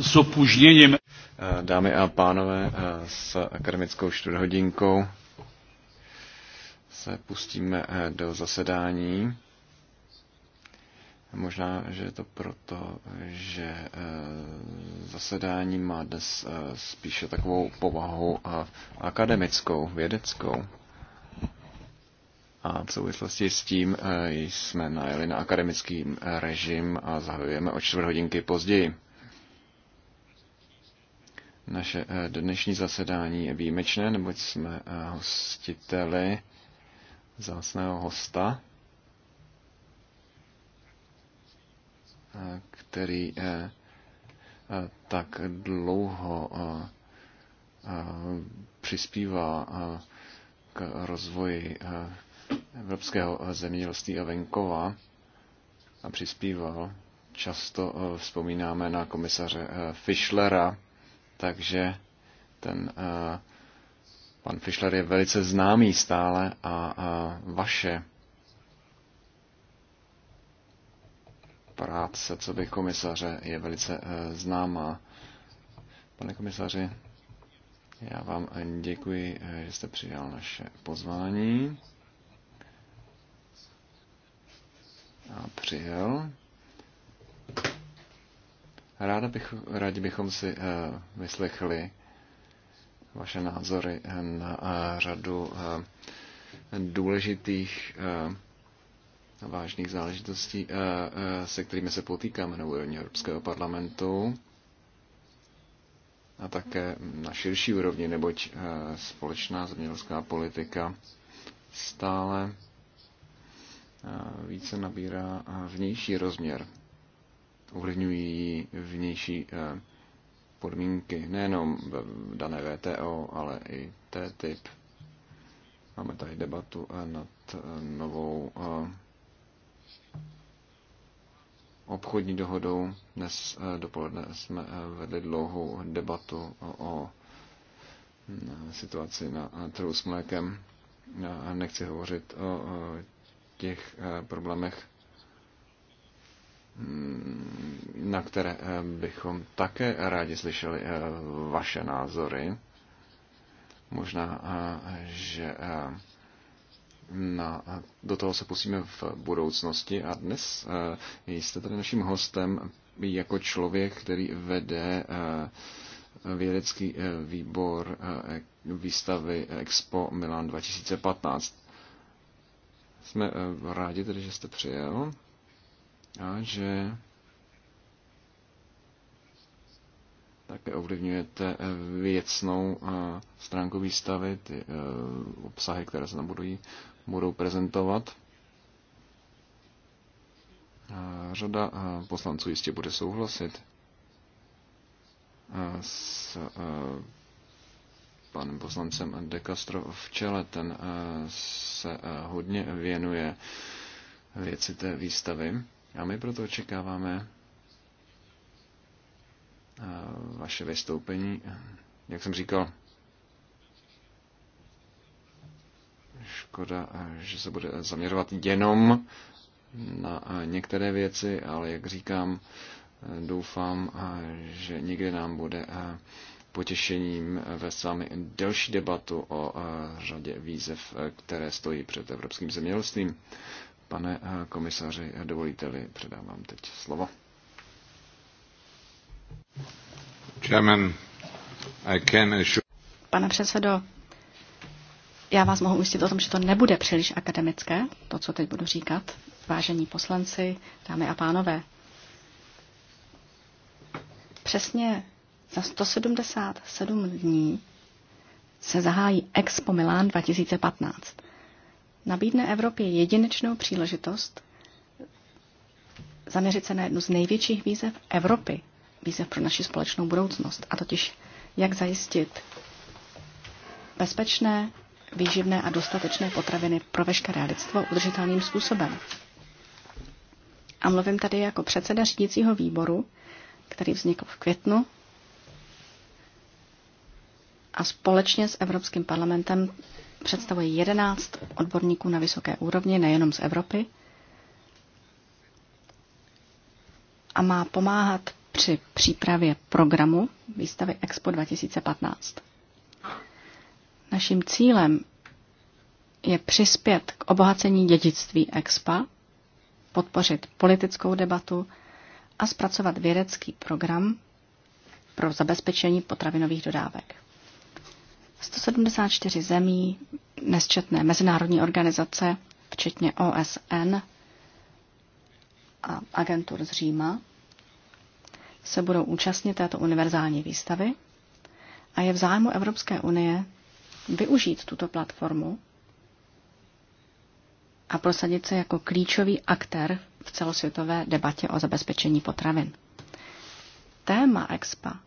s opužděním. E, dámy a pánové, e, s akademickou čtvrthodinkou se pustíme e, do zasedání. Možná, že je to proto, že zasedání má dnes spíše takovou povahu akademickou, vědeckou. A v souvislosti s tím jsme najeli na akademický režim a zahajujeme o čtvrt hodinky později. Naše eh, dnešní zasedání je výjimečné, neboť jsme eh, hostiteli zácného hosta, eh, který tak dlouho přispívá k rozvoji evropského zemědělství a venkova a přispíval. Často vzpomínáme na komisaře Fischlera, takže ten eh, pan Fischler je velice známý stále a vaše práce, co by komisaře, je velice eh, známá. Pane komisaři, já vám děkuji, eh, že jste přijal naše pozvání. A přijel. Ráda bych, rádi bychom si eh, vyslechli vaše názory eh, na eh, řadu důležitých a vážných záležitostí, se kterými se potýkáme na úrovni Evropského parlamentu a také na širší úrovni, neboť společná zemědělská politika stále více nabírá vnější rozměr ovlivňují vnější eh, podmínky nejenom dané VTO, ale i TTIP. Máme tady debatu eh, nad eh, novou obchodní dohodou. Dnes dopoledne jsme vedli dlouhou debatu o situaci na trhu s mlékem. Nechci hovořit o těch problémech Mm, na které eh, bychom také rádi slyšeli eh, vaše názory. Možná, eh, že na, do toho se pustíme v budoucnosti a dnes jste tady naším hostem jako člověk, který vede vědecký výbor výstavy Expo Milan 2015. Jsme rádi tedy, že jste přijel a že také ovlivňujete eh, věcnou eh, stránku výstavy, ty eh, obsahy, které se tam budou, budou prezentovat. Řada poslanců jistě bude souhlasit s panem poslancem De Castro v čele. Ten se hodně věnuje věci té výstavy. A my proto očekáváme eh, vaše vystoupení. Jak jsem říkal, škoda, eh, že se bude zaměřovat jenom na eh, některé věci, ale jak říkám, doufám, že někdy nám bude potěšením ve s vámi delší debatu o řadě výzev, které stojí před evropským zemědělstvím. Pane eh, komisaři, eh, dovolíte-li, předám vám teď slovo. Chairman, I can assure... Pane předsedo, já vás mohu ujistit o tom, že to nebude příliš akademické, to, co teď budu říkat, vážení poslanci, dámy a pánové. Přesně za 177 dní se zahájí Expo Milan 2015 nabídne Evropě jedinečnou příležitost zaměřit se na jednu z největších výzev Evropy, výzev pro naši společnou budoucnost, a totiž jak zajistit bezpečné, výživné a dostatečné potraviny pro veškeré lidstvo udržitelným způsobem. A mluvím tady jako předseda řídícího výboru, který vznikl v květnu a společně s Evropským parlamentem představuje 11 odborníků na vysoké úrovni, nejenom z Evropy, a má pomáhat při přípravě programu výstavy Expo 2015. Naším cílem je přispět k obohacení dědictví Expa, podpořit politickou debatu a zpracovat vědecký program pro zabezpečení potravinových dodávek. 174 zemí, nesčetné mezinárodní organizace, včetně OSN a agentur z Říma, se budou účastnit této univerzální výstavy a je v zájmu Evropské unie využít tuto platformu a prosadit se jako klíčový aktér v celosvětové debatě o zabezpečení potravin. Téma EXPA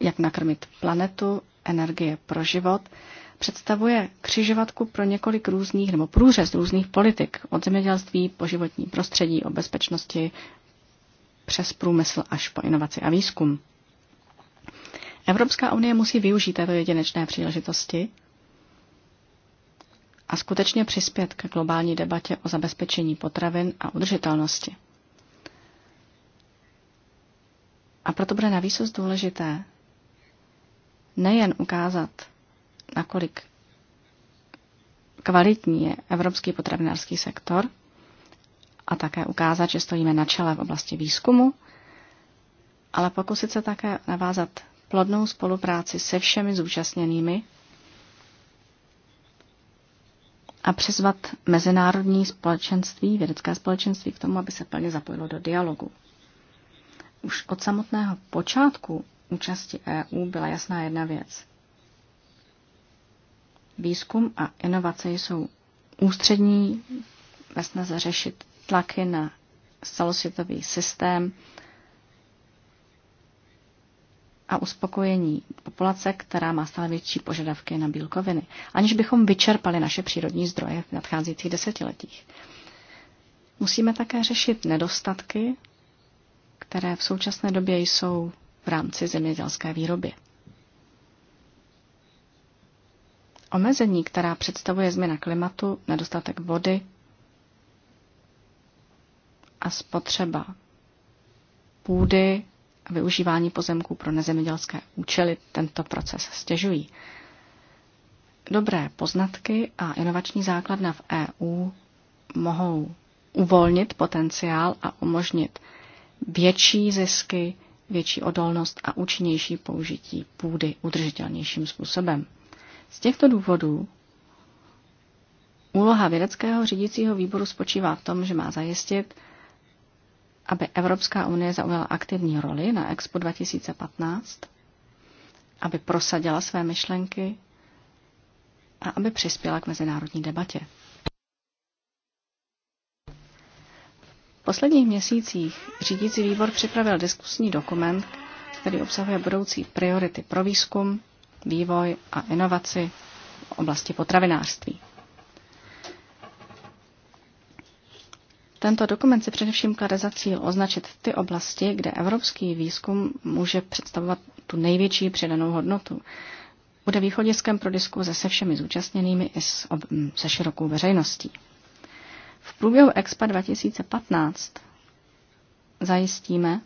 jak nakrmit planetu, energie pro život, představuje křižovatku pro několik různých nebo průřez různých politik od zemědělství po životní prostředí, o bezpečnosti, přes průmysl až po inovaci a výzkum. Evropská unie musí využít této jedinečné příležitosti a skutečně přispět k globální debatě o zabezpečení potravin a udržitelnosti. A proto bude navíc důležité, nejen ukázat, nakolik kvalitní je evropský potravinářský sektor a také ukázat, že stojíme na čele v oblasti výzkumu, ale pokusit se také navázat plodnou spolupráci se všemi zúčastněnými a přizvat mezinárodní společenství, vědecké společenství k tomu, aby se plně zapojilo do dialogu. Už od samotného počátku účasti EU byla jasná jedna věc. Výzkum a inovace jsou ústřední ve snaze řešit tlaky na celosvětový systém a uspokojení populace, která má stále větší požadavky na bílkoviny, aniž bychom vyčerpali naše přírodní zdroje v nadcházejících desetiletích. Musíme také řešit nedostatky, které v současné době jsou v rámci zemědělské výroby. Omezení, která představuje změna klimatu, nedostatek vody a spotřeba půdy a využívání pozemků pro nezemědělské účely, tento proces stěžují. Dobré poznatky a inovační základna v EU mohou uvolnit potenciál a umožnit větší zisky, větší odolnost a účinnější použití půdy udržitelnějším způsobem. Z těchto důvodů úloha vědeckého řídícího výboru spočívá v tom, že má zajistit, aby Evropská unie zaujala aktivní roli na Expo 2015, aby prosadila své myšlenky a aby přispěla k mezinárodní debatě. posledních měsících řídící výbor připravil diskusní dokument, který obsahuje budoucí priority pro výzkum, vývoj a inovaci v oblasti potravinářství. Tento dokument si především klade za cíl označit ty oblasti, kde evropský výzkum může představovat tu největší přidanou hodnotu. Bude východiskem pro diskuze se všemi zúčastněnými i se širokou veřejností. V průběhu Expa 2015 zajistíme,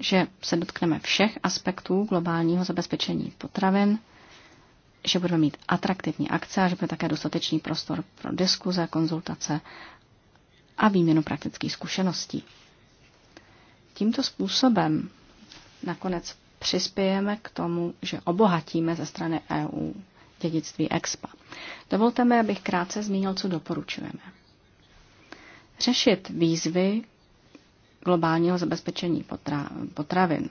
že se dotkneme všech aspektů globálního zabezpečení potravin, že budeme mít atraktivní akce a že bude také dostatečný prostor pro diskuze, konzultace a výměnu praktických zkušeností. Tímto způsobem nakonec přispějeme k tomu, že obohatíme ze strany EU dědictví EXPA. Dovolte mi, abych krátce zmínil, co doporučujeme. Řešit výzvy globálního zabezpečení potra, potravin.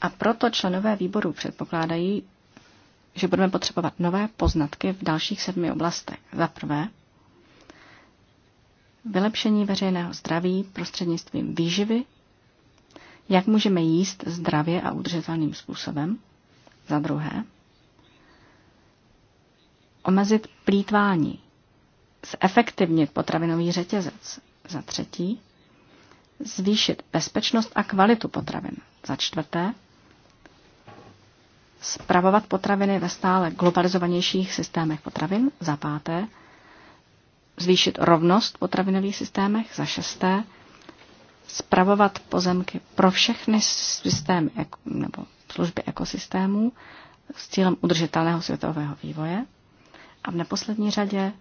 A proto členové výboru předpokládají, že budeme potřebovat nové poznatky v dalších sedmi oblastech. Za prvé, vylepšení veřejného zdraví prostřednictvím výživy, jak můžeme jíst zdravě a udržitelným způsobem. Za druhé, omezit plítvání, zefektivnit potravinový řetězec. Za třetí, zvýšit bezpečnost a kvalitu potravin. Za čtvrté, spravovat potraviny ve stále globalizovanějších systémech potravin. Za páté, zvýšit rovnost v potravinových systémech. Za šesté, spravovat pozemky pro všechny systémy nebo služby ekosystémů s cílem udržitelného světového vývoje. A v neposlední řadě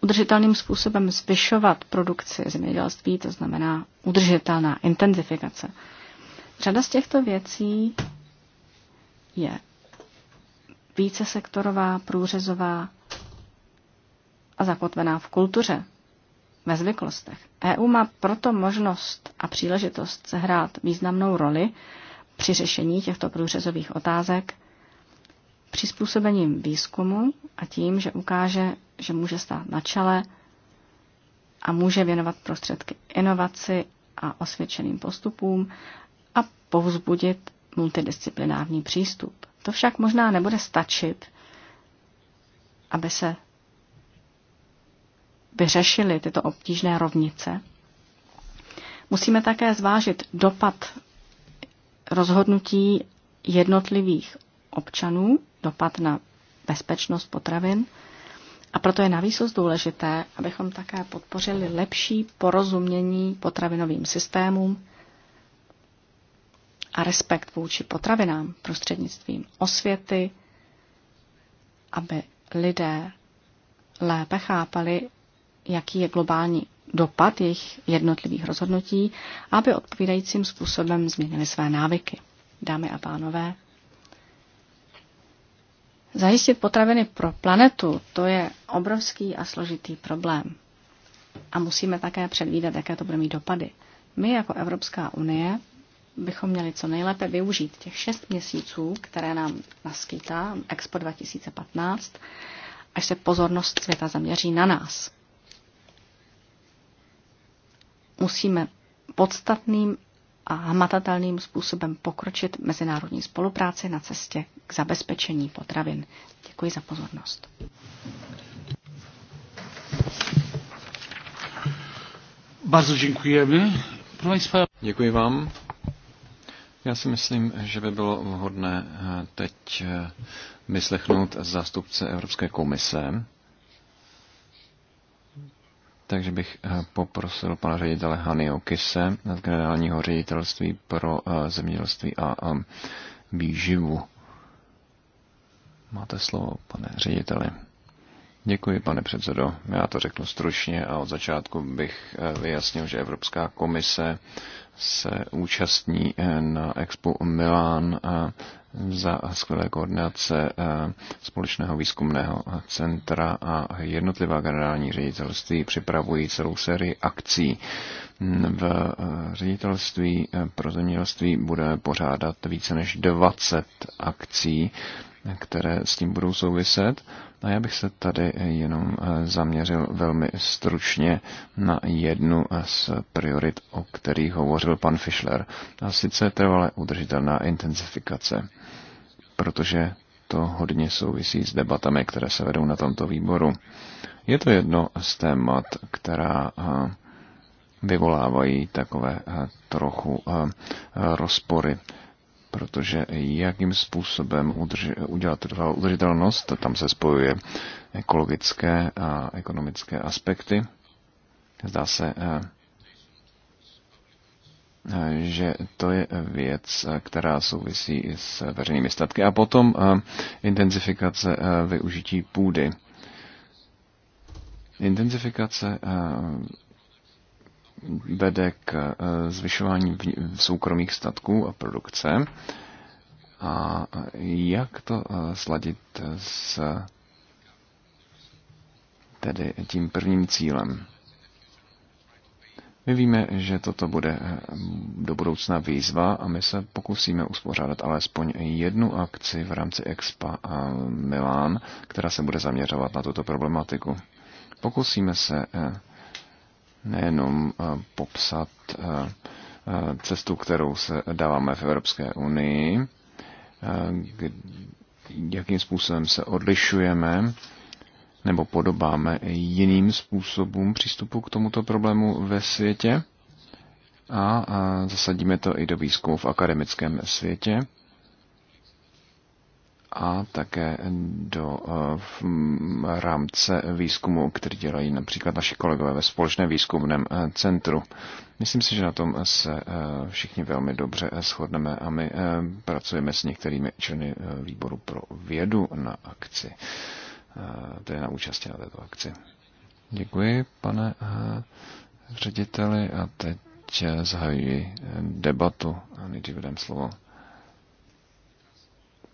udržitelným způsobem zvyšovat produkci zemědělství, to znamená udržitelná intenzifikace. Řada z těchto věcí je více sektorová, průřezová a zakotvená v kultuře, ve zvyklostech. EU má proto možnost a příležitost sehrát významnou roli při řešení těchto průřezových otázek přizpůsobením výzkumu a tím, že ukáže, že může stát na čele a může věnovat prostředky inovaci a osvědčeným postupům a povzbudit multidisciplinární přístup. To však možná nebude stačit, aby se vyřešily tyto obtížné rovnice. Musíme také zvážit dopad rozhodnutí jednotlivých občanů dopad na bezpečnost potravin. A proto je navíc důležité, abychom také podpořili lepší porozumění potravinovým systémům a respekt vůči potravinám prostřednictvím osvěty, aby lidé lépe chápali, jaký je globální dopad jejich jednotlivých rozhodnutí, aby odpovídajícím způsobem změnili své návyky. Dámy a pánové, Zajistit potraviny pro planetu, to je obrovský a složitý problém. A musíme také předvídat, jaké to bude mít dopady. My jako Evropská unie bychom měli co nejlépe využít těch šest měsíců, které nám naskytá Expo 2015, až se pozornost světa zaměří na nás. Musíme podstatným a hmatatelným způsobem pokročit mezinárodní spolupráci na cestě k zabezpečení potravin. Děkuji za pozornost. Bardzo děkujeme. Děkuji vám. Já si myslím, že by bylo vhodné e, teď e, vyslechnout zástupce Evropské komise takže bych eh, poprosil pana ředitele Hany Okise, z generálního ředitelství pro eh, zemědělství a eh, výživu. Máte slovo, pane řediteli. Děkuji, pane předsedo. Já to řeknu stručně a od začátku bych vyjasnil, že Evropská komise se účastní na Expo Milán za skvělé koordinace eh, společného výzkumného centra a jednotlivá generální ředitelství připravují celou sérii akcí. V eh, ředitelství eh, pro zemědělství budeme pořádat více než 20 akcí, které s tím budou souviset. A já bych se tady jenom zaměřil velmi stručně na jednu z priorit, o kterých hovořil pan Fischler, a sice trvale udržitelná intenzifikace protože to hodně souvisí s debatami, které se vedou na tomto výboru. Je to jedno z témat, která eh, vyvolávají takové eh, trochu eh, rozpory, protože jakým způsobem udrži, udělat udržitelnost, tam se spojuje ekologické a ekonomické aspekty. Zdá se, že to je věc, která souvisí i s veřejnými statky. A potom eh, intenzifikace eh, využití půdy. Intenzifikace eh, vede k zvyšování soukromých statků a produkce. A jak to sladit s tedy tím prvním cílem? My víme, že toto bude eh, do budoucna výzva a my se pokusíme uspořádat alespoň jednu akci v rámci Expa a Milán, která se bude zaměřovat na tuto problematiku. Pokusíme se eh, nejenom eh, popsat cestu, kterou se dáváme v Evropské unii, jakým způsobem se odlišujeme nebo podobáme jiným způsobům přístupu k tomuto problému ve světě a zasadíme to i do výzkumu v akademickém světě a také do e, v rámce výzkumu, který dělají například naši kolegové ve společném výzkumném e, centru. Myslím si, že na tom se e, všichni velmi dobře shodneme a my pracujeme s některými členy výboru pro vědu na akci Eh, tedy na účasti na této akci. Děkuji, pane eh, řediteli, a teď eh, zahajuji debatu a nejdřív dám slovo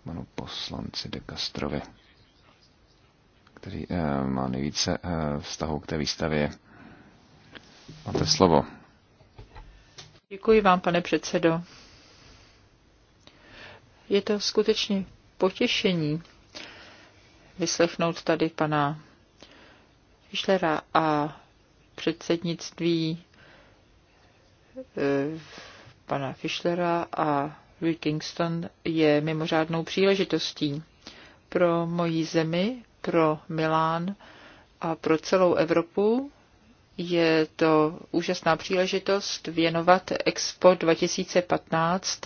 panu poslanci de Castrovi, který má nejvíce vztahu k té výstavě. Máte slovo. Děkuji vám, pane předsedo. Je to skutečně potěšení vyslechnout tady pana Fischlera a předsednictví eh, pana Fischlera a Louis Kingston je mimořádnou příležitostí pro moji zemi, pro Milán a pro celou Evropu. Je to úžasná příležitost věnovat Expo 2015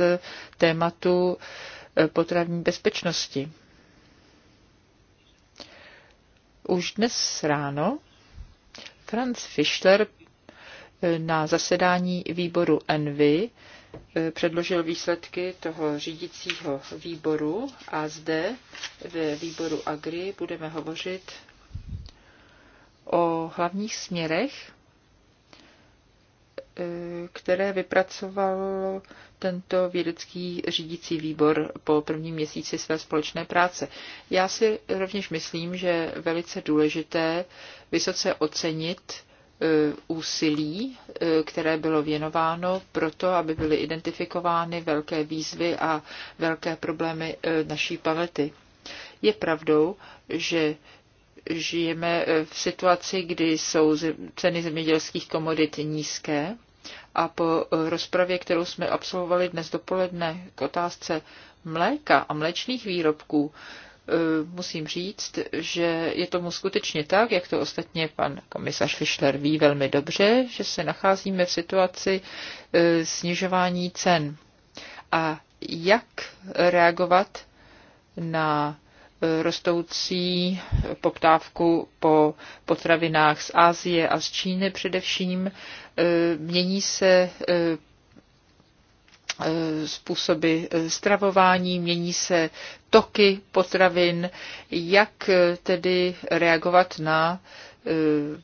tématu eh, potravní bezpečnosti. Už dnes ráno Franz Fischler eh, na zasedání výboru Envy eh, předložil výsledky toho řídícího výboru a zde ve výboru Agri budeme hovořit o hlavních směrech které vypracoval tento vědecký řídící výbor po prvním měsíci své společné práce. Já si rovněž myslím, že je velice důležité vysoce ocenit e, úsilí, e, které bylo věnováno pro to, aby byly identifikovány velké výzvy a velké problémy e, naší palety. Je pravdou, že žijeme eh, v situaci, kdy jsou ceny zemědělských komodit nízké a po eh, rozpravě, kterou jsme absolvovali dnes dopoledne k otázce mléka a mléčných výrobků, eh, musím říct, že je tomu skutečně tak, jak to ostatně pan komisař Fischler ví velmi dobře, že se nacházíme v situaci snižování cen. A jak reagovat na rostoucí poptávku po potravinách z Ázie a z Číny především. E, mění se e, e, způsoby stravování, mění se toky potravin, jak tedy reagovat na Eh,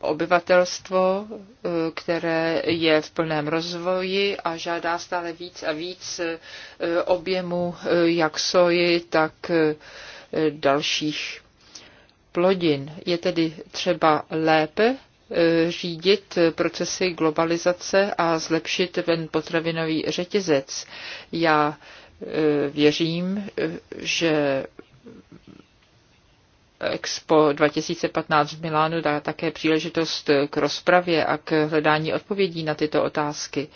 obyvatelstvo, eh, které je v plném rozvoji a žádá stále víc a víc eh, objemu jak soji, tak dalších plodin. Je tedy třeba lépe řídit procesy globalizace a zlepšit ten potravinový řetězec. Já věřím, že Expo 2015 v Milánu dá také příležitost k rozpravě a k hledání odpovědí na tyto otázky.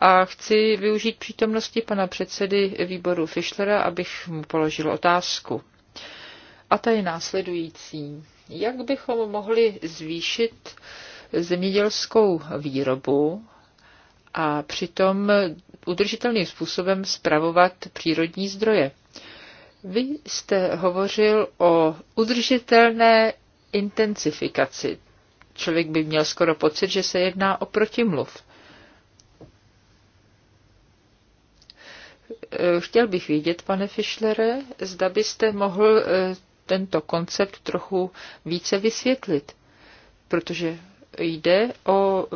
A chci využít přítomnosti pana předsedy výboru Fischlera, abych mu položil otázku. A ta je následující. Jak bychom mohli zvýšit zemědělskou výrobu a přitom udržitelným způsobem spravovat přírodní zdroje? Vy jste hovořil o udržitelné intenzifikaci. Člověk by měl skoro pocit, že se jedná o protimluv. Eh, chtěl bych vědět, pane Fischlere, zda byste mohl eh, tento koncept trochu více vysvětlit, protože jde o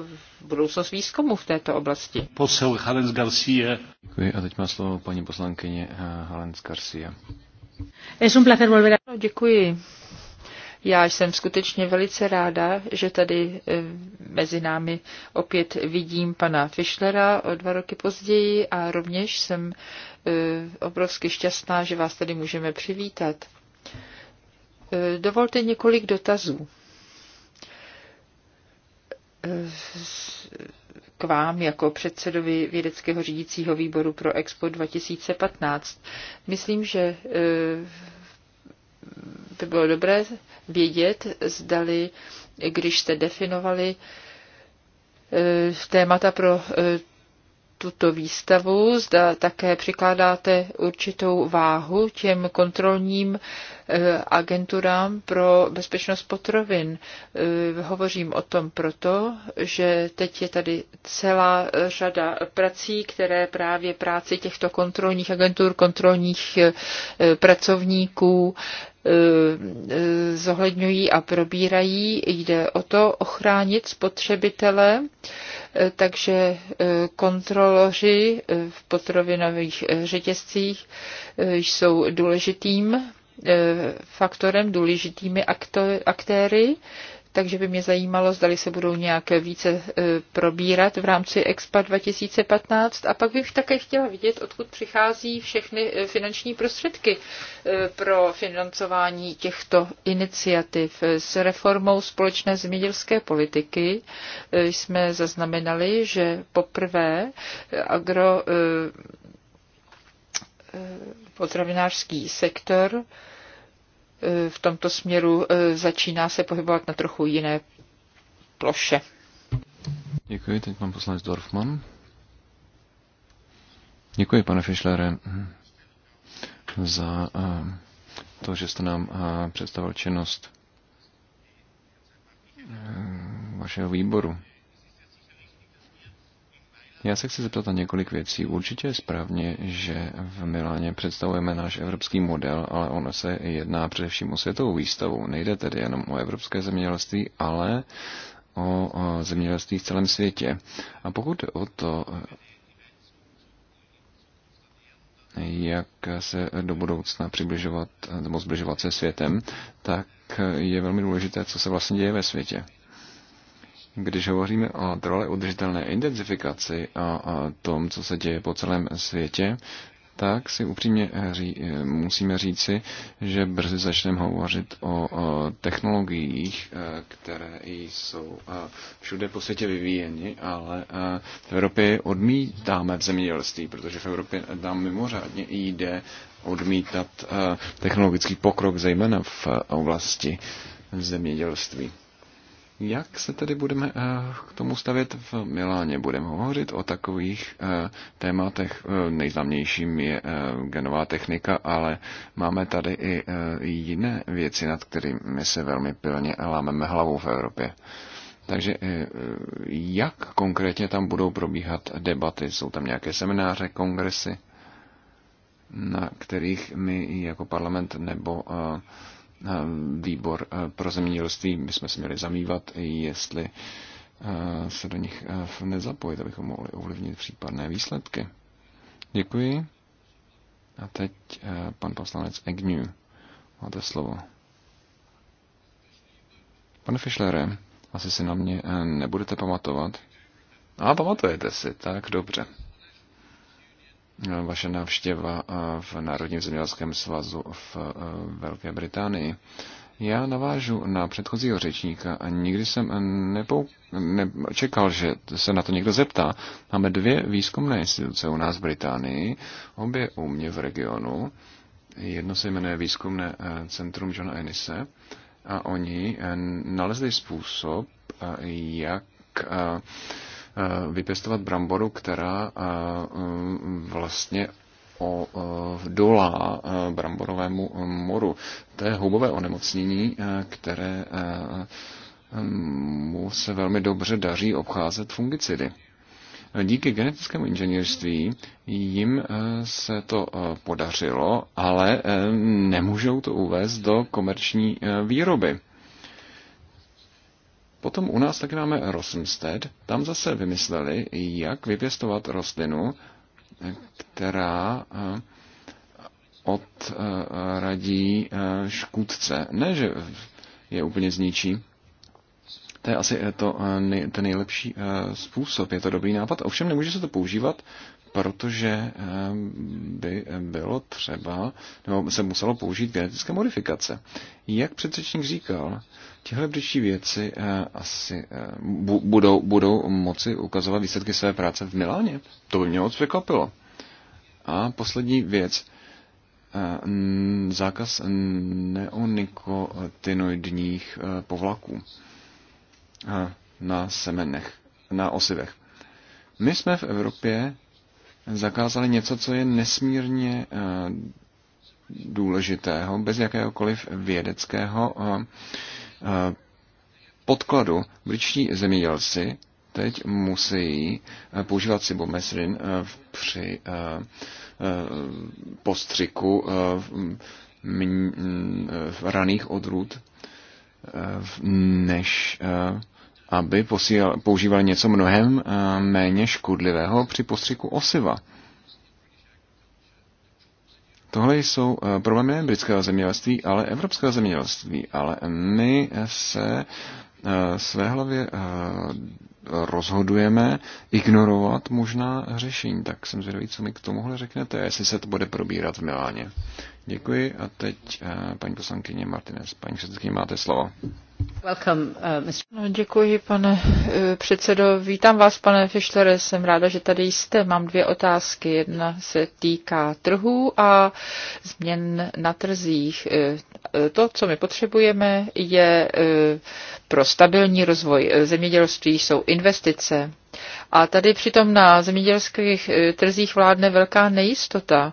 budoucnost výzkumu v této oblasti. Posel Halens Garcia. Děkuji a teď má slovo paní poslankyně eh, Halens Garcia. Es un placer volver a... No, děkuji. Já jsem skutečně velice ráda, že tady eh, mezi námi opět vidím pana Fischlera o dva roky později a rovněž jsem eh, obrovsky šťastná, že vás tady můžeme přivítat. Dovolte několik dotazů k vám jako předsedovi vědeckého řídícího výboru pro Expo 2015. Myslím, že e, by bylo dobré vědět, zdali, když jste definovali e, témata pro e, tuto výstavu, zda také přikládáte určitou váhu těm kontrolním eh, agenturám pro bezpečnost potravin. Eh, hovořím o tom proto, že teď je tady celá řada prací, které právě práci těchto kontrolních agentur, kontrolních eh, pracovníků Eh, zohledňují a probírají. Jde o to ochránit spotřebitele, eh, takže eh, kontroloři v potrovinových řetězcích jsou důležitým faktorem, důležitými aktéry takže by mě zajímalo, zdali se budou nějaké více e, probírat v rámci Expa 2015. A pak bych také chtěla vidět, odkud přichází všechny e, finanční prostředky e, pro financování těchto iniciativ. S reformou společné zemědělské politiky jsme zaznamenali, že poprvé agro potravinářský sektor v tomto směru e, začíná se pohybovat na trochu jiné ploše. Děkuji, teď pan poslanec Dorfman. Děkuji, pane Fischlere, za e, to, že jste nám e, představil činnost vašeho výboru. Já se chci zeptat na několik věcí. Určitě je správně, že v Miláně představujeme náš evropský model, ale ono se jedná především o světovou výstavu. Nejde tedy jenom o evropské zemědělství, ale o zemědělství v celém světě. A pokud o to, jak se do budoucna přibližovat nebo zbližovat se světem, tak je velmi důležité, co se vlastně děje ve světě. Když hovoříme o trole udržitelné intenzifikaci a tom, co se děje po celém světě, tak si upřímně eh, ří, eh, musíme říci, že brzy začneme hovořit o, o technologiích, eh, které jsou všude po světě vyvíjeny, ale v Evropě odmítáme v zemědělství, protože v Evropě nám mimořádně jde odmítat technologický pokrok, zejména v oblasti zemědělství. Jak se tedy budeme eh, k tomu stavět v Miláně? Budeme hovořit o takových eh, tématech. Eh, nejznámějším je genová technika, ale máme tady i jiné věci, nad kterými se velmi pilně lámeme hlavu v Evropě. Takže jak konkrétně tam budou probíhat debaty? Jsou tam nějaké semináře, kongresy, na kterých my jako parlament nebo Eh, výbor eh, pro zemědělství bychom se měli zamývat, jestli eh, se do nich nezapojit, abychom mohli ovlivnit případné výsledky. Děkuji. A teď pan poslanec Egnu. Máte slovo. Pane Fischlere, asi si na mě nebudete pamatovat. A pamatujete si, tak dobře. Eh, vaše návštěva eh, v Národním zemědělském svazu v eh, Velké Británii. Já navážu na předchozího řečníka a nikdy jsem nepou, nečekal, že se na to někdo zeptá. Máme dvě výzkumné instituce u nás v Británii, obě u mě v regionu. Jedno se jmenuje Výzkumné centrum Johna Enise a oni nalezli způsob, jak Eh, vypěstovat bramboru, která eh, mm, vlastně eh, dolá bramborovému moru. To je houbové onemocnění, které mm, mu se velmi dobře daří obcházet fungicidy. Díky genetickému inženýrství jim se to podařilo, ale nemůžou to uvést do komerční výroby. Potom u nás taky máme Rosenstedt. Tam zase vymysleli, jak vypěstovat rostlinu, která eh, odradí eh, eh, škůdce. Ne, že je úplně zničí. To je asi to, ten nejlepší způsob. Je to dobrý nápad. Ovšem nemůže se to používat, protože by bylo třeba, nebo se muselo použít genetické modifikace. Jak předřečník říkal, Tihle britští věci eh, asi eh, budou, budou moci ukazovat výsledky své práce v Miláně. To by mě moc překvapilo. A poslední věc. Eh, zákaz neonikotinoidních povlaků na semenech, na osivech. My jsme v Evropě zakázali něco, co je nesmírně důležitého, bez jakéhokoliv vědeckého Eh, podkladu britští zemědělci teď musí eh, používat sibomesrin eh, při postřiku raných odrůd, než aby používal něco mnohem méně škodlivého při postřiku osiva. Tohle jsou eh, problémy ne britského zemědělství, ale evropského zemědělství. Ale my se eh, své hlavě eh, rozhodujeme ignorovat možná řešení. Tak jsem zvědavý, co mi k tomuhle řeknete, jestli se to bude probírat v Miláně. Děkuji a teď eh, paní poslankyně Martinez. Paní předsedkyně, máte slovo. Welcome, uh, Děkuji, pane eh, předsedo. Vítám vás, pane Fischlere. Jsem ráda, že tady jste. Mám dvě otázky. Jedna se týká trhů a změn na trzích. To, co my potřebujeme, je pro stabilní rozvoj zemědělství jsou investice. A tady přitom na zemědělských eh, trzích vládne velká nejistota.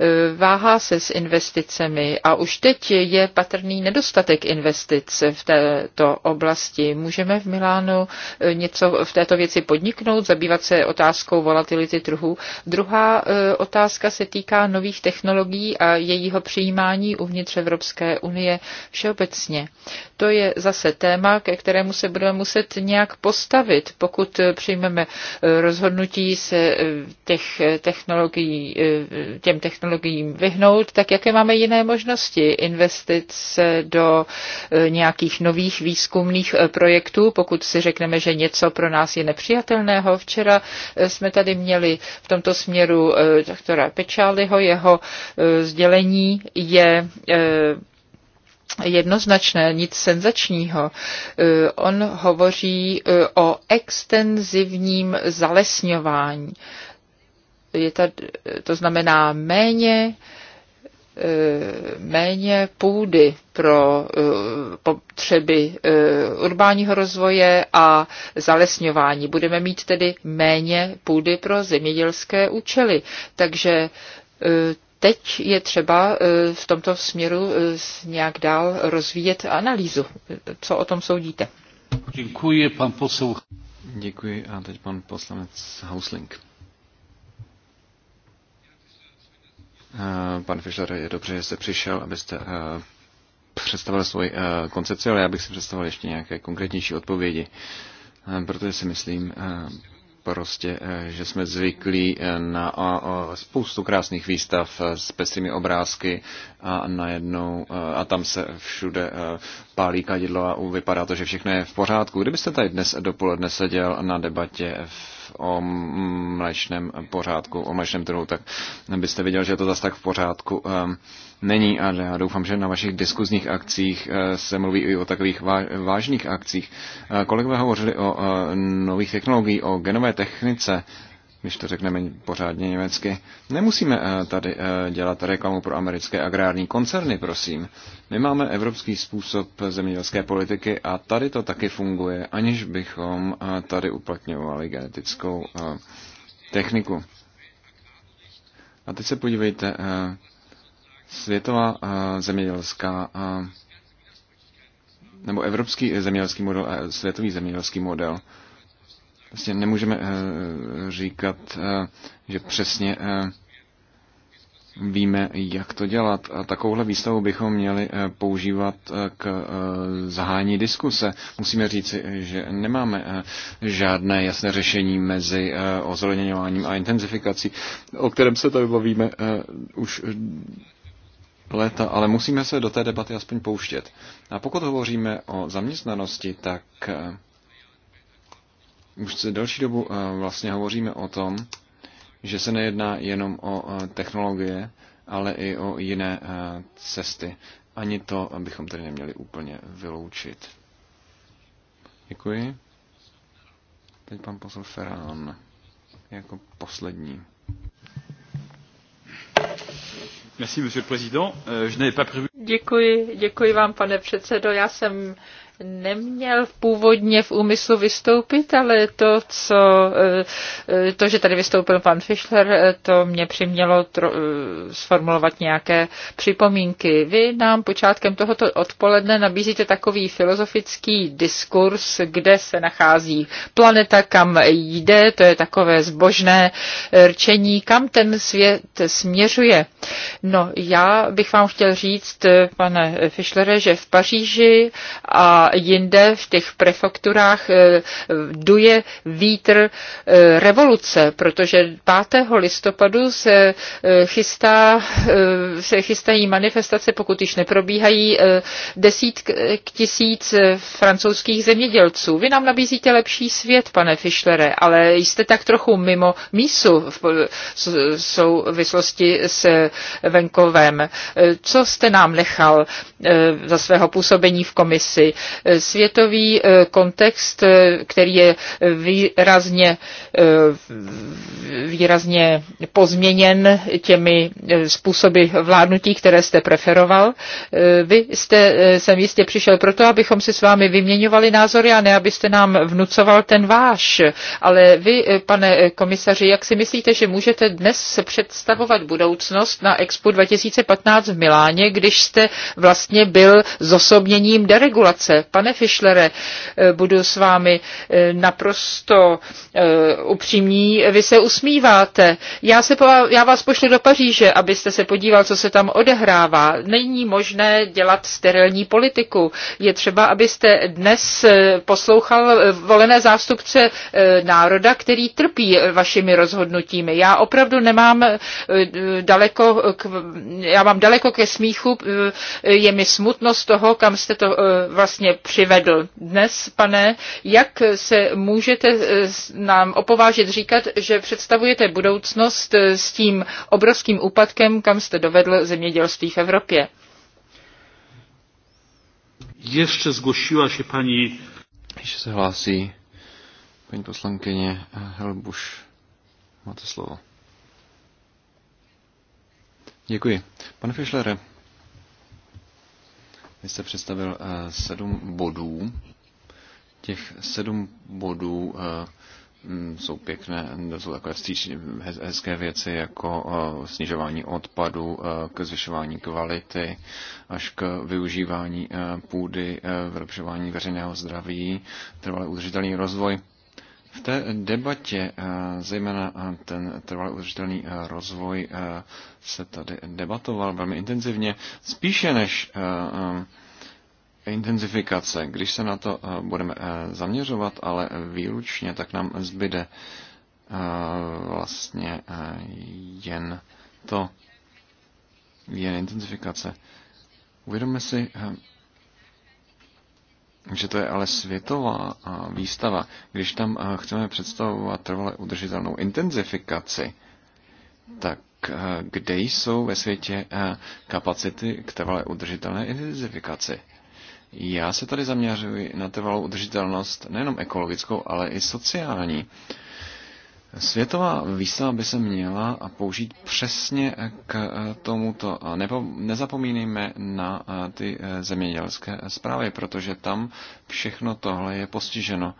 Eh, váhá se s investicemi a už teď je patrný nedostatek investic v této oblasti. Můžeme v Milánu eh, něco v této věci podniknout, zabývat se otázkou volatility trhu. Druhá otázka se týká nových technologií a jejího přijímání uvnitř Evropské unie všeobecně. To je zase téma, ke kterému se budeme muset nějak postavit, pokud přijmeme rozhodnutí se eh, těch eh, technologií, eh, těm technologiím vyhnout, tak jaké máme jiné možnosti investice do nějakých nových výzkumných projektů, pokud si řekneme, že něco pro nás je nepřijatelného. Včera jsme tady měli v tomto směru doktora Pečáliho, jeho sdělení je jednoznačné, nic senzačního. Eh, on hovoří eh, o extenzivním zalesňování. Je tady, to znamená méně eh, méně půdy pro potřeby urbáního rozvoje a zalesňování. Budeme mít tedy méně půdy pro zemědělské účely. Takže teď je třeba e, v tomto směru e, nějak dál rozvíjet analýzu. Co o tom soudíte? Děkuji, pan posl. Děkuji a teď pan poslanec Hausling. E, pan Fischer, je dobře, že jste přišel, abyste představil svoji koncepci, ale já bych si představil ještě nějaké konkrétnější odpovědi, protože si myslím, prostě, eh, že jsme zvyklí eh, na spoustu krásných výstav eh, s pestrými obrázky a najednou a tam se všude pálí kadidlo a vypadá to, že všechno je v pořádku. Kdybyste tady dnes dopoledne seděl na debatě v o mléčném pořádku, o mléčném trhu, tak byste viděl, že to zase tak v pořádku ehm, není. A já doufám, že na vašich diskuzních akcích eh, se mluví i o takových vážných akcích. Eh, kolegové hovořili o eh, nových technologiích, o genové technice, když to řekneme pořádně německy. Nemusíme eh, tady eh, dělat reklamu pro americké agrární koncerny, prosím. My máme evropský způsob zemědělské politiky a tady to taky funguje, aniž bychom eh, tady uplatňovali genetickou techniku. A teď se podívejte, světová zemědělská nebo evropský zemědělský model a světový zemědělský model Vlastně nemůžeme eh, říkat, eh, že přesně eh, víme, jak to dělat. A takovouhle výstavu bychom měli používat k zahání diskuse. Musíme říci, že nemáme žádné jasné řešení mezi ozeleněňováním a intenzifikací, o kterém se tady bavíme už léta, ale musíme se do té debaty aspoň pouštět. A pokud hovoříme o zaměstnanosti, tak už se další dobu eh, vlastně hovoříme o tom, že se nejedná jenom o eh, technologie, ale i o jiné eh, cesty. Ani to bychom tedy neměli úplně vyloučit. Děkuji. Teď pan posl Ferán jako poslední. Euh, děkuji, děkuji vám, pane předsedo. Já jsem neměl původně v úmyslu vystoupit, ale to, co, eh, eh, to že tady vystoupil pan Fischler, eh, to mě přimělo tro, sformulovat nějaké připomínky. Vy nám počátkem tohoto odpoledne nabízíte takový filozofický diskurs, kde se nachází planeta, kam jde, to je takové zbožné rčení, kam ten svět směřuje. No, já bych vám chtěl říct, pane Fischlere, že v Paříži a jinde v těch prefekturách eh, duje vítr eh, revoluce, protože 5. listopadu se, eh, chystá, se chystají manifestace, pokud již neprobíhají, desítk tisíc francouzských zemědělců. Vy nám nabízíte lepší svět, pane Fischlere, ale jste tak trochu mimo mísu v souvislosti s venkovem. Co jste nám nechal za svého působení v komisi? světový eh, kontext, eh, který je výrazně, eh, výrazně pozměněn těmi způsoby vládnutí, které jste preferoval. Vy jste sem jistě přišel proto, abychom si s vámi vyměňovali názory a ne, abyste nám vnucoval ten váš. Ale vy, pane komisaři, jak si myslíte, že můžete dnes představovat budoucnost na Expo 2015 v Miláně, když jste vlastně byl zosobněním deregulace? Pane Fischlere, eh, budu s vámi eh, naprosto eh, upřímní. Vy se usmíváte. Já, se, po, já vás pošlu do Paříže, abyste se podíval, co se tam odehrává. Není možné dělat sterilní politiku. Je třeba, abyste dnes poslouchal volené zástupce národa, který trpí vašimi rozhodnutími. Já opravdu nemám daleko, k, já mám daleko ke smíchu, je mi smutnost toho, kam jste to vlastně přivedl. Dnes, pane, jak se můžete eh, nám opovážit říkat, že představujete budoucnost eh, s tím obrovským úpadkem, kam jste dovedl zemědělství v Evropě? Ještě zgošila se paní... Ještě se hlásí paní poslankyně Helbuš. Máte slovo. Děkuji. Pane Fischlere, vy jste představil eh, sedm bodů. Těch sedm bodů eh, mm, jsou pěkné, to jsou takové hezké věci jako eh, snižování odpadu, k zvyšování kvality, až k využívání půdy, vylepšování veřejného zdraví, trvalý udržitelný rozvoj. V té debatě eh, zejména eh, ten trvalý udržitelný eh, rozvoj se tady debatoval velmi intenzivně, spíše než intenzifikace. Když se na to budeme zaměřovat, ale výlučně, tak nám zbyde vlastně jen to, jen intenzifikace. Uvědomme si, že to je ale světová výstava. Když tam chceme představovat trvale udržitelnou intenzifikaci, tak kde jsou ve světě kapacity k trvalé udržitelné intenzifikaci? Já se tady zaměřuji na trvalou udržitelnost nejenom ekologickou, ale i sociální. Světová výstava by se měla použít přesně k eh, tomuto. A nepo, nezapomínejme na eh, ty eh, zemědělské zprávy, protože tam všechno tohle je postiženo.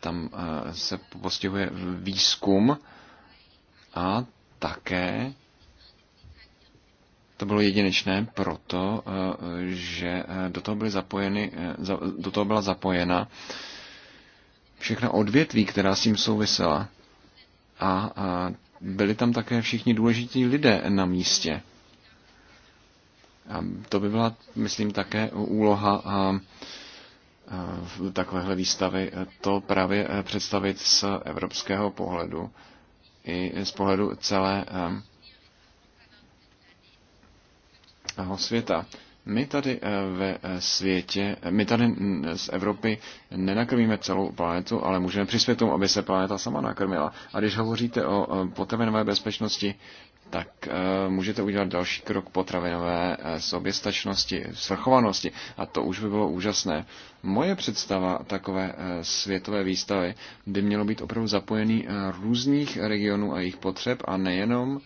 Tam se postihuje výzkum a také to bylo jedinečné proto, že do toho, byly zapojeny, do toho byla zapojena všechna odvětví, která s tím souvisela. A, a byli tam také všichni důležití lidé na místě. A to by byla, myslím, také úloha a, a takovéhle výstavy, to právě e, představit z evropského pohledu i z pohledu celého e, světa. My tady eh, ve eh, světě, eh, my tady mm, z Evropy nenakrmíme celou planetu, ale můžeme přispět tomu, aby se planeta sama nakrmila. A když hovoříte o potravinové bezpečnosti, tak můžete udělat další krok potravinové soběstačnosti, svrchovanosti. A to už by bylo úžasné. Moje představa takové světové výstavy by mělo být opravdu zapojený různých regionů a jejich potřeb a nejenom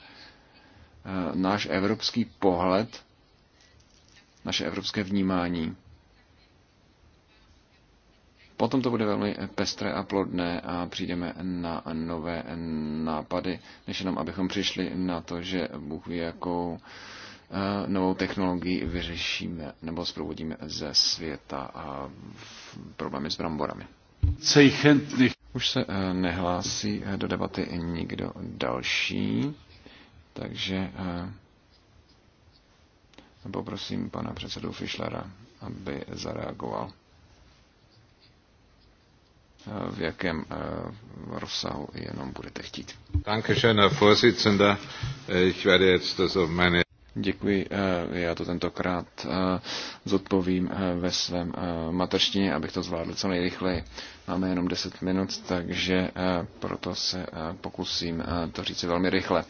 náš evropský pohled naše evropské vnímání. Potom to bude velmi pestré a plodné a přijdeme na nové nápady, než jenom abychom přišli na to, že Bůh ví, jakou eh, novou technologii vyřešíme nebo zprovodíme ze světa a problémy s bramborami. Už se eh, nehlásí do debaty nikdo další, takže eh, Poprosím pana předsedu Fischlera, aby zareagoval. V jakém eh, rozsahu jenom budete chtít. Děkuji, eh, já to tentokrát eh, zodpovím ve svém mateřštině, abych to zvládl co nejrychleji. Máme jenom 10 minut, takže proto se pokusím to říct velmi rychle.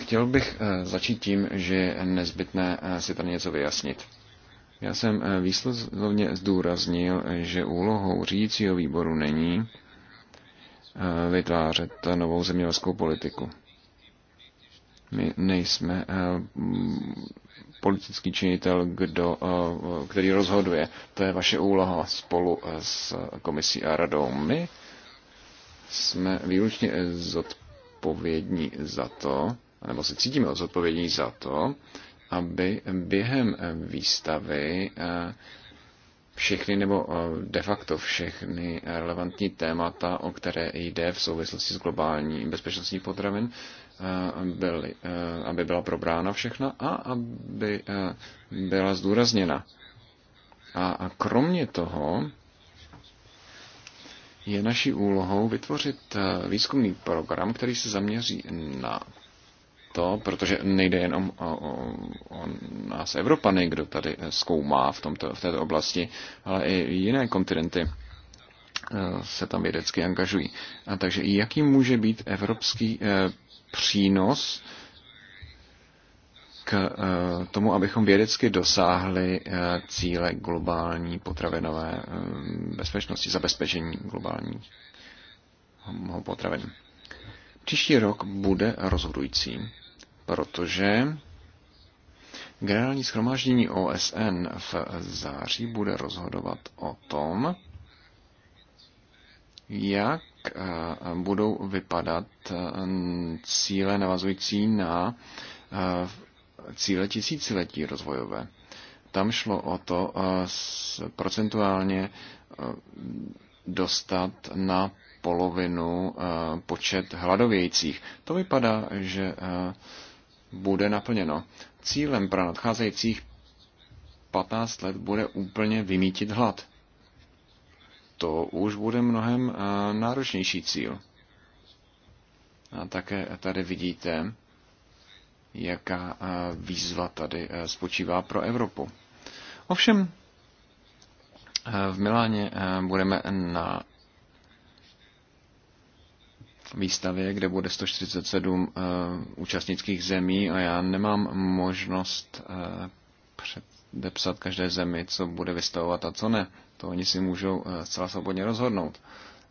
Chtěl bych eh, začít tím, že je nezbytné eh, si tady něco vyjasnit. Já jsem eh, výslovně zdůraznil, že úlohou řídícího výboru není vytvářet novou zemědělskou politiku. My nejsme mm, politický činitel, kdo, který rozhoduje. To je vaše úloha spolu s komisí a radou. My jsme výlučně zodpovědní za to, nebo se cítíme odpovědní za to, aby během výstavy eh, všechny nebo eh, de facto všechny relevantní témata, o které jde v souvislosti s globální bezpečnostní potravin, eh, byly, aby byla probrána všechna a aby byla zdůrazněna. A kromě toho je naší úlohou vytvořit výzkumný program, který se zaměří na to, protože nejde jenom o, o, o nás Evropany, kdo tady zkoumá v, tomto, v této oblasti, ale i jiné kontinenty eh, se tam vědecky angažují. A takže jaký může být evropský eh, přínos k eh, tomu, abychom vědecky dosáhli cíle globální potravinové bezpečnosti, zabezpečení globální potravin. Příští rok bude rozhodujícím protože generální schromáždění OSN v září bude rozhodovat o tom, jak eh, budou vypadat eh, cíle navazující na eh, cíle tisíciletí rozvojové. Tam šlo o to procentuálně dostat na polovinu počet hladovějících. To vypadá, že bude naplněno. Cílem pro nadcházejících 15 let bude úplně vymítit hlad. To už bude mnohem eh, náročnější cíl. A také tady vidíte, jaká eh, výzva tady eh, spočívá pro Evropu. Ovšem, v Miláně budeme na výstavě, kde bude 147 eh, účastnických zemí a já nemám možnost eh, předepsat každé zemi, co bude vystavovat a co ne. To oni si můžou eh, zcela svobodně rozhodnout.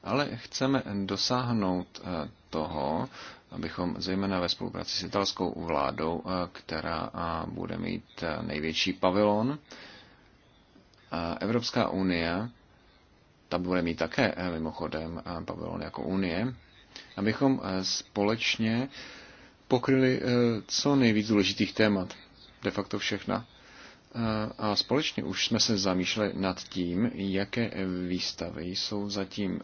Ale chceme dosáhnout toho, abychom zejména ve spolupráci s italskou vládou, která bude mít největší pavilon, Evropská unie, ta bude mít také mimochodem pavilon jako unie, abychom eh, společně pokryli eh, co nejvíc důležitých témat, de facto všechna. Eh, a společně už jsme se zamýšleli nad tím, jaké výstavy jsou zatím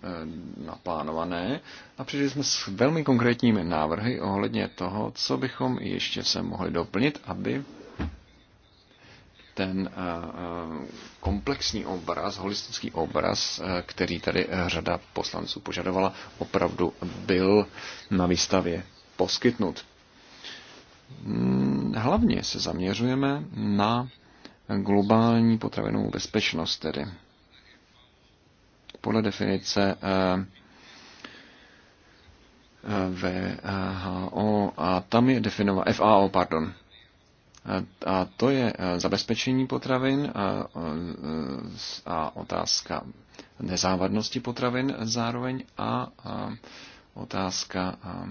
naplánované a přišli jsme s velmi konkrétními návrhy ohledně toho, co bychom ještě se mohli doplnit, aby ten eh, eh, komplexní obraz, holistický obraz, eh, který tady řada poslanců požadovala, opravdu byl na výstavě poskytnut. Hmm, hlavně se zaměřujeme na globální potravinovou bezpečnost, tedy podle definice VHO a tam je definovaná, FAO, pardon, a to je e, zabezpečení potravin a, e, e, a otázka nezávadnosti potravin zároveň a, a otázka a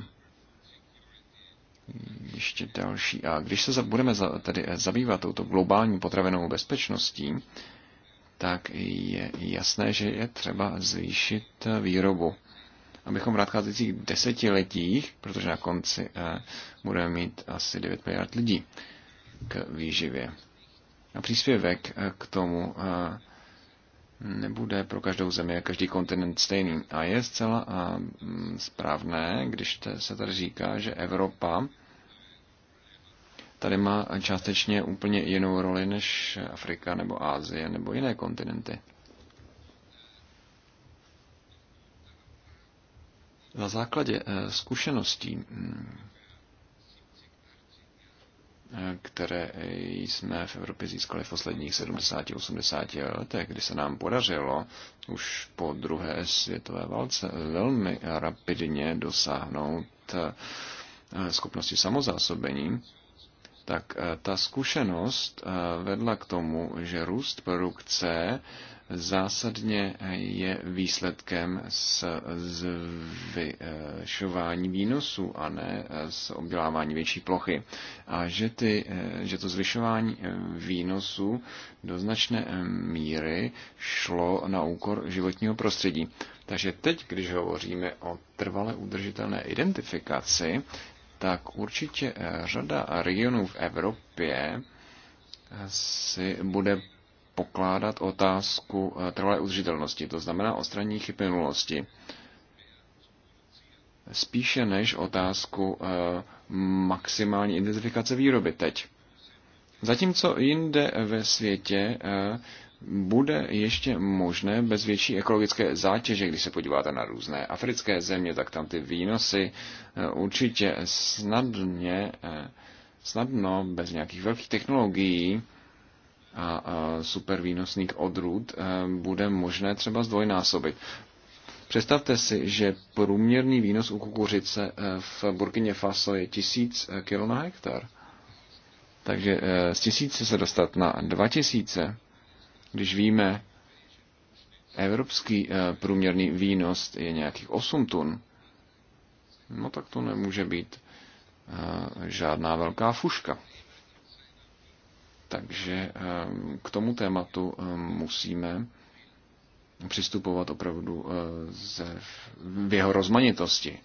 ještě další. A když se budeme tedy zabývat touto globální potravinovou bezpečností, tak je jasné, že je třeba zvýšit výrobu. Abychom v nadcházejících desetiletích, protože na konci budeme mít asi 9 miliard lidí, k výživě. A příspěvek eh, k tomu eh, nebude pro každou zemi a každý kontinent stejný. A je zcela eh, mm, správné, když se tady říká, že Evropa tady má částečně úplně jinou roli než Afrika nebo Ázie nebo jiné kontinenty. Na základě zkušeností mm, které jsme v Evropě získali v posledních 70-80 letech, kdy se nám podařilo už po druhé světové válce velmi rapidně dosáhnout eh, schopnosti samozásobení, tak eh, ta zkušenost eh, vedla k tomu, že růst produkce zásadně je výsledkem z zvyšování výnosů a ne z obdělávání větší plochy. A že, ty, že to zvyšování výnosů do značné míry šlo na úkor životního prostředí. Takže teď, když hovoříme o trvale udržitelné identifikaci, tak určitě řada regionů v Evropě si bude pokládat otázku eh, trvalé udržitelnosti, to znamená odstranění chyb minulosti, spíše než otázku eh, maximální identifikace výroby teď. Zatímco jinde ve světě eh, bude ještě možné bez větší ekologické zátěže, když se podíváte na různé africké země, tak tam ty výnosy určitě snadně, snadno bez nějakých velkých technologií a super výnosných odrůd eh, bude možné třeba zdvojnásobit. Představte si, že průměrný výnos u kukuřice eh, v Burkině Faso je 1000 eh, kg na hektar. Takže z tisíce se dostat na 2000, když víme, evropský průměrný výnos je nějakých 8 tun, no tak to nemůže být žádná velká fuška. Takže ehm, k tomu tématu ehm, musíme přistupovat opravdu eh, ze, v jeho rozmanitosti.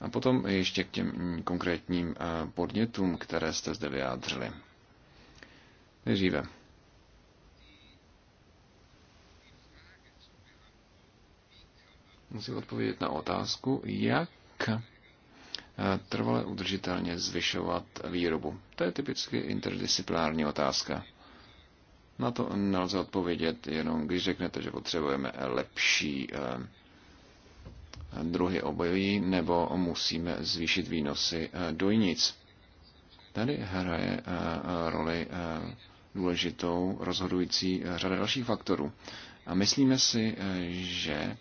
A potom ještě k těm konkrétním eh, podnětům, které jste zde vyjádřili. Nejdříve. Musím odpovědět na otázku, jak trvale udržitelně zvyšovat výrobu? To je typicky interdisciplinární otázka. Na to nelze odpovědět jenom, když řeknete, že potřebujeme lepší eh, druhy obojí nebo musíme zvýšit výnosy eh, dojnic. Tady hraje eh, roli důležitou rozhodující řada dalších faktorů. A myslíme si, že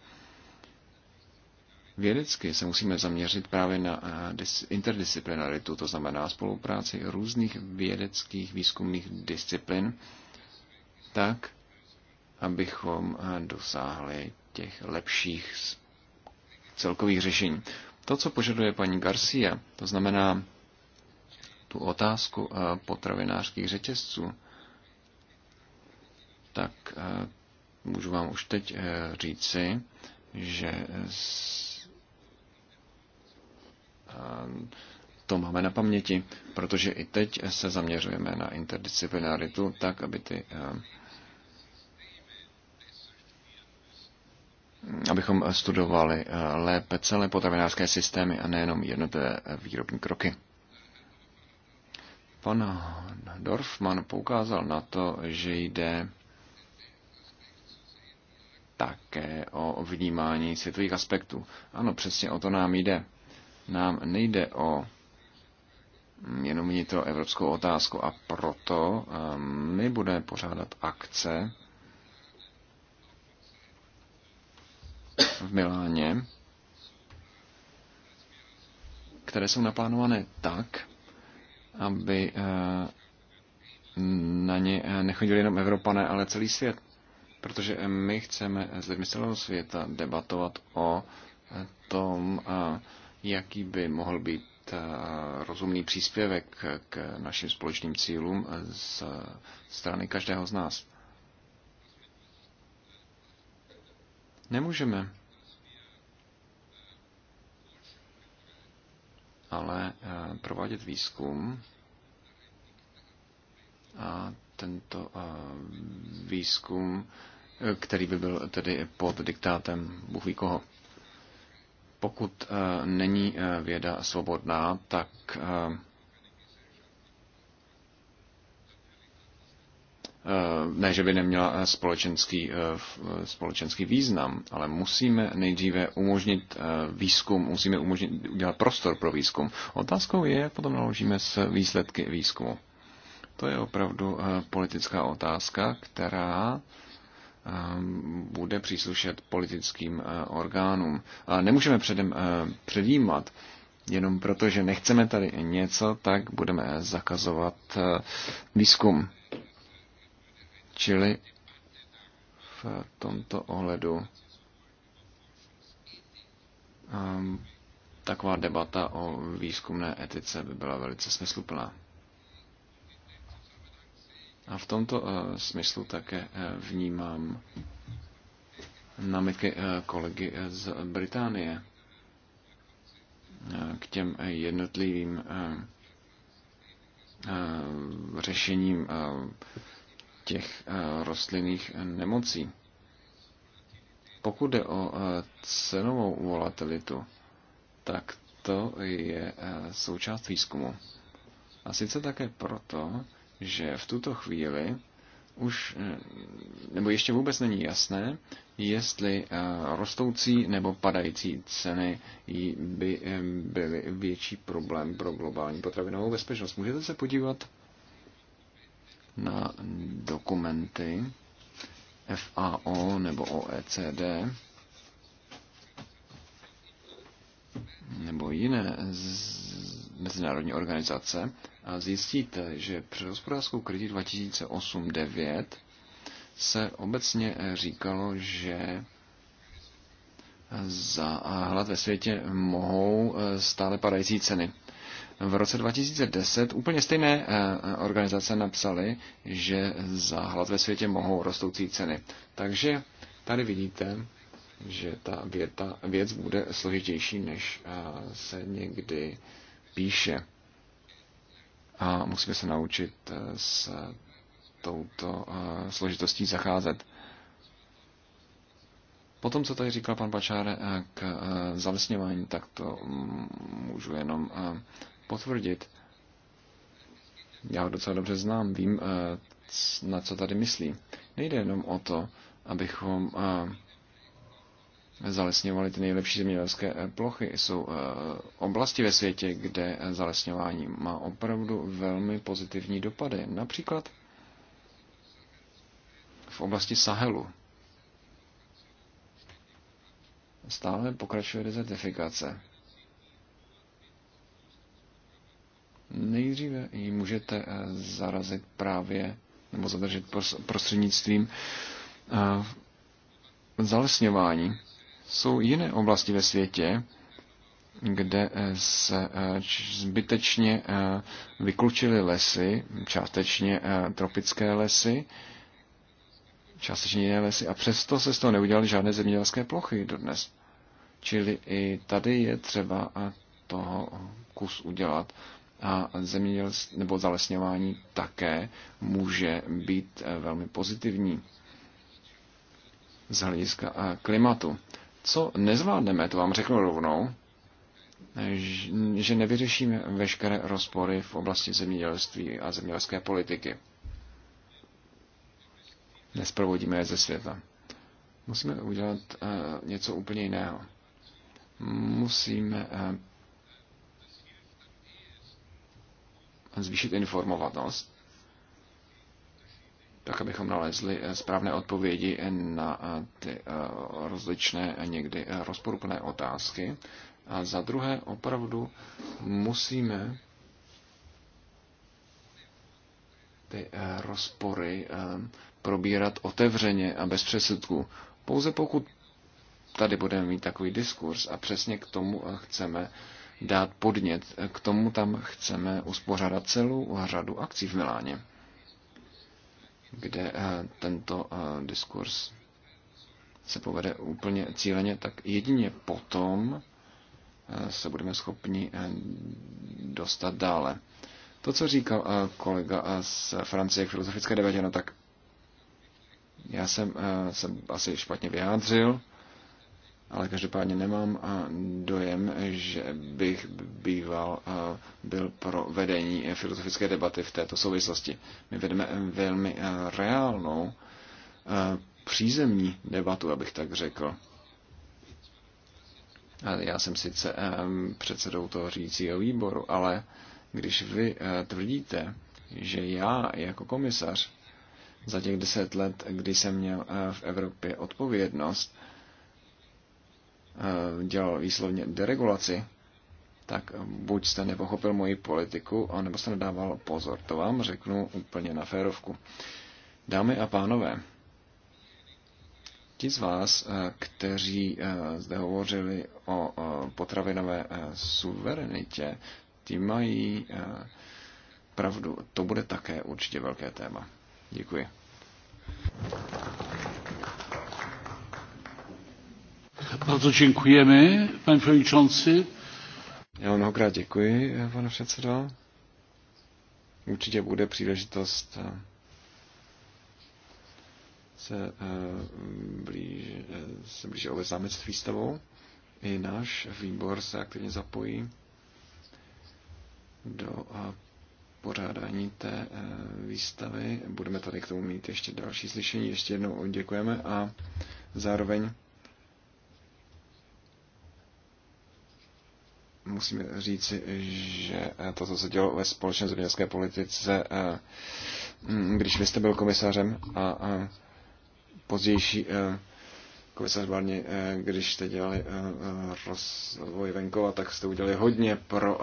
Vědecky se musíme zaměřit právě na eh, interdisciplinaritu, to znamená spolupráci různých vědeckých výzkumných disciplin, tak, abychom eh, dosáhli těch lepších celkových řešení. To, co požaduje paní Garcia, to znamená tu otázku eh, potravinářských řetězců, tak můžu vám už teď říci, že to máme na paměti, protože i teď se zaměřujeme na interdisciplinaritu tak, aby ty eh, abychom studovali eh, lépe celé potravinářské systémy a nejenom jednotlivé eh, výrobní kroky. Pan Dorfman poukázal na to, že jde také o vnímání světových aspektů. Ano, přesně o to nám jde nám nejde o mm, jenom evropskou otázku a proto ehm, my budeme pořádat akce v Miláně, které jsou naplánované tak, aby eh, na ně eh, nechodili jenom Evropané, ale celý svět. Protože eh, my chceme z lidmi celého světa debatovat o tom, jaký by mohl být eh, rozumný příspěvek k našim společným cílům z strany každého z nás. Nemůžeme. Ale eh, provádět výzkum a tento eh, výzkum, který by byl tedy pod diktátem Bůh ví koho pokud eh, není eh, věda svobodná, tak eh, ne, že by neměla společenský, společenský význam, ale musíme nejdříve umožnit výzkum, musíme umožnit udělat prostor pro výzkum. Otázkou je, jak potom naložíme s výsledky výzkumu. To je opravdu politická otázka, která Ehm, bude příslušet politickým eh, orgánům. A nemůžeme předem eh, předjímat, jenom proto, že nechceme tady něco, tak budeme zakazovat eh, výzkum. Čili v tomto ohledu ehm, taková debata o výzkumné etice by byla velice smysluplná. A v tomto eh, smyslu také eh, vnímám námitky eh, kolegy z Británie k těm jednotlivým řešením těch rostlinných nemocí. Pokud jde o cenovou volatilitu, tak to je součást výzkumu. A sice také proto, že v tuto chvíli už, eh, nebo ještě vůbec není jasné, jestli eh, rostoucí nebo padající ceny by eh, byly větší problém pro globální potravinovou bezpečnost. Můžete se podívat na dokumenty FAO nebo OECD nebo jiné mezinárodní organizace, a zjistíte, že před hospodářskou krizi 2008-2009 se obecně eh, říkalo, že za hlad ve světě mohou eh, stále padající ceny. V roce 2010 úplně stejné eh, organizace napsaly, že za hlad ve světě mohou rostoucí ceny. Takže tady vidíte, že ta věta, věc bude složitější, než se někdy píše a musíme se naučit eh, s eh, touto eh, složitostí zacházet. Potom, co tady říkal pan Bačár k zalesňování, tak to mm, můžu jenom potvrdit. Já ho docela dobře znám, vím, na co tady myslí. Nejde jenom o to, abychom zalesňovali ty nejlepší zemědělské eh, plochy. Jsou eh, oblasti ve světě, kde eh, zalesňování má opravdu velmi pozitivní dopady. Například v oblasti Sahelu. Stále pokračuje dezertifikace. Nejdříve ji můžete zarazit právě nebo zadržet prostřednictvím zalesňování. Jsou jiné oblasti ve světě, kde eh, se eh, zbytečně eh, vyklučily lesy, částečně tropické lesy, částečně jiné lesy a přesto se z toho neudělaly žádné zemědělské plochy dodnes. Čili i tady je třeba toho kus udělat a zemědělství nebo zalesňování také může být velmi pozitivní z hlediska klimatu co nezvládneme, to vám řeknu rovnou, že nevyřešíme veškeré rozpory v oblasti zemědělství a zemědělské politiky. Nesprovodíme je ze světa. Musíme udělat eh, něco úplně jiného. Musíme eh, zvýšit informovatnost tak abychom nalezli eh, správné odpovědi eh, na eh, ty rozličné někdy rozporuplné otázky. A za druhé opravdu musíme ty rozpory probírat otevřeně a bez přesudků. Pouze pokud tady budeme mít takový diskurs a přesně k tomu chceme dát podnět, k tomu tam chceme uspořádat celou řadu akcí v Miláně kde eh, tento eh, diskurs se povede úplně cíleně, tak jedině potom eh, se budeme schopni dostat dále. To, co říkal kolega z Francie k filozofické debatě, no tak já jsem se asi špatně vyjádřil ale každopádně nemám eh, dojem, že bych býval eh, byl pro vedení filozofické debaty v této souvislosti. My vedeme eh, velmi reálnou přízemní debatu, abych tak řekl. Já jsem sice předsedou toho řídícího výboru, ale když vy tvrdíte, že já jako komisař za těch deset let, kdy jsem měl v Evropě odpovědnost, Eh, dělal výslovně deregulaci, tak buď jste nepochopil moji politiku, anebo jste nedával pozor. To vám řeknu úplně na férovku. Dámy a pánové, ti z vás, eh, kteří eh, zde hovořili o potravinové suverenitě, ti mají pravdu. To bude také určitě velké téma. Děkuji. Bardzo dziękujemy, panie przewodniczący. Já mnohokrát děkuji, pane předsedo. Určitě bude příležitost eh, eh, eh, se blíže, se blíže obeznámit s výstavou. I náš výbor se aktivně zapojí do pořádání té výstavy. Budeme tady k tomu mít ještě další slyšení. Ještě jednou děkujeme a zároveň musíme říci, že eh, to, co se dělo ve společné zemědělské politice, eh, když vy jste byl komisařem a pozdější eh, komisař Barni, když jste dělali rozvoj venkova, tak jste udělali hodně pro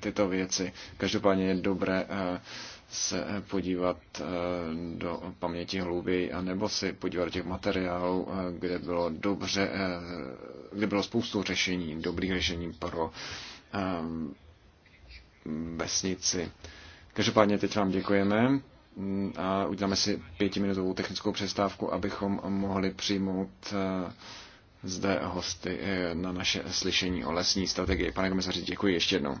tyto věci. Každopádně je dobré se podívat eh, do paměti hlouběji, anebo si podívat do těch materiálů, eh, kde bylo dobře, eh, kde bylo spoustu řešení, dobrých řešení pro vesnici. Každopádně teď vám děkujeme mm, a uděláme si pětiminutovou technickou přestávku, abychom mohli přijmout zde hosty na naše slyšení o lesní strategii. Pane komisaři, děkuji ještě jednou.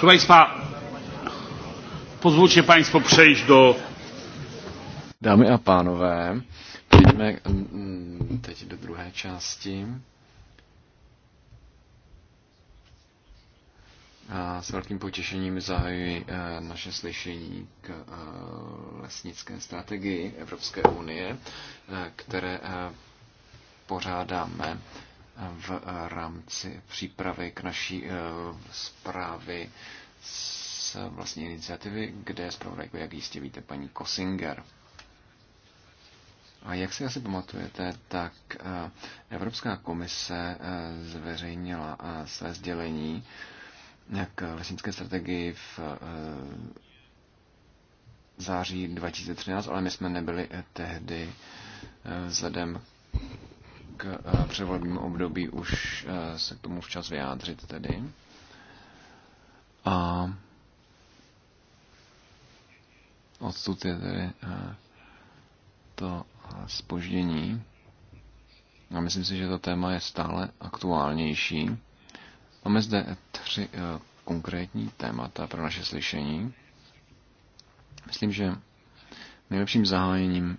Proszę Państwa, pozwólcie Państwo przejść do... Dámy a pánové, pojďme mm, mm, teď do druhé části. A s velkým potěšením zahajuji eh, naše slyšení k eh, lesnické strategii Evropské unie, eh, které pořádáme v rámci přípravy k naší eh, zprávy z eh, vlastní iniciativy, kde je zpravodajku, jak jistě víte, paní Kosinger. A jak si asi pamatujete, tak eh, Evropská komise zveřejnila své sdělení k lesnické strategii v září 2013, ale my jsme nebyli tehdy vzhledem k eh, převolebnímu období už eh, se k tomu včas vyjádřit tedy. A odsud je tedy eh, to spoždění. A myslím si, že to téma je stále aktuálnější. Máme zde tři konkrétní témata pro naše slyšení. Myslím, že nejlepším zahájením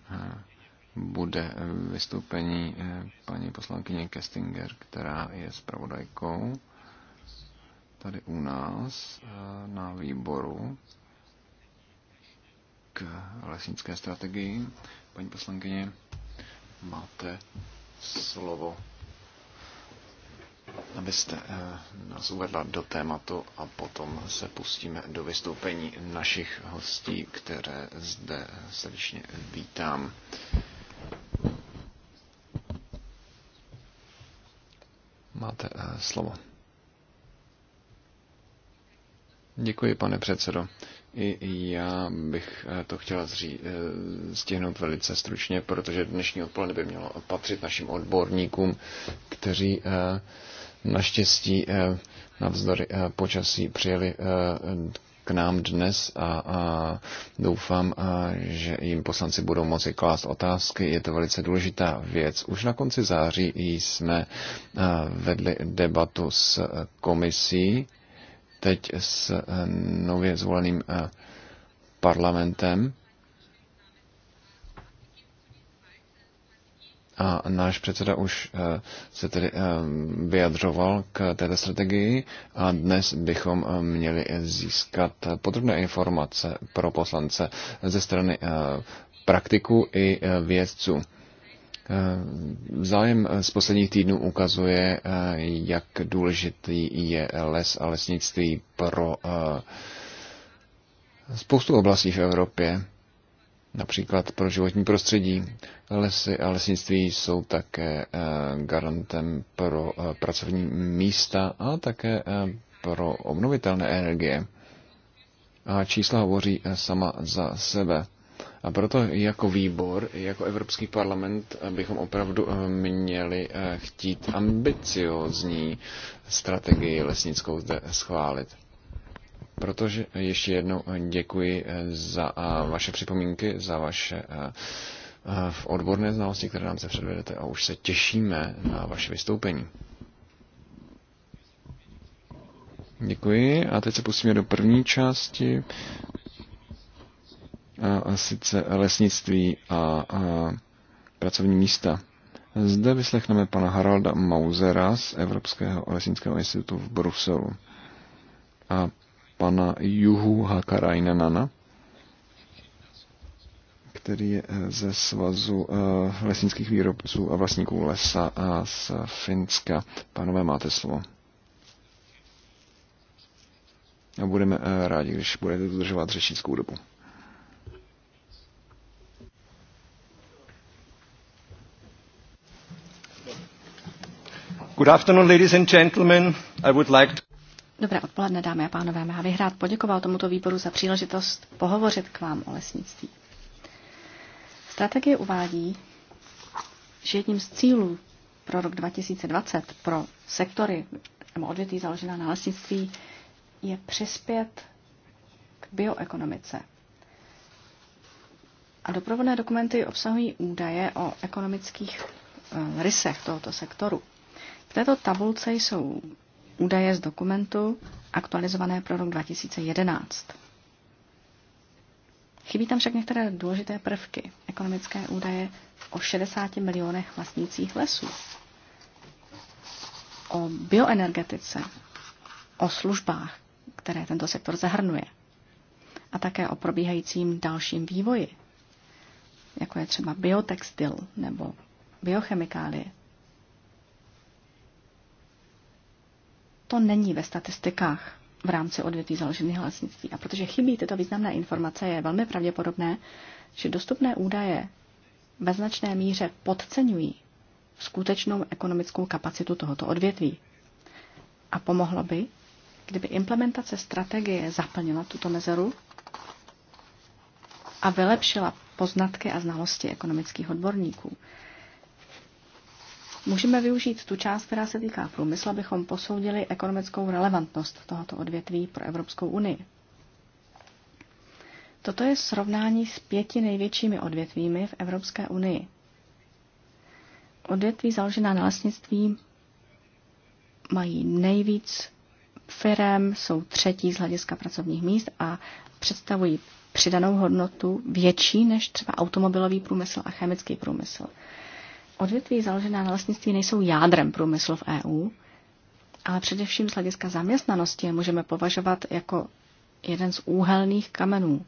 bude eh, vystoupení eh, paní poslankyně Kestinger, která je zpravodajkou tady u nás eh, na výboru k lesnické strategii. Paní poslankyně, máte slovo, abyste nás uvedla do tématu a potom se pustíme do vystoupení našich hostí, které zde srdečně vítám. Máte eh, slovo. Děkuji, pane předsedo. I já bych eh, to chtěla zří, eh, stihnout velice stručně, protože dnešní odpoledne by mělo patřit našim odborníkům, kteří naštěstí navzdory počasí přijeli k nám dnes a, a doufám, a, že jim poslanci budou moci klást otázky. Je to velice důležitá věc. Už na konci září jsme vedli debatu s komisí, teď s nově zvoleným parlamentem A náš předseda už eh, se tedy eh, vyjadřoval k této strategii a dnes bychom eh, měli získat podrobné informace pro poslance ze strany praktiků i vědců. Zájem z posledních týdnů ukazuje, jak důležitý je les a lesnictví pro spoustu oblastí v Evropě například pro životní prostředí. Lesy a lesnictví jsou také eh, garantem pro eh, pracovní místa a také eh, pro obnovitelné energie. A čísla hovoří sama za sebe. A proto jako výbor, jako Evropský parlament bychom opravdu měli chtít ambiciozní strategii lesnickou zde schválit. Protože ještě jednou děkuji eh, za eh, vaše připomínky, za vaše eh, v odborné znalosti, které nám se předvedete a už se těšíme na vaše vystoupení. Děkuji a teď se pustíme do první části a sice lesnictví a, a pracovní místa. Zde vyslechneme pana Haralda Mausera z Evropského lesnického institutu v Bruselu. A pana Juhu Hakarainenana, který je eh, ze Svazu eh, lesnických výrobců a vlastníků lesa a eh, z Finska. Pánové, máte slovo. A budeme rádi, když budete dodržovat řečnickou dobu. Good afternoon, ladies and gentlemen. I would like to... Dobré odpoledne, dámy a pánové. Já bych rád poděkoval tomuto výboru za příležitost pohovořit k vám o lesnictví. Strategie uvádí, že jedním z cílů pro rok 2020 pro sektory nebo odvětví založená na lesnictví je přispět k bioekonomice. A doprovodné dokumenty obsahují údaje o ekonomických eh, rysech tohoto sektoru. V této tabulce jsou údaje z dokumentu aktualizované pro rok 2011. Chybí tam však některé důležité prvky, ekonomické údaje o 60 milionech vlastnících lesů, o bioenergetice, o službách, které tento sektor zahrnuje, a také o probíhajícím dalším vývoji, jako je třeba biotextil nebo biochemikálie. to není ve statistikách v rámci odvětví založených lesnictví. A protože chybí tyto významné informace, je velmi pravděpodobné, že dostupné údaje ve značné míře podceňují skutečnou ekonomickou kapacitu tohoto odvětví. A pomohlo by, kdyby implementace strategie zaplnila tuto mezeru a vylepšila poznatky a znalosti ekonomických odborníků. Můžeme využít tu část, která se týká průmyslu, abychom posoudili ekonomickou relevantnost tohoto odvětví pro Evropskou unii. Toto je srovnání s pěti největšími odvětvími v Evropské unii. Odvětví založená na lesnictví mají nejvíc firem, jsou třetí z hlediska pracovních míst a představují přidanou hodnotu větší než třeba automobilový průmysl a chemický průmysl. Odvětví založená na vlastnictví nejsou jádrem průmyslu v EU, ale především z hlediska zaměstnanosti je můžeme považovat jako jeden z úhelných kamenů.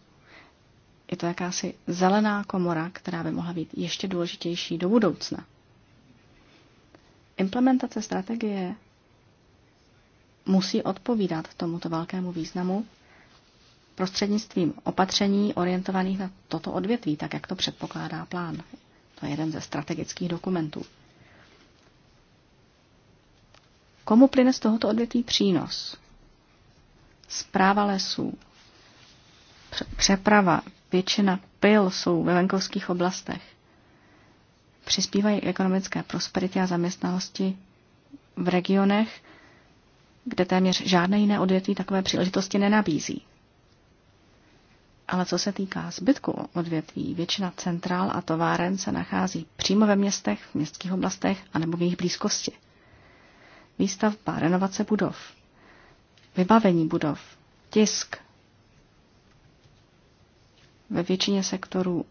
Je to jakási zelená komora, která by mohla být ještě důležitější do budoucna. Implementace strategie musí odpovídat tomuto velkému významu prostřednictvím opatření orientovaných na toto odvětví, tak jak to předpokládá plán. To je jeden ze strategických dokumentů. Komu plyne z tohoto odvětví přínos? Zpráva lesů, přeprava, většina pil jsou ve venkovských oblastech. Přispívají k ekonomické prosperitě a zaměstnanosti v regionech, kde téměř žádné jiné odvětví takové příležitosti nenabízí. Ale co se týká zbytku odvětví, většina centrál a továren se nachází přímo ve městech, v městských oblastech a nebo v jejich blízkosti. Výstavba, renovace budov, vybavení budov, tisk. Ve většině sektorů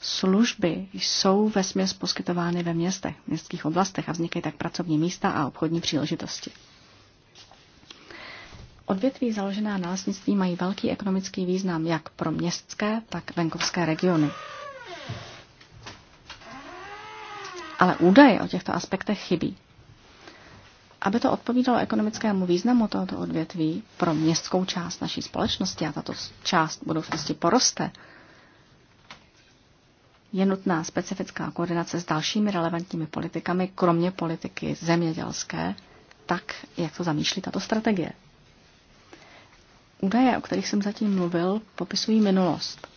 služby jsou ve směs poskytovány ve městech, městských oblastech a vznikají tak pracovní místa a obchodní příležitosti. Odvětví založená na lesnictví mají velký ekonomický význam jak pro městské, tak venkovské regiony. Ale údaje o těchto aspektech chybí. Aby to odpovídalo ekonomickému významu tohoto odvětví pro městskou část naší společnosti a tato část budoucnosti poroste, je nutná specifická koordinace s dalšími relevantními politikami, kromě politiky zemědělské, tak, jak to zamýšlí tato strategie. Údaje, o kterých jsem zatím mluvil, popisují minulost.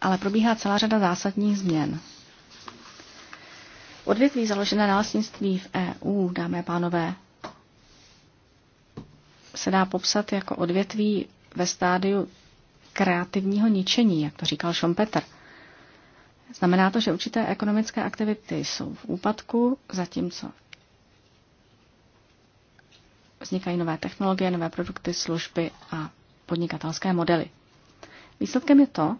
Ale probíhá celá řada zásadních změn. Odvětví založené na lesnictví v EU, dámy a pánové, se dá popsat jako odvětví ve stádiu kreativního ničení, jak to říkal Schumpeter. Znamená to, že určité ekonomické aktivity jsou v úpadku, zatímco v vznikají nové technologie, nové produkty, služby a podnikatelské modely. Výsledkem je to,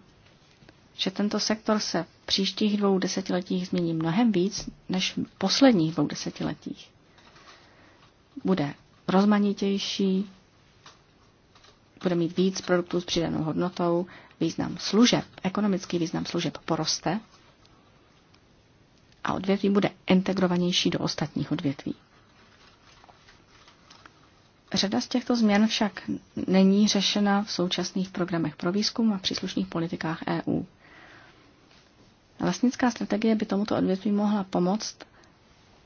že tento sektor se v příštích dvou desetiletích změní mnohem víc než v posledních dvou desetiletích. Bude rozmanitější, bude mít víc produktů s přidanou hodnotou, význam služeb, ekonomický význam služeb poroste a odvětví bude integrovanější do ostatních odvětví. Řada z těchto změn však není řešena v současných programech pro výzkum a příslušných politikách EU. Lesnická strategie by tomuto odvětví mohla pomoct,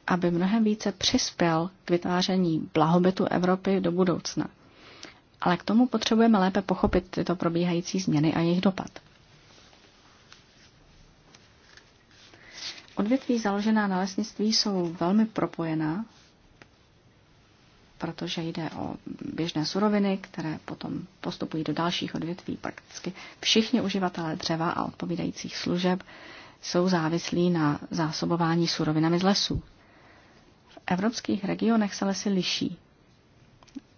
aby mnohem více přispěl k vytváření blahobytu Evropy do budoucna. Ale k tomu potřebujeme lépe pochopit tyto probíhající změny a jejich dopad. Odvětví založená na lesnictví jsou velmi propojená protože jde o běžné suroviny, které potom postupují do dalších odvětví. Prakticky všichni uživatelé dřeva a odpovídajících služeb jsou závislí na zásobování surovinami z lesů. V evropských regionech se lesy liší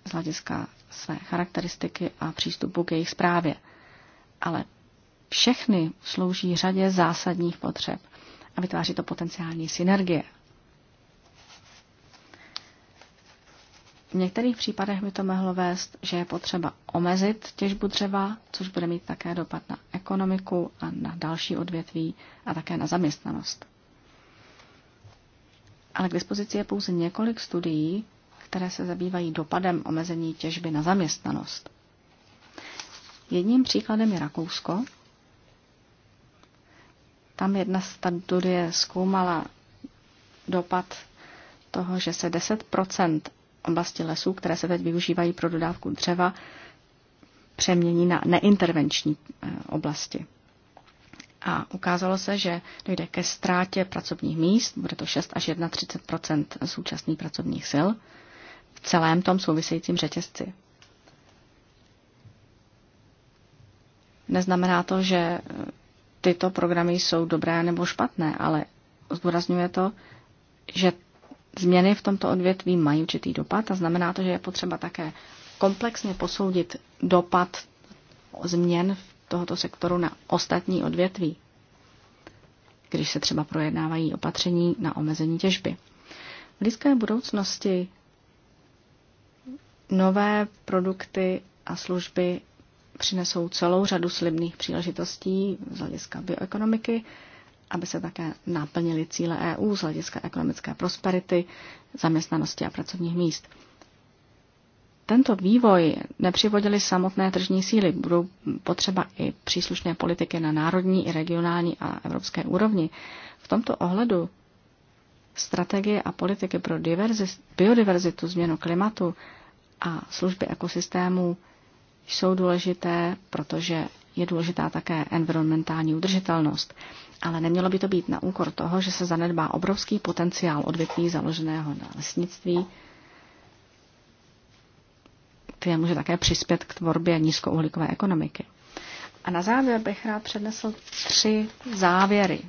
z hlediska své charakteristiky a přístupu k jejich zprávě. Ale všechny slouží řadě zásadních potřeb a vytváří to potenciální synergie V některých případech by to mohlo vést, že je potřeba omezit těžbu dřeva, což bude mít také dopad na ekonomiku a na další odvětví a také na zaměstnanost. Ale k dispozici je pouze několik studií, které se zabývají dopadem omezení těžby na zaměstnanost. Jedním příkladem je Rakousko. Tam jedna studie zkoumala dopad toho, že se 10 oblasti lesů, které se teď využívají pro dodávku dřeva, přemění na neintervenční eh, oblasti. A ukázalo se, že dojde ke ztrátě pracovních míst, bude to 6 až 31 současných pracovních sil, v celém tom souvisejícím řetězci. Neznamená to, že eh, tyto programy jsou dobré nebo špatné, ale zdůrazňuje to, že změny v tomto odvětví mají určitý dopad a znamená to, že je potřeba také komplexně posoudit dopad změn v tohoto sektoru na ostatní odvětví, když se třeba projednávají opatření na omezení těžby. V blízké budoucnosti nové produkty a služby přinesou celou řadu slibných příležitostí z hlediska bioekonomiky, aby se také naplnily cíle EU z hlediska ekonomické prosperity, zaměstnanosti a pracovních míst. Tento vývoj nepřivodili samotné tržní síly. Budou potřeba i příslušné politiky na národní, i regionální a evropské úrovni. V tomto ohledu strategie a politiky pro biodiverzitu, změnu klimatu a služby ekosystémů jsou důležité, protože je důležitá také environmentální udržitelnost, ale nemělo by to být na úkor toho, že se zanedbá obrovský potenciál odvětví založeného na lesnictví, které může také přispět k tvorbě nízkouhlíkové ekonomiky. A na závěr bych rád přednesl tři závěry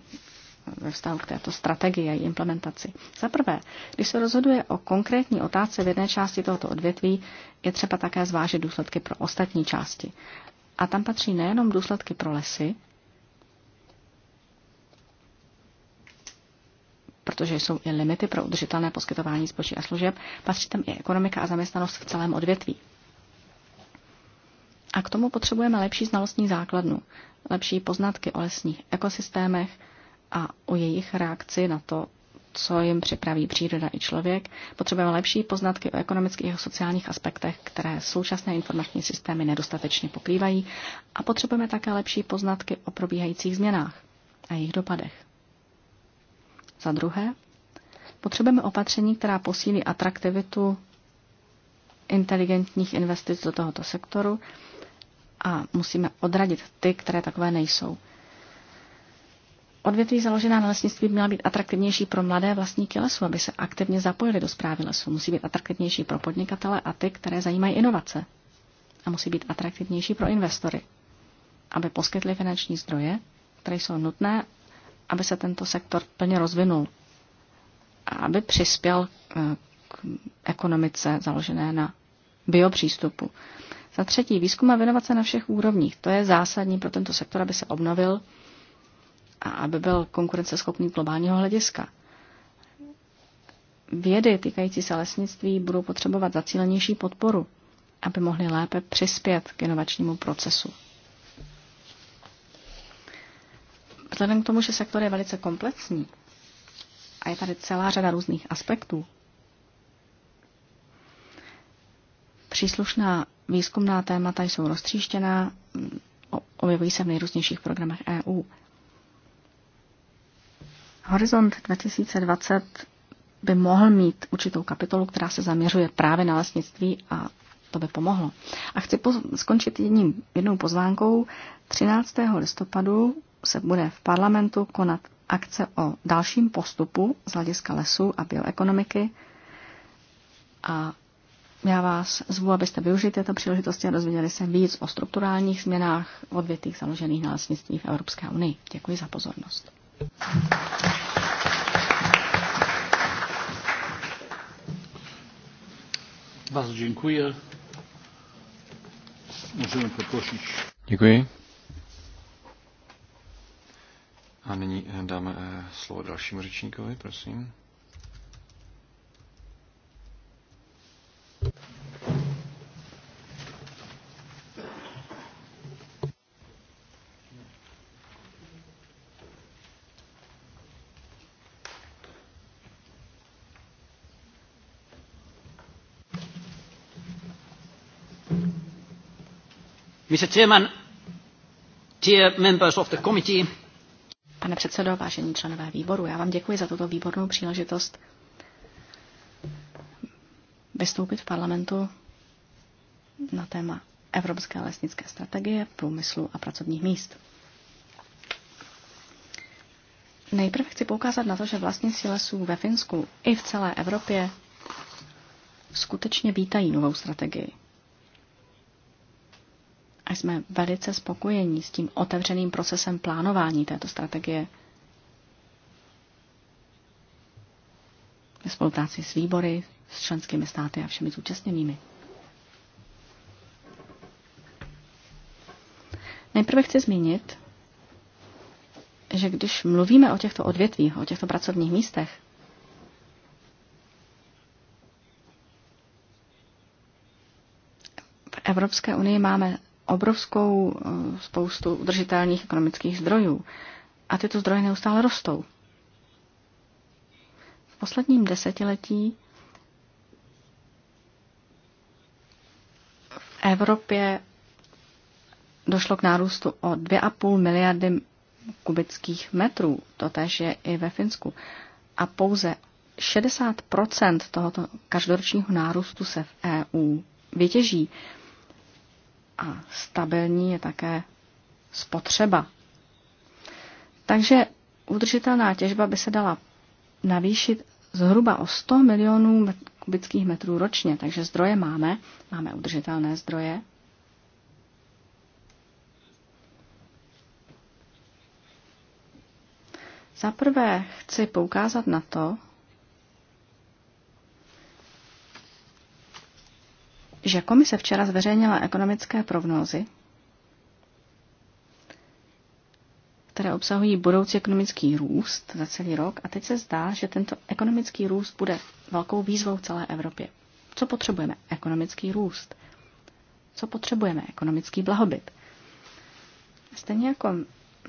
ve vztahu k této strategii a její implementaci. Za prvé, když se rozhoduje o konkrétní otázce v jedné části tohoto odvětví, je třeba také zvážit důsledky pro ostatní části. A tam patří nejenom důsledky pro lesy, protože jsou i limity pro udržitelné poskytování zboží a služeb, patří tam i ekonomika a zaměstnanost v celém odvětví. A k tomu potřebujeme lepší znalostní základnu, lepší poznatky o lesních ekosystémech a o jejich reakci na to, co jim připraví příroda i člověk, potřebujeme lepší poznatky o ekonomických a sociálních aspektech, které současné informační systémy nedostatečně pokrývají a potřebujeme také lepší poznatky o probíhajících změnách a jejich dopadech. Za druhé, potřebujeme opatření, která posílí atraktivitu inteligentních investic do tohoto sektoru a musíme odradit ty, které takové nejsou. Odvětví založená na lesnictví měla být atraktivnější pro mladé vlastníky lesu, aby se aktivně zapojili do zprávy lesu. Musí být atraktivnější pro podnikatele a ty, které zajímají inovace. A musí být atraktivnější pro investory, aby poskytli finanční zdroje, které jsou nutné, aby se tento sektor plně rozvinul a aby přispěl eh, k ekonomice založené na biopřístupu. Za třetí, výzkum a inovace na všech úrovních. To je zásadní pro tento sektor, aby se obnovil a aby byl konkurenceschopný globálního hlediska. Vědy týkající se lesnictví budou potřebovat zacílenější podporu, aby mohly lépe přispět k inovačnímu procesu. Vzhledem k tomu, že sektor je velice komplexní a je tady celá řada různých aspektů, příslušná výzkumná témata jsou roztříštěná, objevují se v nejrůznějších programech EU. Horizont 2020 by mohl mít určitou kapitolu, která se zaměřuje právě na lesnictví a to by pomohlo. A chci po- skončit jedním, jednou pozvánkou. 13. listopadu se bude v parlamentu konat akce o dalším postupu z hlediska lesů a bioekonomiky. A já vás zvu, abyste využili této příležitosti a dozvěděli se víc o strukturálních změnách odvětých založených na lesnictví v Evropské unii. Děkuji za pozornost. Bardzo dziękuję. Můžeme poprosiť. Děkuji. A nyní eh, dáme eh, slovo dalšímu řečníkovi, prosím. Mr. Chairman, dear members of the committee. Pane předsedo, vážení členové výboru, já vám děkuji za tuto výbornou příležitost vystoupit v parlamentu na téma Evropské lesnické strategie, průmyslu a pracovních míst. Nejprve chci poukázat na to, že vlastníci lesů ve Finsku i v celé Evropě skutečně vítají novou strategii jsme velice spokojení s tím otevřeným procesem plánování této strategie. Ve spolupráci s výbory, s členskými státy a všemi zúčastněnými. Nejprve chci zmínit, že když mluvíme o těchto odvětvích, o těchto pracovních místech, v Evropské unii máme obrovskou eh, spoustu udržitelných ekonomických zdrojů. A tyto zdroje neustále rostou. V posledním desetiletí v Evropě došlo k nárůstu o 2,5 miliardy kubických metrů. To též je i ve Finsku. A pouze 60 tohoto každoročního nárůstu se v EU vytěží a stabilní je také spotřeba. Takže udržitelná těžba by se dala navýšit zhruba o 100 milionů kubických metrů ročně, takže zdroje máme, máme udržitelné zdroje. Za prvé chci poukázat na to, že komise včera zveřejnila ekonomické prognózy, které obsahují budoucí ekonomický růst za celý rok a teď se zdá, že tento ekonomický růst bude velkou výzvou celé Evropě. Co potřebujeme? Ekonomický růst. Co potřebujeme? Ekonomický blahobyt. Stejně jako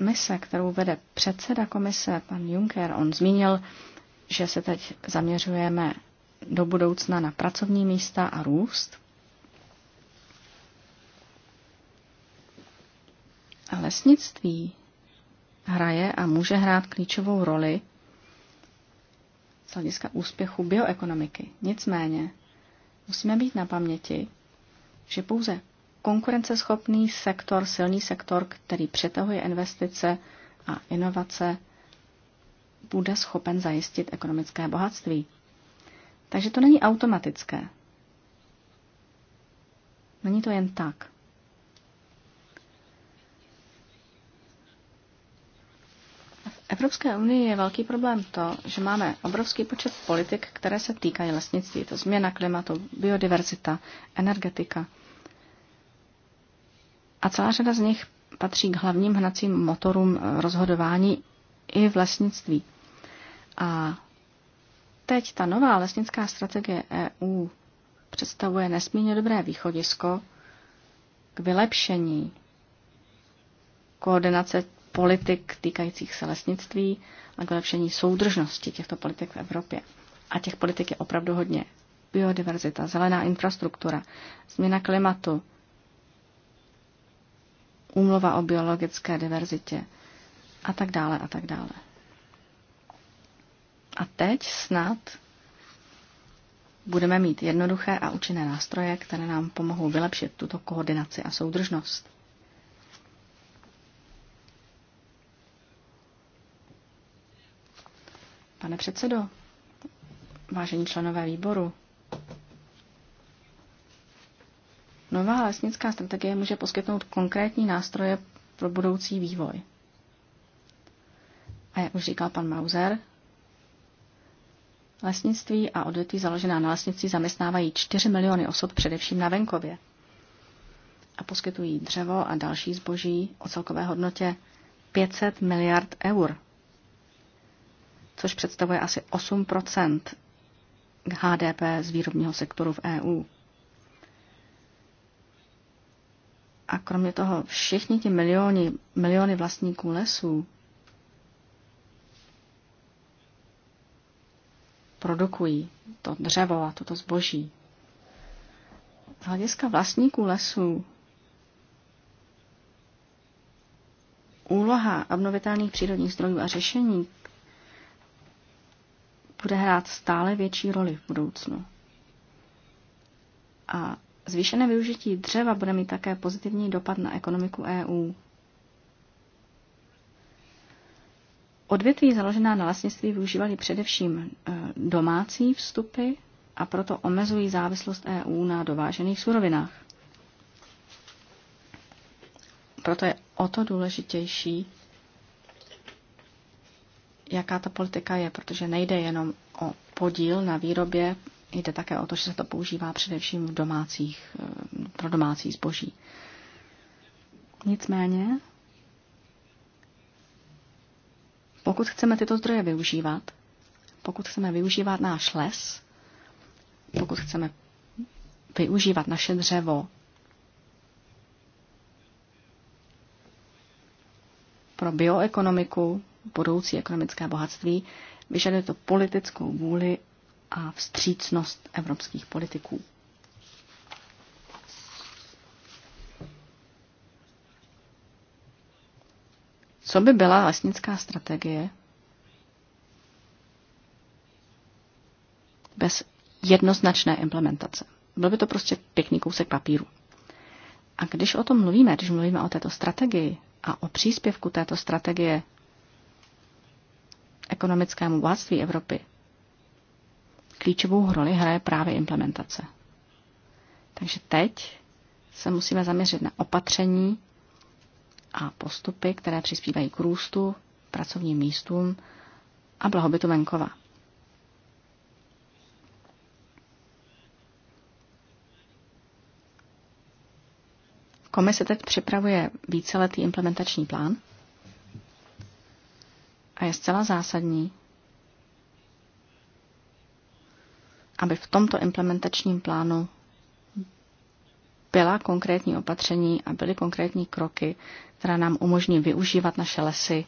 mise, kterou vede předseda komise, pan Juncker, on zmínil, že se teď zaměřujeme do budoucna na pracovní místa a růst. lesnictví hraje a může hrát klíčovou roli z hlediska úspěchu bioekonomiky. Nicméně musíme být na paměti, že pouze konkurenceschopný sektor, silný sektor, který přetahuje investice a inovace, bude schopen zajistit ekonomické bohatství. Takže to není automatické. Není to jen tak. Evropské unii je velký problém to, že máme obrovský počet politik, které se týkají lesnictví. To změna klimatu, biodiverzita, energetika. A celá řada z nich patří k hlavním hnacím motorům rozhodování i v lesnictví. A teď ta nová lesnická strategie EU představuje nesmírně dobré východisko k vylepšení koordinace politik týkajících se lesnictví a k vylepšení soudržnosti těchto politik v Evropě. A těch politik je opravdu hodně. Biodiverzita, zelená infrastruktura, změna klimatu, úmluva o biologické diverzitě a tak dále a tak dále. A teď snad budeme mít jednoduché a účinné nástroje, které nám pomohou vylepšit tuto koordinaci a soudržnost. Pane předsedo, vážení členové výboru, nová lesnická strategie může poskytnout konkrétní nástroje pro budoucí vývoj. A jak už říkal pan Mauser, lesnictví a odvětví založená na lesnictví zaměstnávají 4 miliony osob především na venkově a poskytují dřevo a další zboží o celkové hodnotě 500 miliard eur což představuje asi 8 HDP z výrobního sektoru v EU. A kromě toho všichni ti miliony, miliony vlastníků lesů produkují to dřevo a toto zboží. Z hlediska vlastníků lesů úloha obnovitelných přírodních zdrojů a řešení, bude hrát stále větší roli v budoucnu. A zvýšené využití dřeva bude mít také pozitivní dopad na ekonomiku EU. Odvětví založená na lesnictví využívali především e, domácí vstupy a proto omezují závislost EU na dovážených surovinách. Proto je o to důležitější, jaká ta politika je, protože nejde jenom o podíl na výrobě, jde také o to, že se to používá především v domácích, eh, pro domácí zboží. Nicméně, pokud chceme tyto zdroje využívat, pokud chceme využívat náš les, pokud chceme využívat naše dřevo pro bioekonomiku, budoucí ekonomické bohatství, vyžaduje to politickou vůli a vstřícnost evropských politiků. Co by byla lesnická strategie bez jednoznačné implementace? Byl by to prostě pěkný kousek papíru. A když o tom mluvíme, když mluvíme o této strategii a o příspěvku této strategie ekonomickému bohatství Evropy, klíčovou roli hraje právě implementace. Takže teď se musíme zaměřit na opatření a postupy, které přispívají k růstu, pracovním místům a blahobytu venkova. Komise teď připravuje víceletý implementační plán, a je zcela zásadní, aby v tomto implementačním plánu byla konkrétní opatření a byly konkrétní kroky, která nám umožní využívat naše lesy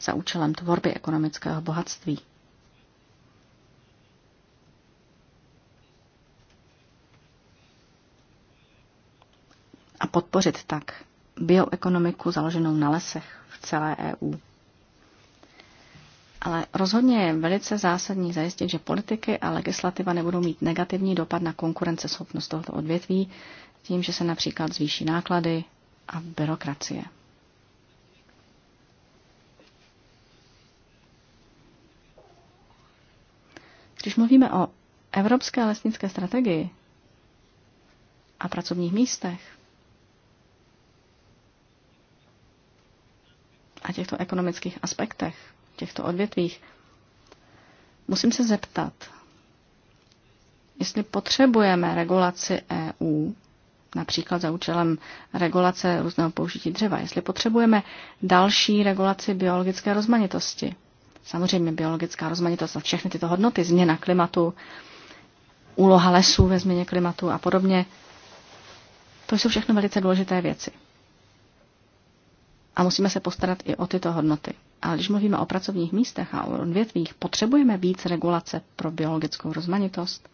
za účelem tvorby ekonomického bohatství. A podpořit tak bioekonomiku založenou na lesech v celé EU. Ale rozhodně je velice zásadní zajistit, že politiky a legislativa nebudou mít negativní dopad na konkurenceschopnost tohoto odvětví tím, že se například zvýší náklady a byrokracie. Když mluvíme o evropské lesnické strategii a pracovních místech a těchto ekonomických aspektech, těchto odvětvích. Musím se zeptat, jestli potřebujeme regulaci EU, například za účelem regulace různého použití dřeva, jestli potřebujeme další regulaci biologické rozmanitosti. Samozřejmě biologická rozmanitost a všechny tyto hodnoty, změna klimatu, úloha lesů ve změně klimatu a podobně, to jsou všechno velice důležité věci. A musíme se postarat i o tyto hodnoty. Ale když mluvíme o pracovních místech a o odvětvích, potřebujeme víc regulace pro biologickou rozmanitost.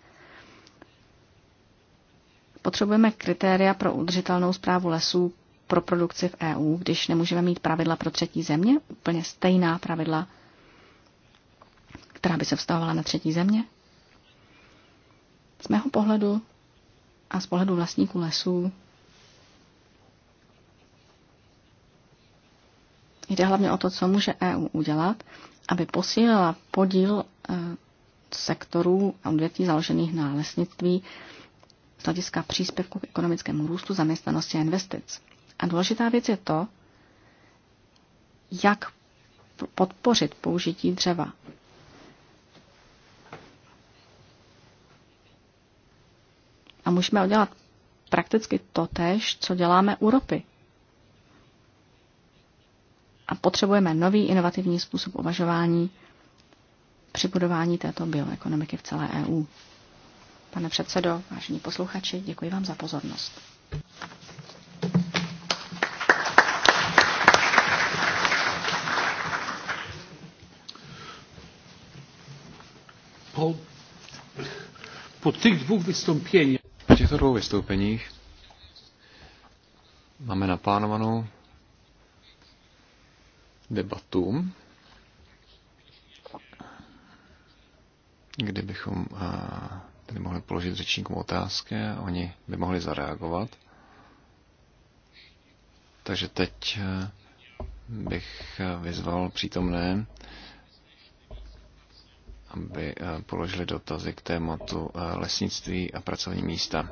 Potřebujeme kritéria pro udržitelnou zprávu lesů pro produkci v EU, když nemůžeme mít pravidla pro třetí země, úplně stejná pravidla, která by se vztahovala na třetí země. Z mého pohledu a z pohledu vlastníků lesů Jde hlavně o to, co může EU udělat, aby posílila podíl e, sektorů a odvětví založených na lesnictví z hlediska příspěvku k ekonomickému růstu, zaměstnanosti a investic. A důležitá věc je to, jak podpořit použití dřeva. A můžeme udělat prakticky to tež, co děláme u ropy a potřebujeme nový inovativní způsob uvažování při budování této bioekonomiky v celé EU. Pane předsedo, vážení posluchači, děkuji vám za pozornost. Po, po těch dvou vystoupeních. Po těchto dvou vystoupeních máme naplánovanou debatu, kde bychom tedy mohli položit řečníkům otázky a oni by mohli zareagovat. Takže teď bych vyzval přítomné, aby položili dotazy k tématu lesnictví a pracovní místa.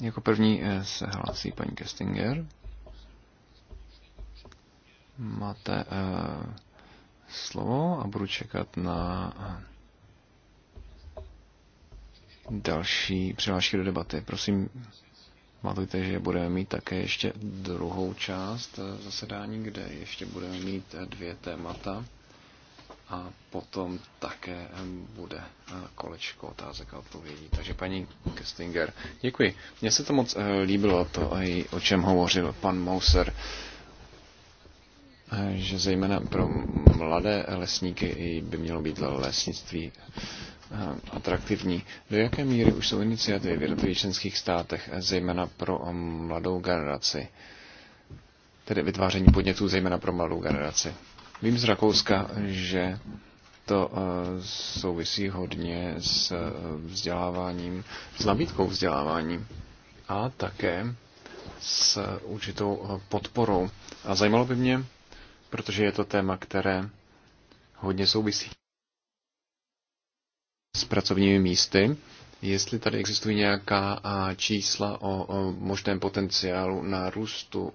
Jako první eh, se hlásí paní Kestinger. Máte uh, slovo a budu čekat na eh, další přihlášky do debaty. Prosím, matujte, že budeme mít také ještě druhou část zasedání, kde ještě budeme mít dvě témata a potom také ehm, bude eh, kolečko otázek a odpovědí. Takže paní Kestinger, děkuji. Mně se to moc eh, líbilo, to, o čem hovořil pan Mouser, eh, že zejména pro mladé lesníky by mělo být lesnictví atraktivní. Do jaké míry už jsou iniciativy v jednotlivých členských státech, zejména pro mladou generaci, tedy vytváření podnětů zejména pro mladou generaci? Vím z Rakouska, že to eh, souvisí hodně s eh, vzděláváním, s nabídkou vzdělávání a také s určitou eh, podporou. A zajímalo by mě, protože je to téma, které hodně souvisí s pracovními místy jestli tady existují nějaká čísla o možném potenciálu na růstu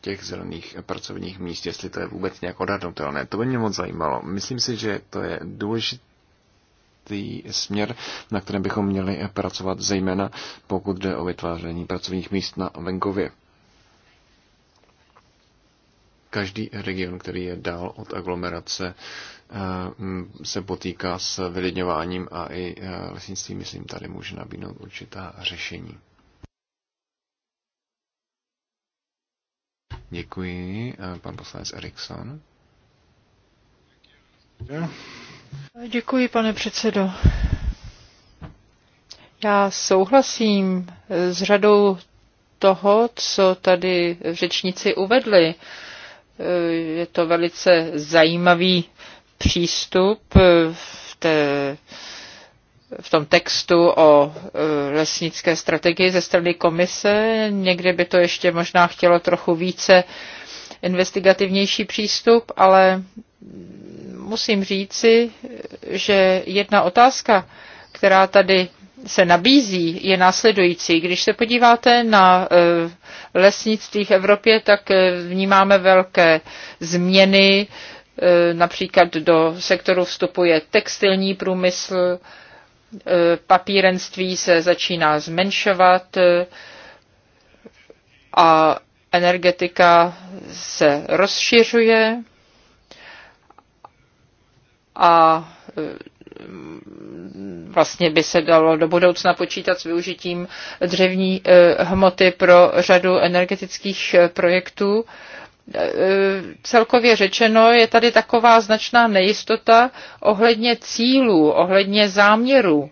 těch zelených pracovních míst, jestli to je vůbec nějak odhadnutelné. To by mě moc zajímalo. Myslím si, že to je důležitý směr, na kterém bychom měli pracovat, zejména pokud jde o vytváření pracovních míst na venkově. Každý region, který je dál od aglomerace, eh, se potýká s vylidňováním a i eh, lesnictví, myslím, tady může nabídnout určitá řešení. Děkuji. Eh, pan poslanec Erikson. Děkuji, pane předsedo. Já souhlasím s řadou toho, co tady řečníci uvedli. Je to velice zajímavý přístup v, té, v tom textu o e, lesnické strategii ze strany komise. Někde by to ještě možná chtělo trochu více investigativnější přístup, ale musím říci, že jedna otázka, která tady se nabízí, je následující. Když se podíváte na eh, lesnictví v Evropě, tak eh, vnímáme velké změny. Eh, například do sektoru vstupuje textilní průmysl, papírenství se začíná zmenšovat a energetika se rozšiřuje a vlastně by se dalo do budoucna počítat s využitím dřevní eh, hmoty pro řadu energetických eh, projektů. Eh, celkově řečeno je tady taková značná nejistota ohledně cílů, ohledně záměrů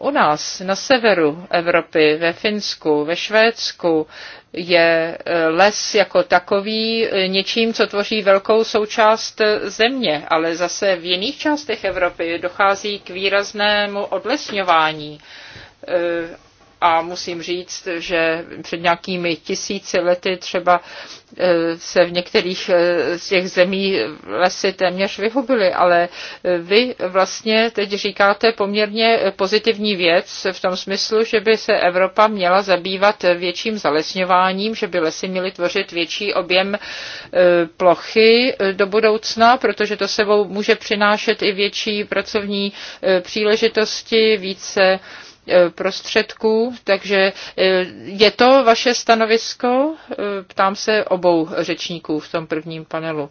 u eh, nás na severu Evropy, ve Finsku, ve Švédsku, je eh, les jako takový eh, něčím, co tvoří velkou součást země, ale zase v jiných částech Evropy dochází k výraznému odlesňování a musím říct, že před nějakými tisíci lety třeba e, se v některých e, z těch zemí lesy téměř vyhubily, ale e, vy vlastně teď říkáte poměrně pozitivní věc v tom smyslu, že by se Evropa měla zabývat větším zalesňováním, že by lesy měly tvořit větší objem plochy do budoucna, protože to sebou může přinášet i větší pracovní příležitosti, více Eh, prostředků, takže eh, je to vaše stanovisko? Eh, ptám se obou řečníků v tom prvním panelu.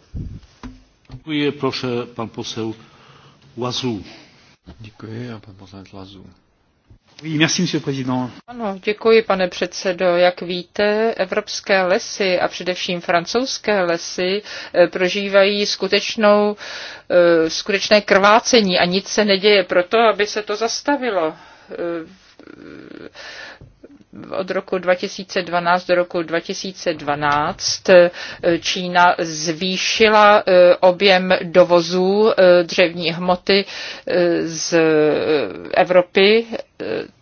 Děkuji, prosím, pan posel Lazů. Děkuji a pan poslanec Lazů. Ano, děkuji, pane předsedo. Jak víte, evropské lesy a především francouzské lesy prožívají skutečnou, skutečné krvácení a nic se neděje proto, aby se to zastavilo. Eh, od roku 2012 do roku 2012 eh, Čína zvýšila eh, objem dovozů dřevní hmoty z Evropy,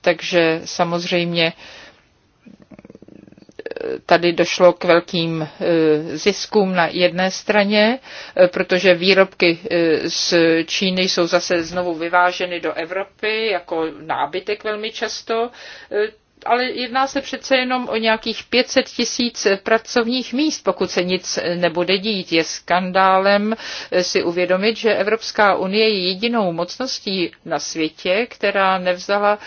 takže samozřejmě tady došlo k velkým eh, ziskům na jedné straně, eh, protože výrobky eh, z Číny jsou zase znovu vyváženy do Evropy jako nábytek velmi často, ale jedná se přece jenom o nějakých 500 tisíc pracovních míst, pokud se nic nebude dít. Je skandálem si uvědomit, že Evropská unie je jedinou mocností na světě, která nevzala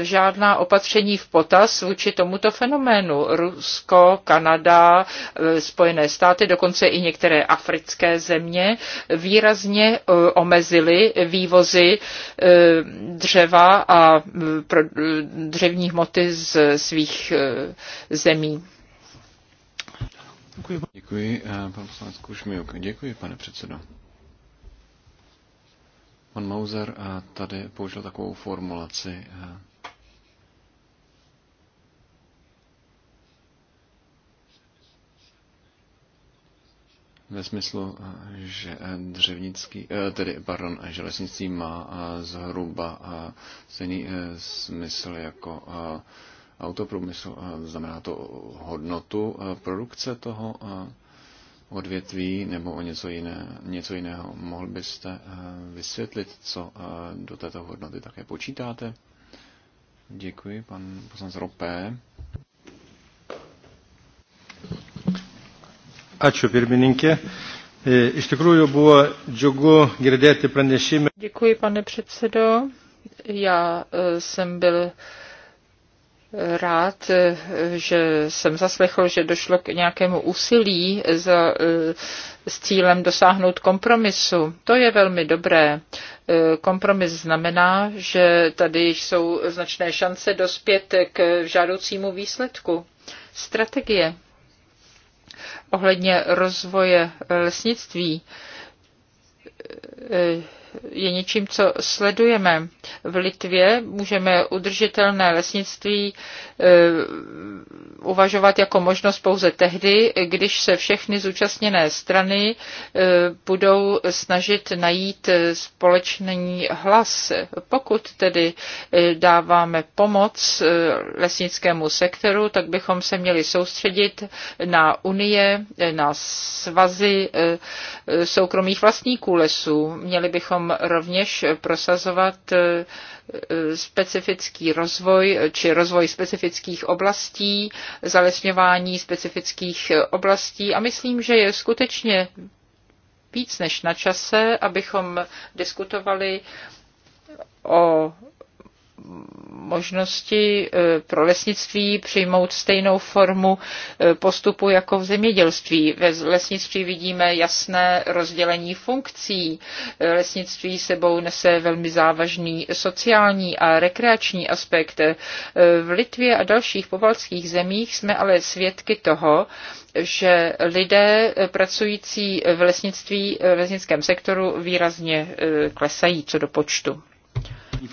e, žádná opatření v potaz vůči tomuto fenoménu. Rusko, Kanada, e, Spojené státy, dokonce i některé africké země výrazně e, omezily vývozy dřeva a dřevních motorů hodnoty z svých eh, zemí. Děkuji, eh, pan poslanec Kušmiuk. Děkuji, pane předsedo. Pan Mauser eh, tady použil takovou formulaci, ve smyslu, že dřevnický, eh, tedy, pardon, železnictví má eh, zhruba eh, stejný smysl jako autoprůmysl. Znamená to hodnotu produkce toho odvětví nebo o něco, jiné, něco jiného. Mohl byste vysvětlit, co do této hodnoty také počítáte? Děkuji, pan poslanec Ropé. E, bylo Děkuji, pane předsedo. Já e, jsem byl rád, e, že jsem zaslechl, že došlo k nějakému úsilí za, s cílem dosáhnout kompromisu. To je velmi dobré. Kompromis znamená, že tady jsou značné šance dospět k žádoucímu výsledku. Strategie ohledně rozvoje eh, lesnictví eh, je něčím, co sledujeme. V Litvě můžeme udržitelné lesnictví e, uvažovat jako možnost pouze tehdy, když se všechny zúčastněné strany e, budou snažit najít společný hlas. Pokud tedy e, dáváme pomoc lesnickému sektoru, tak bychom se měli soustředit na unie, na svazy soukromých vlastníků lesů. Měli bychom bychom rovněž prosazovat e, e, specifický rozvoj či rozvoj specifických oblastí, zalesňování specifických e, oblastí a myslím, že je skutečně víc než na čase, abychom diskutovali o možnosti eh, pro lesnictví přijmout stejnou formu eh, postupu jako v zemědělství. Ve lesnictví vidíme jasné rozdělení funkcí. Eh, lesnictví sebou nese velmi závažný sociální a rekreační aspekt. V Litvě a dalších povalských zemích jsme ale svědky toho, že lidé pracující v lesnictví, v lesnickém sektoru výrazně klesají co do počtu.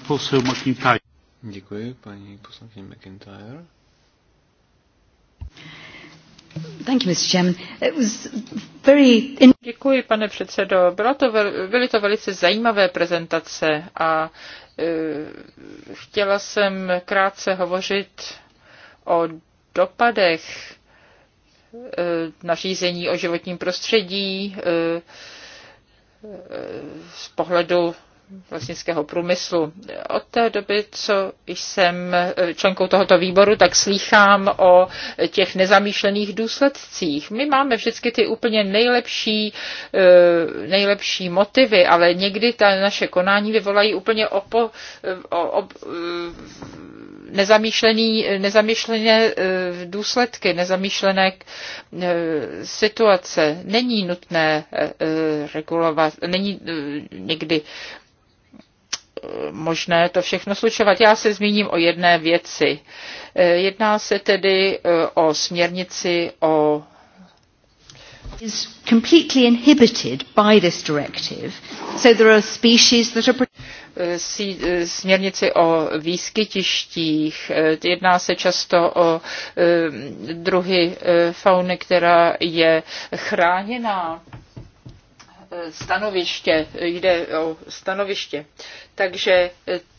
Posel McIntyre. Děkuji, paní poslankyně McIntyre. Thank you, Mr. Chairman. It was very Děkuji, pane předsedo. Bylo to, byly to velice zajímavé prezentace a e, chtěla jsem krátce hovořit o dopadech e, nařízení o životním prostředí e, e z pohledu vlastnického průmyslu. Od té doby, co jsem členkou tohoto výboru, tak slýchám o těch nezamýšlených důsledcích. My máme vždycky ty úplně nejlepší, eh, nejlepší motivy, ale někdy ta naše konání vyvolají úplně opo, o, o, eh, nezamýšlený, nezamýšlené eh, důsledky, nezamýšlené situace. Není nutné regulovat, není někdy možné to všechno slučovat. Já se zmíním o jedné věci. Eh, jedná se tedy eh, o směrnici o is completely inhibited by this directive. So there are species that are eh, směrnici o výskytištích. Jedná se často o druhy fauny, která je chráněná stanoviště, jde o stanoviště. Takže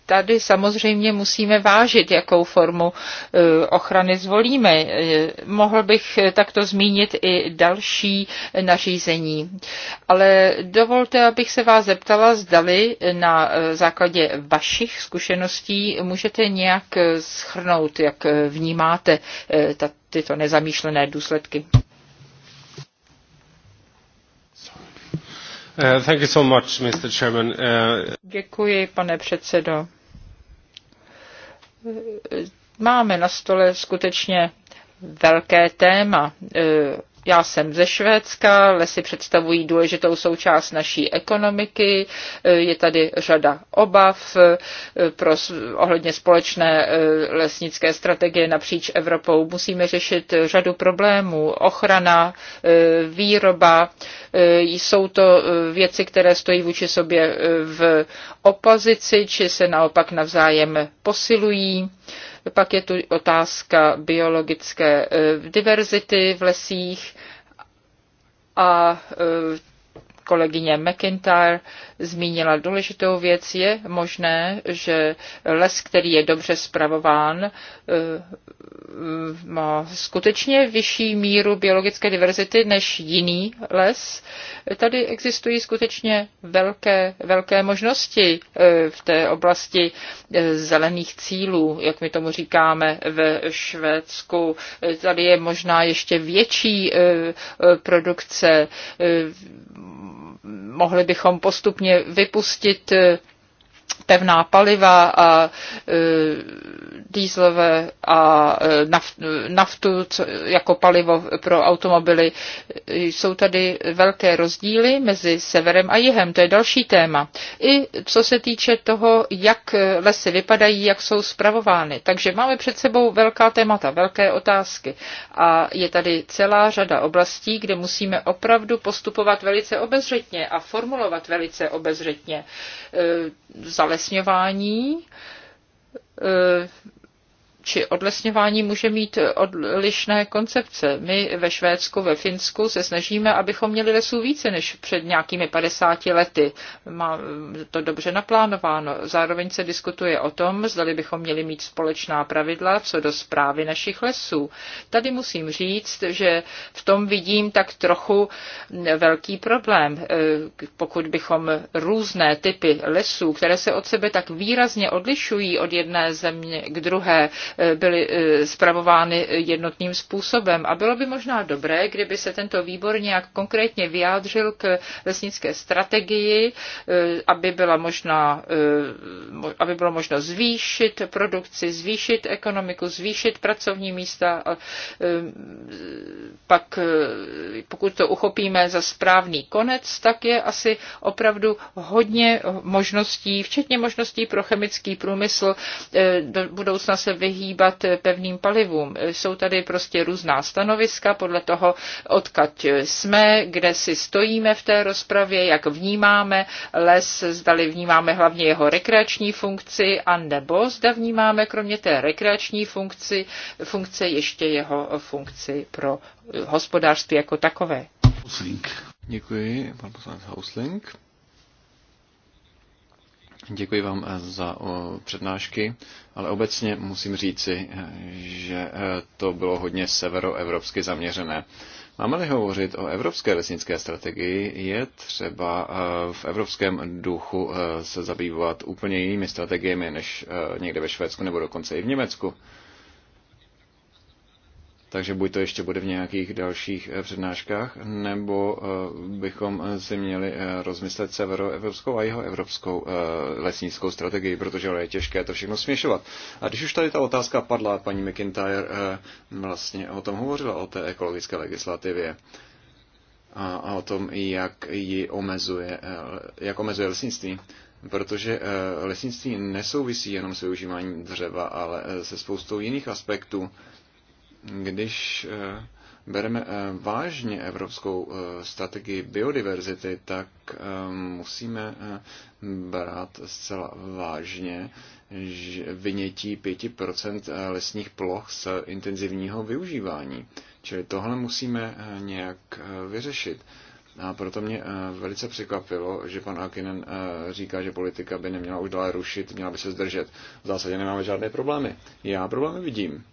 tady samozřejmě musíme vážit, jakou formu e, ochrany zvolíme. E, mohl bych takto zmínit i další nařízení. Ale dovolte, abych se vás zeptala, zdali na e, základě vašich zkušeností můžete nějak schrnout, jak vnímáte tato tyto nezamýšlené důsledky. Uh, thank you so much, Mr. Chairman. Uh, Děkuji, pane předsedo. Máme na stole skutečně velké téma uh, já jsem ze Švédska, lesy představují důležitou součást naší ekonomiky, eh, je tady řada obav eh, pro, ohledně společné eh, lesnické strategie napříč Evropou. Musíme řešit řadu problémů, ochrana, výroba, jsou to věci, které stojí vůči sobě v opozici, či se naopak navzájem posilují pak je tu otázka biologické eh, diverzity v lesích a eh, kolegyně McIntyre zmínila důležitou věc, je možné, že les, který je dobře zpravován, eh, má skutečně vyšší míru biologické diverzity než jiný les. Tady existují skutečně velké, velké možnosti eh, v té oblasti eh, zelených cílů, jak my tomu říkáme ve Švédsku. Tady je možná ještě větší produkce mohli bychom postupně vypustit eh, pevná paliva a e, dýzlové a e, naft, naftu co, jako palivo pro automobily. Jsou tady velké rozdíly mezi severem a jihem, to je další téma. I co se týče toho, jak lesy vypadají, jak jsou zpravovány. Takže máme před sebou velká témata, velké otázky. A je tady celá řada oblastí, kde musíme opravdu postupovat velice obezřetně a formulovat velice obezřetně. E, zalesňování či odlesňování může mít odlišné koncepce. My ve Švédsku, ve Finsku se snažíme, abychom měli lesů více než před nějakými 50 lety. Má to dobře naplánováno. Zároveň se diskutuje o tom, zda bychom měli mít společná pravidla co do zprávy našich lesů. Tady musím říct, že v tom vidím tak trochu velký problém. Pokud bychom různé typy lesů, které se od sebe tak výrazně odlišují od jedné země k druhé, byly zpravovány eh, jednotným způsobem. A bylo by možná dobré, kdyby se tento výbor nějak konkrétně vyjádřil k lesnické strategii, eh, aby, byla možná, eh, aby bylo možno zvýšit produkci, zvýšit ekonomiku, zvýšit pracovní místa. A pak, pokud to uchopíme za správný konec, tak je asi opravdu hodně možností, včetně možností pro chemický průmysl, do budoucna se vyhýbá vyhýbat pevným palivům. Jsou tady prostě různá stanoviska podle toho, odkaď jsme, kde si stojíme v té rozpravě, jak vnímáme les, zdali vnímáme hlavně jeho rekreační funkci, a nebo zda vnímáme kromě té rekreační funkci, funkce ještě jeho funkci pro hospodářství jako takové. Děkuji, pan poslanec Hausling. Děkuji vám eh, za přednášky, ale obecně musím říci, eh, že eh, to bylo hodně severoevropsky zaměřené. Máme-li hovořit o evropské lesnické strategii, je třeba v evropském duchu se zabývat úplně jinými strategiemi než někde ve Švédsku nebo dokonce i v Německu takže buď to ještě bude v nějakých dalších eh, přednáškách, nebo eh, bychom eh, si měli rozmyslet severoevropskou a jeho evropskou lesnickou strategii, protože je těžké to všechno směšovat. A když už tady ta otázka padla, paní McIntyre vlastně o tom hovořila, o té ekologické legislativě a o tom, jak ji omezuje, jak omezuje lesnictví protože lesnictví nesouvisí jenom s využíváním dřeva, ale se spoustou jiných aspektů když eh, bereme eh, vážně evropskou eh, strategii biodiverzity, tak musíme brát zcela vážně vynětí 5% lesních ploch z intenzivního využívání. Čili tohle musíme nějak vyřešit. A proto mě velice překvapilo, že pan Akinen říká, že politika by neměla už dále rušit, měla by se zdržet. V zásadě nemáme žádné problémy. Já problémy vidím.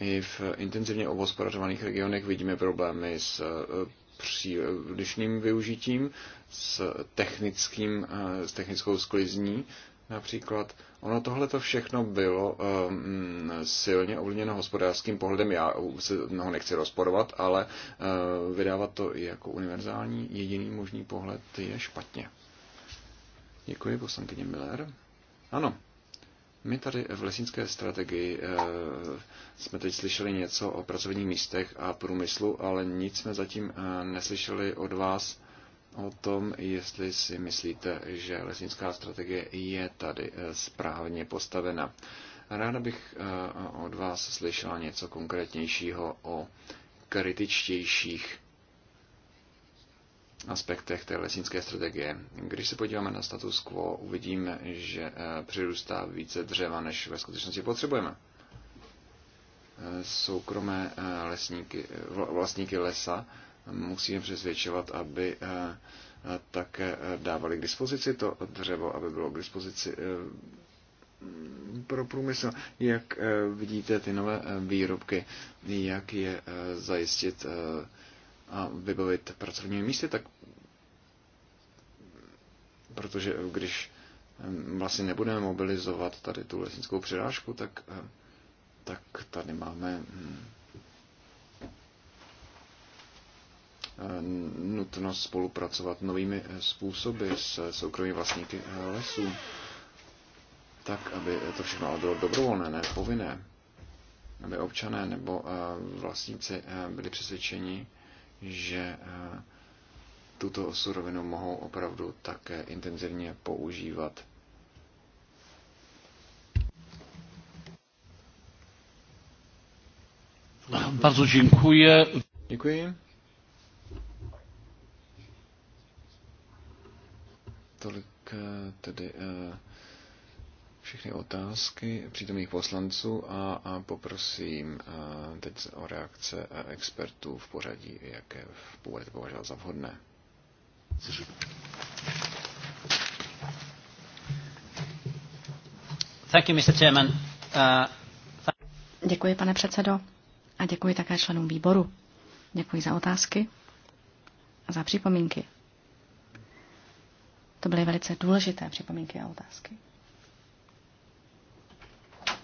I v intenzivně obospodařovaných regionech vidíme problémy s eh, přílišným využitím, s, technickým, eh, s technickou sklizní například. Ono tohle to všechno bylo um, silně ovlivněno hospodářským pohledem. Já se ho nechci rozporovat, ale uh, vydávat to i jako univerzální jediný možný pohled je špatně. Děkuji, poslankyně Miller. Ano, my tady v lesnické strategii eh, jsme teď slyšeli něco o pracovních místech a průmyslu, ale nic jsme zatím eh, neslyšeli od vás o tom, jestli si myslíte, že lesnická strategie je tady eh, správně postavena. Ráda bych od vás slyšela něco konkrétnějšího o kritičtějších aspektech té lesnické strategie. Když se podíváme na status quo, uvidíme, že eh, přirůstá více dřeva, než ve skutečnosti potřebujeme. Eh, soukromé eh, lesníky, vlastníky lesa musíme přesvědčovat, aby také dávali k dispozici to dřevo, aby bylo k dispozici pro průmysl. Jak vidíte ty nové výrobky, jak je zajistit a vybavit pracovními místy, tak protože když vlastně nebudeme mobilizovat tady tu lesnickou přirážku, tak, tak tady máme hm, nutnost spolupracovat novými eh, způsoby s eh, soukromými vlastníky eh, lesů, tak, aby to všechno bylo dobrovolné, ne povinné, aby občané nebo vlastníci byli přesvědčeni, že eh, tuto surovinu mohou opravdu také intenzivně používat. Bardzo dziękuję. Dziękuję. Tolik eh, tedy eh, všechny otázky přítomných poslanců a, a poprosím a teď o reakce expertů v pořadí, jaké budete považovat za vhodné. Thank you, Mr. Chairman. Uh, děkuji, pane předsedo, a děkuji také členům výboru. Děkuji za otázky a za připomínky. To byly velice důležité připomínky a otázky.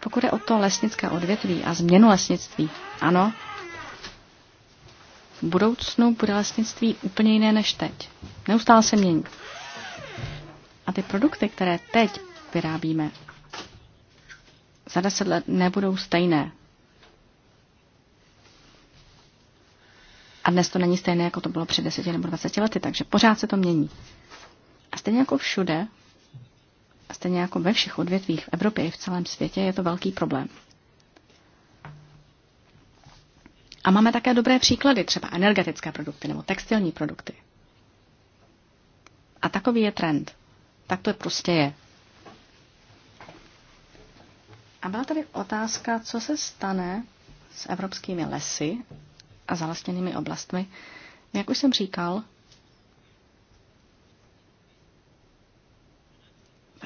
Pokud je o to lesnické odvětví a změnu lesnictví, ano, v budoucnu bude lesnictví úplně jiné než teď. Neustále se mění. A ty produkty, které teď vyrábíme, za deset let nebudou stejné. A dnes to není stejné, jako to bylo před deseti nebo dvaceti lety, takže pořád se to mění. A stejně jako všude, a stejně jako ve všech odvětvích v Evropě i v celém světě je to velký problém. A máme také dobré příklady, třeba energetické produkty nebo textilní produkty. A takový je trend. Tak to prostě je. A byla tady otázka, co se stane s evropskými lesy a zalesněnými oblastmi. Jak už jsem říkal,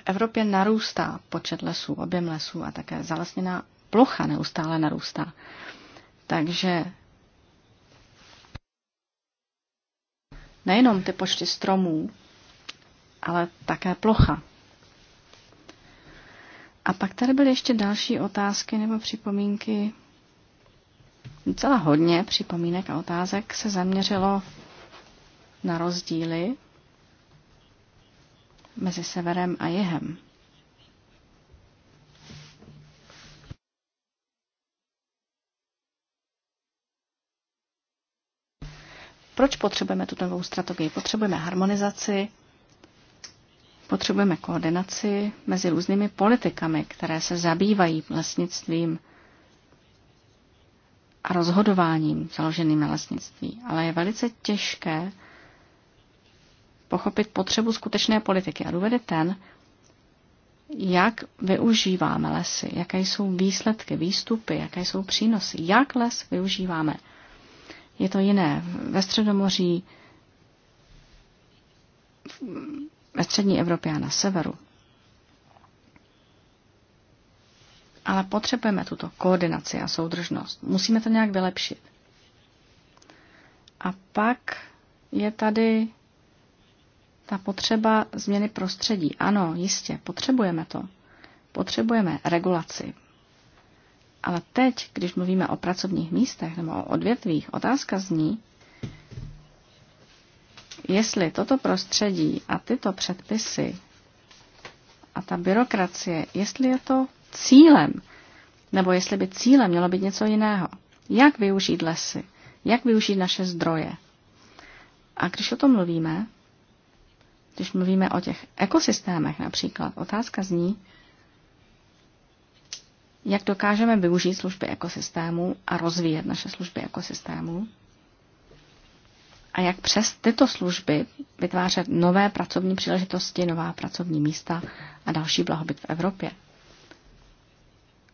Evropě narůstá počet lesů, objem lesů a také zalesněná plocha neustále narůstá. Takže nejenom ty počty stromů, ale také plocha. A pak tady byly ještě další otázky nebo připomínky. Celá hodně připomínek a otázek se zaměřilo na rozdíly mezi severem a jihem. Proč potřebujeme tuto novou strategii? Potřebujeme harmonizaci, potřebujeme koordinaci mezi různými politikami, které se zabývají lesnictvím a rozhodováním založeným na lesnictví. Ale je velice těžké pochopit potřebu skutečné politiky a důvod je ten, jak využíváme lesy, jaké jsou výsledky, výstupy, jaké jsou přínosy, jak les využíváme. Je to jiné ve Středomoří, ve střední Evropě a na severu. Ale potřebujeme tuto koordinaci a soudržnost. Musíme to nějak vylepšit. A pak je tady ta potřeba změny prostředí. Ano, jistě, potřebujeme to. Potřebujeme regulaci. Ale teď, když mluvíme o pracovních místech nebo o odvětvích, otázka zní, jestli toto prostředí a tyto předpisy a ta byrokracie, jestli je to cílem, nebo jestli by cílem mělo být něco jiného. Jak využít lesy? Jak využít naše zdroje? A když o tom mluvíme, když mluvíme o těch ekosystémech například, otázka zní, jak dokážeme využít služby ekosystému a rozvíjet naše služby ekosystému a jak přes tyto služby vytvářet nové pracovní příležitosti, nová pracovní místa a další blahobyt v Evropě.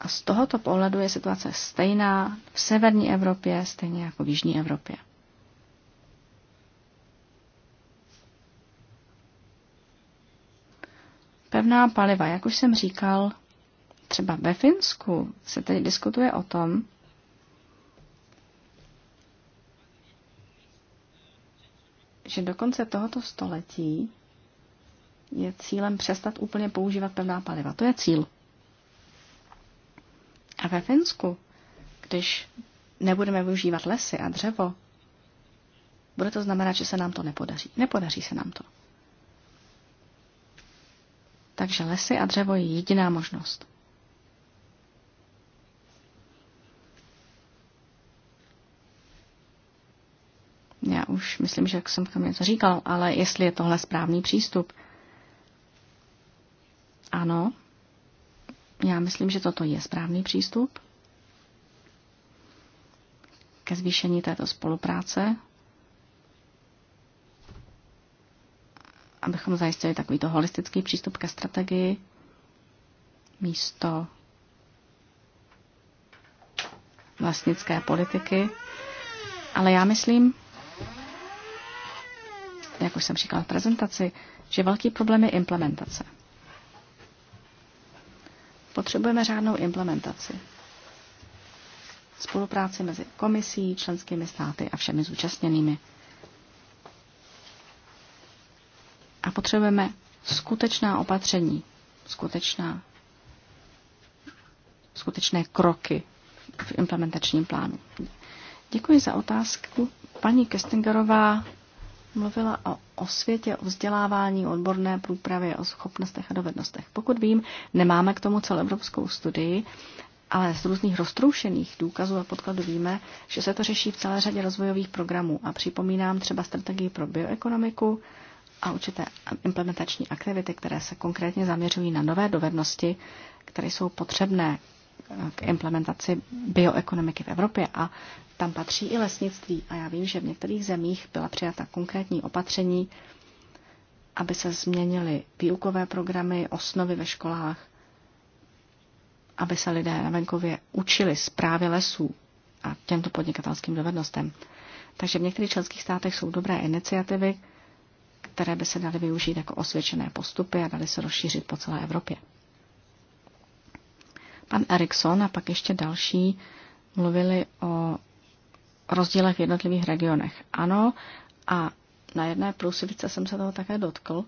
A z tohoto pohledu je situace stejná v severní Evropě, stejně jako v jižní Evropě. levná paliva, jak už jsem říkal, třeba ve Finsku se tady diskutuje o tom, že do konce tohoto století je cílem přestat úplně používat pevná paliva. To je cíl. A ve Finsku, když nebudeme využívat lesy a dřevo, bude to znamenat, že se nám to nepodaří. Nepodaří se nám to. Takže lesy a dřevo je jediná možnost. Já už myslím, že jsem tam něco říkal, ale jestli je tohle správný přístup. Ano, já myslím, že toto je správný přístup ke zvýšení této spolupráce abychom zajistili takovýto holistický přístup ke strategii místo vlastnické politiky. Ale já myslím, jak už jsem říkala v prezentaci, že velký problém je implementace. Potřebujeme řádnou implementaci. Spolupráci mezi komisí, členskými státy a všemi zúčastněnými. potřebujeme skutečná opatření, skutečná, skutečné kroky v implementačním plánu. Děkuji za otázku. Paní Kestingerová mluvila o osvětě, o vzdělávání, o odborné průpravě, o schopnostech a dovednostech. Pokud vím, nemáme k tomu celoevropskou studii, ale z různých roztroušených důkazů a podkladů víme, že se to řeší v celé řadě rozvojových programů. A připomínám třeba strategii pro bioekonomiku, a určité implementační aktivity, které se konkrétně zaměřují na nové dovednosti, které jsou potřebné eh, k implementaci bioekonomiky v Evropě a tam patří i lesnictví. A já vím, že v některých zemích byla přijata konkrétní opatření, aby se změnily výukové programy, osnovy ve školách, aby se lidé na venkově učili zprávy lesů a těmto podnikatelským dovednostem. Takže v některých členských státech jsou dobré iniciativy, které by se daly využít jako osvědčené postupy a daly se rozšířit po celé Evropě. Pan Erikson a pak ještě další mluvili o rozdílech v jednotlivých regionech. Ano, a na jedné průsvice jsem se toho také dotkl.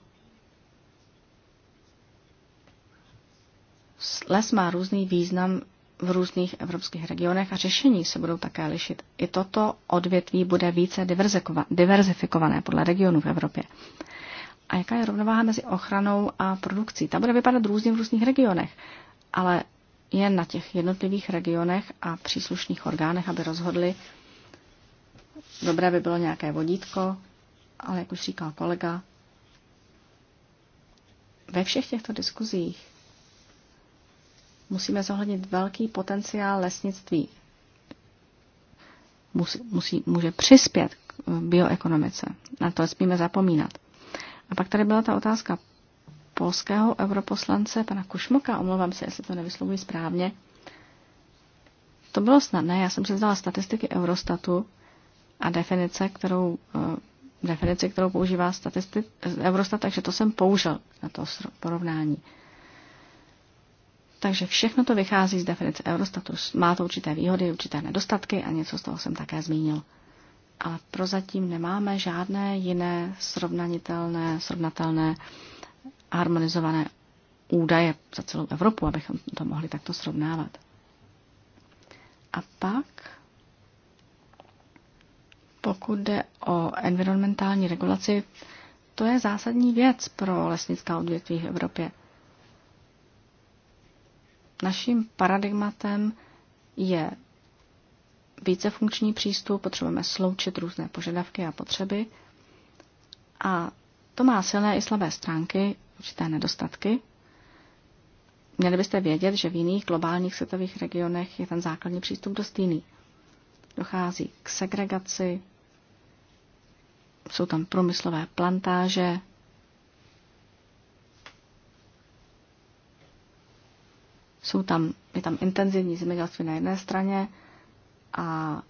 Les má různý význam v různých evropských regionech a řešení se budou také lišit. I toto odvětví bude více diverzifikované podle regionů v Evropě. A jaká je rovnováha mezi ochranou a produkcí? Ta bude vypadat různě v různých regionech, ale je na těch jednotlivých regionech a příslušných orgánech, aby rozhodli, dobré by bylo nějaké vodítko, ale jak už říkal kolega, ve všech těchto diskuzích musíme zohlednit velký potenciál lesnictví. Musí, musí, může přispět k bioekonomice. Na to smíme zapomínat. A pak tady byla ta otázka polského europoslance, pana Kušmoka, omlouvám se, jestli to nevyslovuji správně. To bylo snadné, já jsem si vzala statistiky Eurostatu a definice, kterou, eh, definice, kterou používá statistik, Eurostat, takže to jsem použil na to porovnání. Takže všechno to vychází z definice Eurostatu. Má to určité výhody, určité nedostatky a něco z toho jsem také zmínil. A prozatím nemáme žádné jiné srovnanitelné, srovnatelné harmonizované údaje za celou Evropu, abychom to mohli takto srovnávat. A pak, pokud jde o environmentální regulaci, to je zásadní věc pro lesnická odvětví v Evropě – Naším paradigmatem je vícefunkční přístup, potřebujeme sloučit různé požadavky a potřeby. A to má silné i slabé stránky, určité nedostatky. Měli byste vědět, že v jiných globálních světových regionech je ten základní přístup dost jiný. Dochází k segregaci, jsou tam průmyslové plantáže, Jsou tam, je tam intenzivní zemědělství na jedné straně a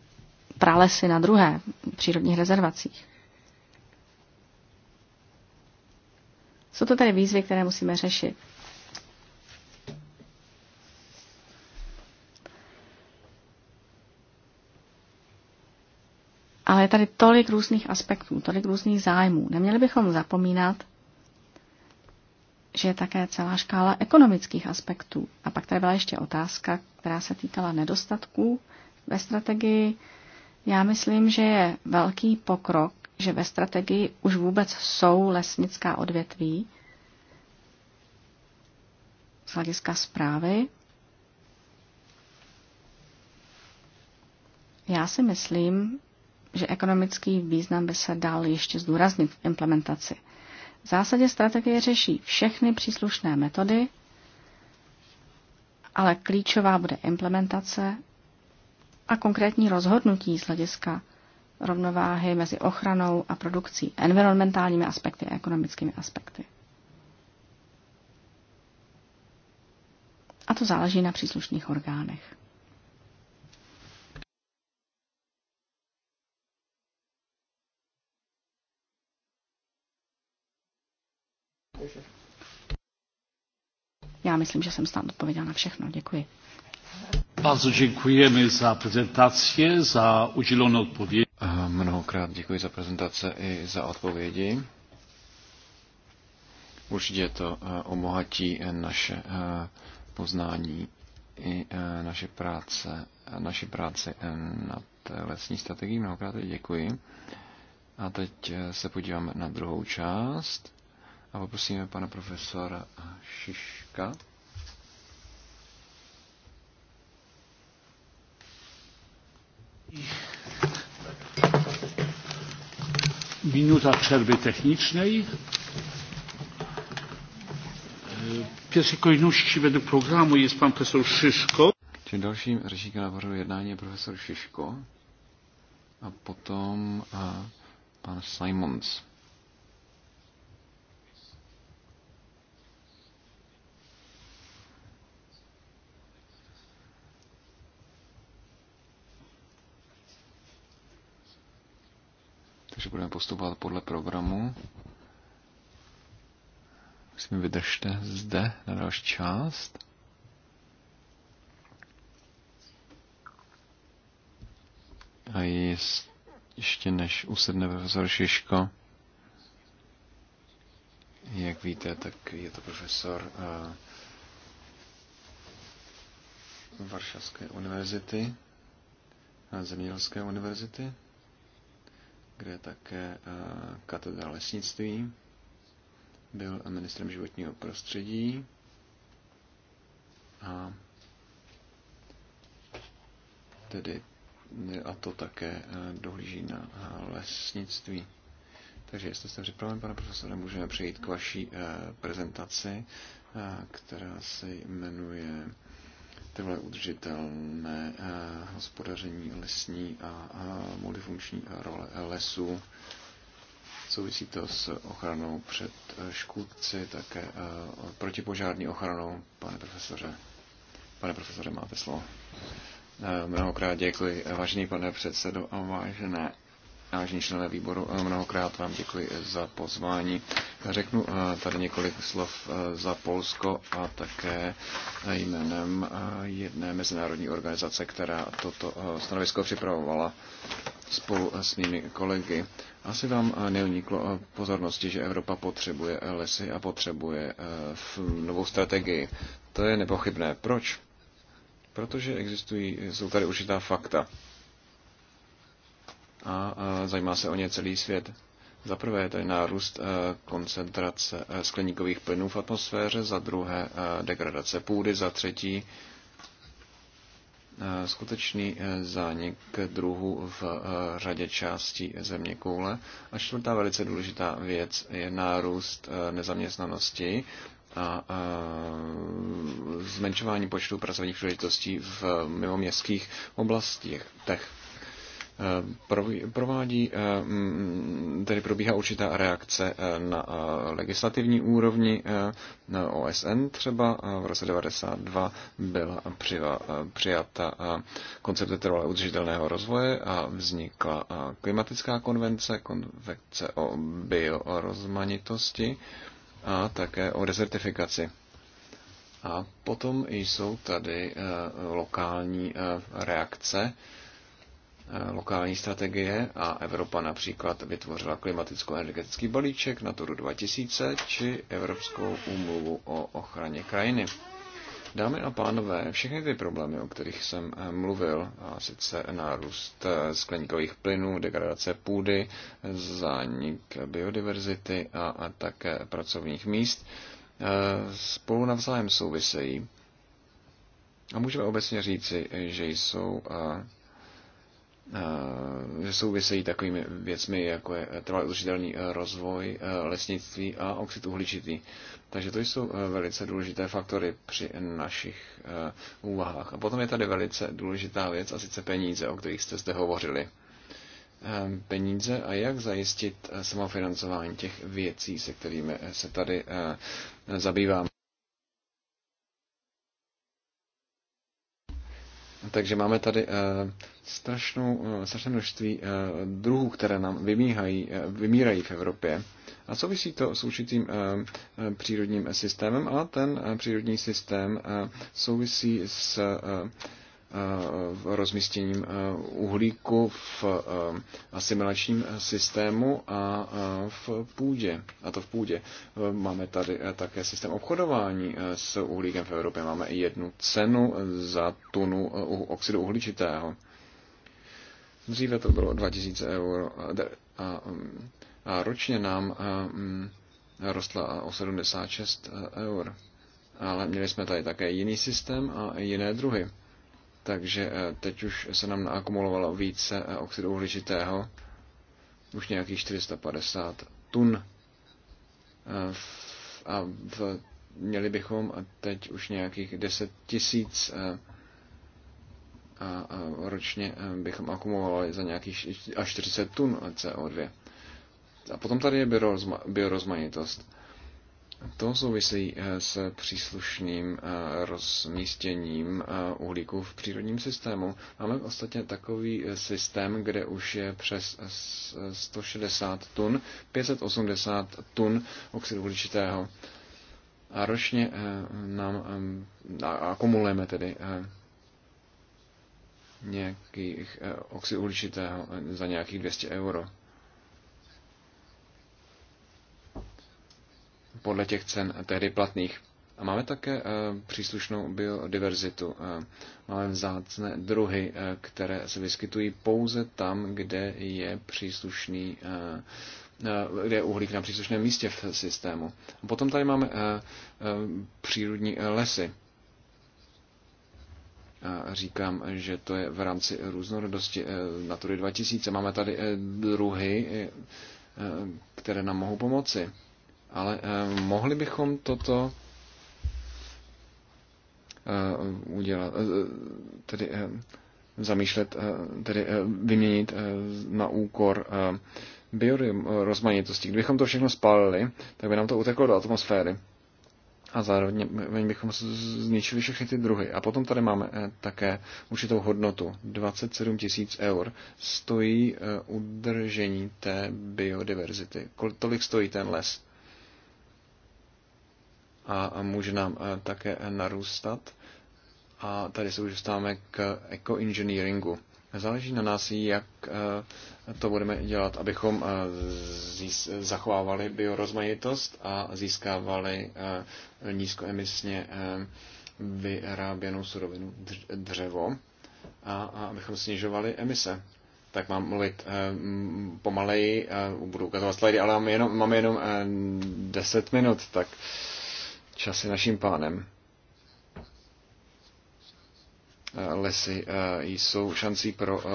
pralesy na druhé, v přírodních rezervacích. Jsou to tedy výzvy, které musíme řešit. Ale je tady tolik různých aspektů, tolik různých zájmů. Neměli bychom zapomínat, že je také celá škála ekonomických aspektů. A pak tady byla ještě otázka, která se týkala nedostatků ve strategii. Já myslím, že je velký pokrok, že ve strategii už vůbec jsou lesnická odvětví z hlediska zprávy. Já si myslím, že ekonomický význam by se dal ještě zdůraznit v implementaci. V zásadě strategie řeší všechny příslušné metody, ale klíčová bude implementace a konkrétní rozhodnutí z hlediska rovnováhy mezi ochranou a produkcí, environmentálními aspekty a ekonomickými aspekty. A to záleží na příslušných orgánech. Já myslím, že jsem snad odpověděla na všechno. Děkuji. Bardzo děkujeme za prezentaci, za udělenou odpověď. Mnohokrát děkuji za prezentace i za odpovědi. Určitě to eh, obohatí eh, naše eh, poznání i naše práce, naše práci nad lesní strategií. Mnohokrát děkuji. A teď se podíváme na druhou část. A poprosíme pana profesora Šiška. Minuta przerwy technicznej. W pierwszej kolejności według programu jest pan profesor Szyszko. Czyli dalším řečníkem na pořadu jednání profesor Szyszko. a potom a, pan Simons. budeme postupovat podle programu. Když mi vydržte zde na další část. A jest, ještě než usedne profesor Šiško, jak víte, tak je to profesor uh, Varšavské univerzity, zemědělské univerzity kde je také eh, katedra lesnictví. Byl ministrem životního prostředí a tedy a to také eh, dohlíží na eh, lesnictví. Takže jestli jste připraven, pane profesore, můžeme přejít k vaší prezentaci, která se jmenuje trvalé udržitelné eh, hospodaření lesní a multifunkční role lesů. Souvisí to s ochranou před eh, škůdci, také eh, protipožární ochranou. Pane profesore, pane profesore, máte slovo. Mnohokrát děkuji, vážený pane předsedo a vážené vážení členové výboru, eh, mnohokrát vám děkuji za pozvání. Řeknu eh, tady několik slov eh, za Polsko a také jménem jedné mezinárodní organizace, která toto stanovisko připravovala spolu s mými kolegy. Asi vám neuniklo pozornosti, že Evropa potřebuje lesy a potřebuje novou strategii. To je nepochybné. Proč? Protože existují, jsou tady určitá fakta a zajímá se o ně celý svět. Za prvé je tady nárůst e, koncentrace e, skleníkových plynů v atmosféře, za druhé e, degradace půdy, za třetí skutečný zánik druhů v řadě částí země koule. A čtvrtá velice důležitá věc je nárůst nezaměstnanosti a zmenšování počtu pracovních příležitostí v mimoměstských oblastech provádí, eh, mm, tedy probíhá určitá reakce eh, na eh, legislativní úrovni na OSN třeba. V roce 1992 byla přijata koncepce trvalé udržitelného rozvoje a vznikla klimatická konvence, konvence o biorozmanitosti a také o desertifikaci. A potom jsou tady lokální reakce, Eh, lokální strategie a Evropa například vytvořila klimaticko-energetický balíček Naturu 2000 či Evropskou úmluvu o ochraně krajiny. Dámy a pánové, všechny ty problémy, o kterých jsem eh, mluvil, a sice nárůst eh, skleníkových plynů, degradace půdy, zánik biodiverzity a, a také pracovních míst, spolu navzájem souvisejí. A můžeme obecně říci, že jsou že souvisejí takovými věcmi, jako je trvalý udržitelný e, rozvoj, e, lesnictví a oxid uhličitý. Takže to jsou e, velice důležité faktory při našich úvahách. A potom je tady velice důležitá věc, a sice peníze, o kterých jste zde hovořili. Peníze a jak zajistit samofinancování těch věcí, se kterými se tady zabýváme. Takže máme tady eh, strašnou, eh, strašné množství eh, druhů, které nám vymíhají, vymírají v Evropě. A souvisí to s určitým přírodním systémem a ten přírodní systém souvisí s Eh, rozmístěním eh, uhlíku v eh, asimilačním systému a v půdě. A to v půdě. Máme tady také systém obchodování s uhlíkem v Evropě. Máme i jednu cenu za tunu uh, oxidu uhličitého. Dříve to bylo 2000 euro a, a ročně nám mm, rostla o 76 eur. Ale měli jsme tady také jiný systém a jiné druhy takže eh, teď už se nám naakumulovalo více eh, oxidu uhličitého, už nějakých 450 tun. Eh, a v, měli bychom teď už nějakých 10 tisíc a ročně bychom akumulovali za nějakých až 40 tun CO2. A potom tady je biorozma, biorozmanitost. To souvisí eh, s příslušným eh, rozmístěním eh, uhlíku v přírodním systému. Máme ostatně takový systém, kde už je přes 160 tun, 580 tun oxidu uhličitého a ročně nám akumulujeme tedy nějakých oxidu uhličitého za nějakých 200 euro. podle těch cen tehdy platných. A máme také eh, příslušnou biodiverzitu. Eh, máme vzácné druhy, eh, které se vyskytují pouze tam, kde je příslušný kde je uhlík na příslušném místě v systému. A potom tady máme přírodní lesy. A říkám, že to je v rámci různorodosti Natury 2000. Máme tady druhy, které nám mohou pomoci. Ale eh, mohli bychom toto eh, udělat, eh, tedy zamýšlet, tedy vyměnit na úkor biorozmanitosti. Kdybychom to všechno spálili, tak by nám to uteklo do atmosféry a zároveň bychom zničili všechny ty druhy. A potom tady máme také určitou hodnotu. 27 tisíc eur stojí udržení té biodiverzity. Tolik stojí ten les a může nám e, také e, narůstat. A tady se už dostáváme k ekoinženýringu. Záleží na nás, jak e, to budeme dělat, abychom zachovávali biorozmanitost a získávali nízkoemisně vyráběnou surovinu dřevo a abychom snižovali emise. Tak mám mluvit pomaleji, budu ukazovat slidy, ale mám jenom, mám jenom 10 minut, tak Čas je naším pánem. Eh, lesy eh, jsou šancí pro eh,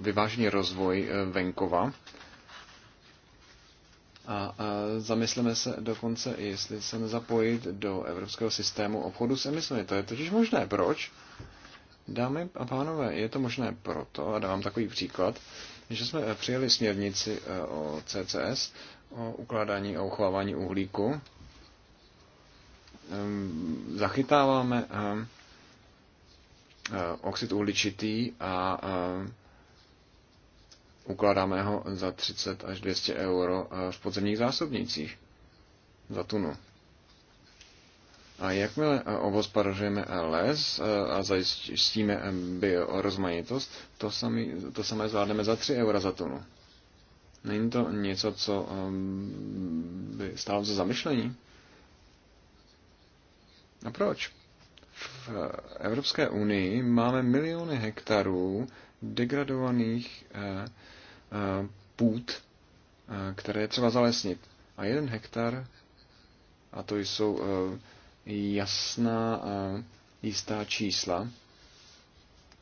vyvážený rozvoj venkova. A zamysleme se dokonce, jestli se nezapojit do evropského systému obchodu s emisemi. To je totiž možné. Proč? Dámy a pánové, je to možné proto, a dávám takový příklad, že jsme přijeli směrnici o CCS, o ukládání a uchovávání uhlíku, Ehm, zachytáváme ehm, eh, oxid uhličitý a ehm, ukládáme ho za 30 až 200 euro eh, v podzemních zásobnících za tunu. A jakmile eh, obospodařujeme les a zajistíme biorozmanitost, to, samý, to samé zvládneme za 3 eura za tunu. Není to něco, co by stálo za zamyšlení? A proč? V Evropské unii máme miliony hektarů degradovaných eh, eh, půd, eh, které je třeba zalesnit. A jeden hektar, a to jsou jasná jistá čísla,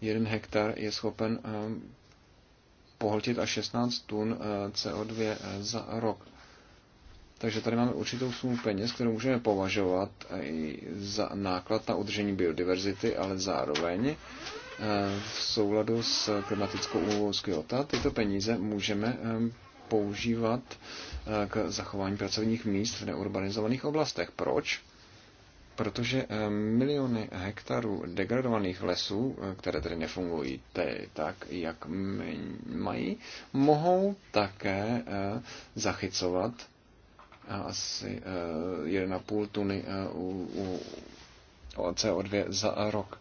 jeden hektar je schopen pohltit až 16 tun CO2 za rok. Takže tady máme určitou sumu peněz, kterou můžeme považovat i za náklad na udržení biodiverzity, ale zároveň eh, v souladu s klimatickou úmluvou z Kyoto tyto peníze můžeme eh, používat eh, k zachování pracovních míst v neurbanizovaných oblastech. Proč? Protože miliony hektarů degradovaných lesů, které tedy nefungují tedy tak, jak mají, mohou také zachycovat asi 1,5 eh, tuny eh, u CO2 za rok.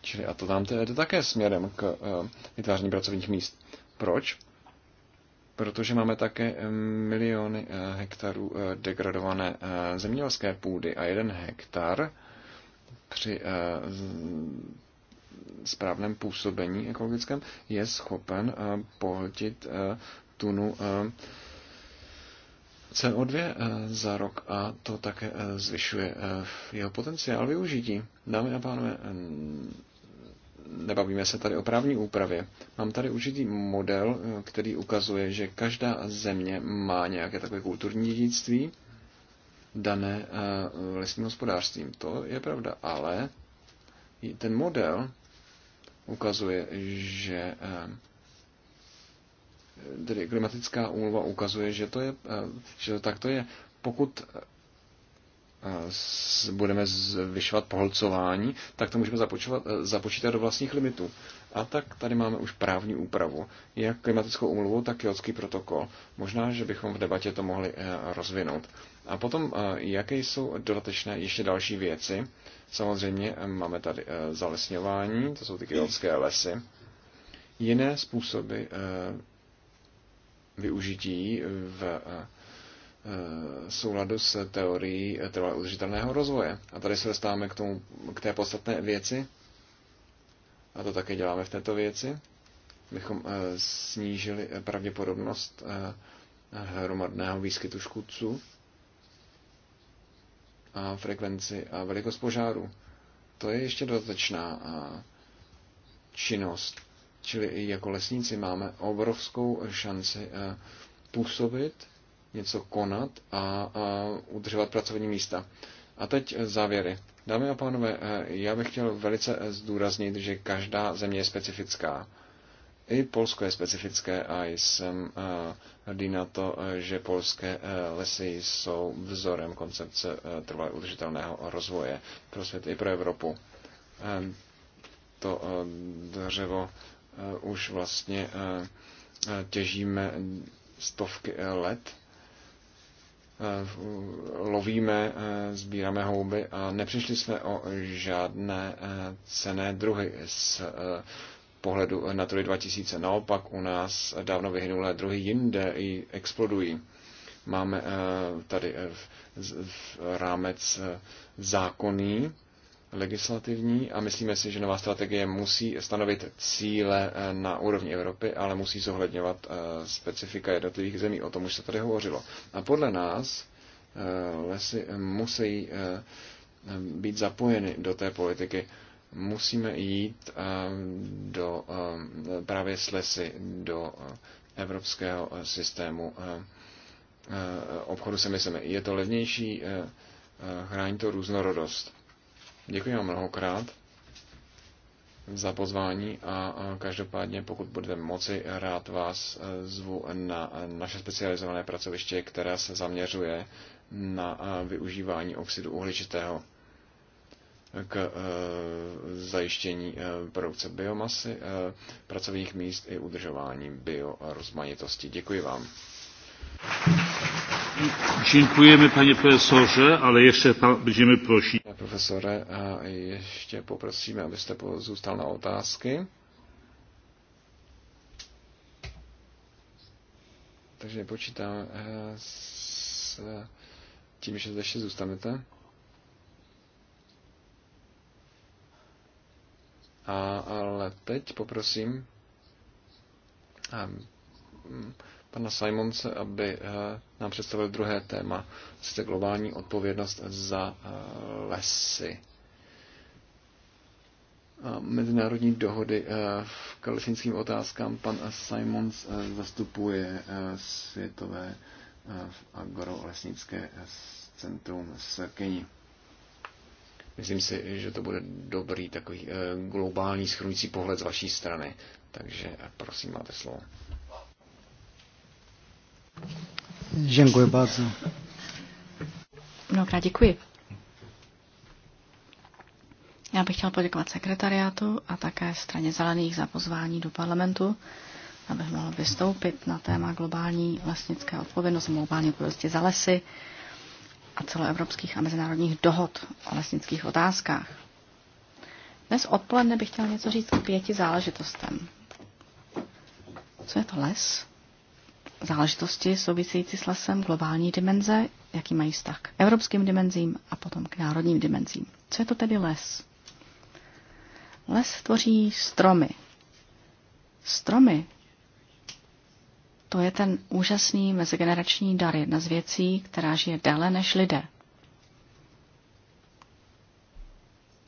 Čili a to tam jde také směrem k eh, vytváření pracovních míst. Proč? Protože máme také miliony hektarů degradované zemědělské půdy a jeden hektar při správném působení ekologickém je schopen pohltit tunu CO2 eh, za rok a to také eh, zvyšuje eh, jeho potenciál využití. Dámy a pánové, nebavíme se tady o právní úpravě. Mám tady určitý model, který ukazuje, že každá země má nějaké takové kulturní dědictví dané lesním hospodářstvím. To je pravda, ale ten model ukazuje, že tedy klimatická úmluva ukazuje, že to, je, eh, že to takto je. Pokud eh, budeme zvyšovat pohlcování, tak to můžeme započítat, eh, započítat do vlastních limitů. A tak tady máme už právní úpravu, jak klimatickou úmluvu, tak kyotský protokol. Možná, že bychom v debatě to mohli rozvinout. A potom, jaké jsou dodatečné ještě další věci? Samozřejmě máme tady zalesňování, to jsou ty kyotské lesy. Jiné způsoby využití e, v e, e, souladu s teorií trvalé udržitelného rozvoje. A tady se dostáváme k, tomu, k té podstatné věci, a to také děláme v této věci, bychom snížili pravděpodobnost hromadného výskytu škůdců a frekvenci a velikost požáru. To je ještě dodatečná činnost, Čili jako lesníci máme obrovskou šanci eh, působit, něco konat a udržovat pracovní místa. A teď eh, závěry. Dámy a pánové, eh, já bych chtěl velice zdůraznit, že každá země je specifická. I Polsko je specifické a jsem hrdý na to, že polské lesy jsou vzorem koncepce trvalé udržitelného rozvoje pro svět i pro Evropu. To dřevo Eh, už vlastně eh, eh, těžíme stovky let. Lovíme, sbíráme houby a nepřišli jsme o žádné cené druhy z pohledu na Natury 2000. Naopak u nás dávno vyhnulé druhy jinde i explodují. Máme tady v rámec zákonný, legislativní a myslíme si, že nová strategie musí stanovit cíle eh, na úrovni Evropy, ale musí zohledňovat eh, specifika jednotlivých zemí. O tom už se tady hovořilo. A podle nás eh, lesy musí být zapojeny do té politiky. Musíme jít do, právě s lesy do evropského systému obchodu se myslíme. Je to levnější, chrání to různorodost Děkuji vám mnohokrát za pozvání a každopádně, pokud budete moci, rád vás e, zvu na e, naše specializované pracoviště, které se zaměřuje na e, využívání oxidu uhličitého k zajištění produkce biomasy, pracovních míst i udržování biorozmanitosti. Děkuji vám. Dziękujemy panie profesorze, ale ještě budeme prosit. Pane profesore, a ještě poprosíme, abyste zůstal na otázky. Takže počítám eh, s tím, že zde ještě zůstanete. A, ale teď poprosím, a, mm, pana Simonce, aby eh, nám představil druhé téma, sice globální odpovědnost za eh, lesy. A mezinárodní dohody eh, v lesnickým otázkám. Pan Simons zastupuje světové agrolesnické centrum z Keni. Myslím si, že to bude dobrý takový globální schrnující pohled z vaší strany. Takže prosím, máte slovo. Dziękuję bardzo. Mnohokrát děkuji. Já bych chtěl poděkovat sekretariátu a také straně zelených za pozvání do parlamentu, abych mohl vystoupit na téma globální lesnické odpovědnosti, globální odpovědnosti za lesy a celoevropských a mezinárodních dohod o lesnických otázkách. Dnes odpoledne bych chtěl něco říct k pěti záležitostem. Co je to les? záležitosti související s lesem, globální dimenze, jaký mají vztah k evropským dimenzím a potom k národním dimenzím. Co je to tedy les? Les tvoří stromy. Stromy, to je ten úžasný mezigenerační dar, jedna z věcí, která žije déle než lidé.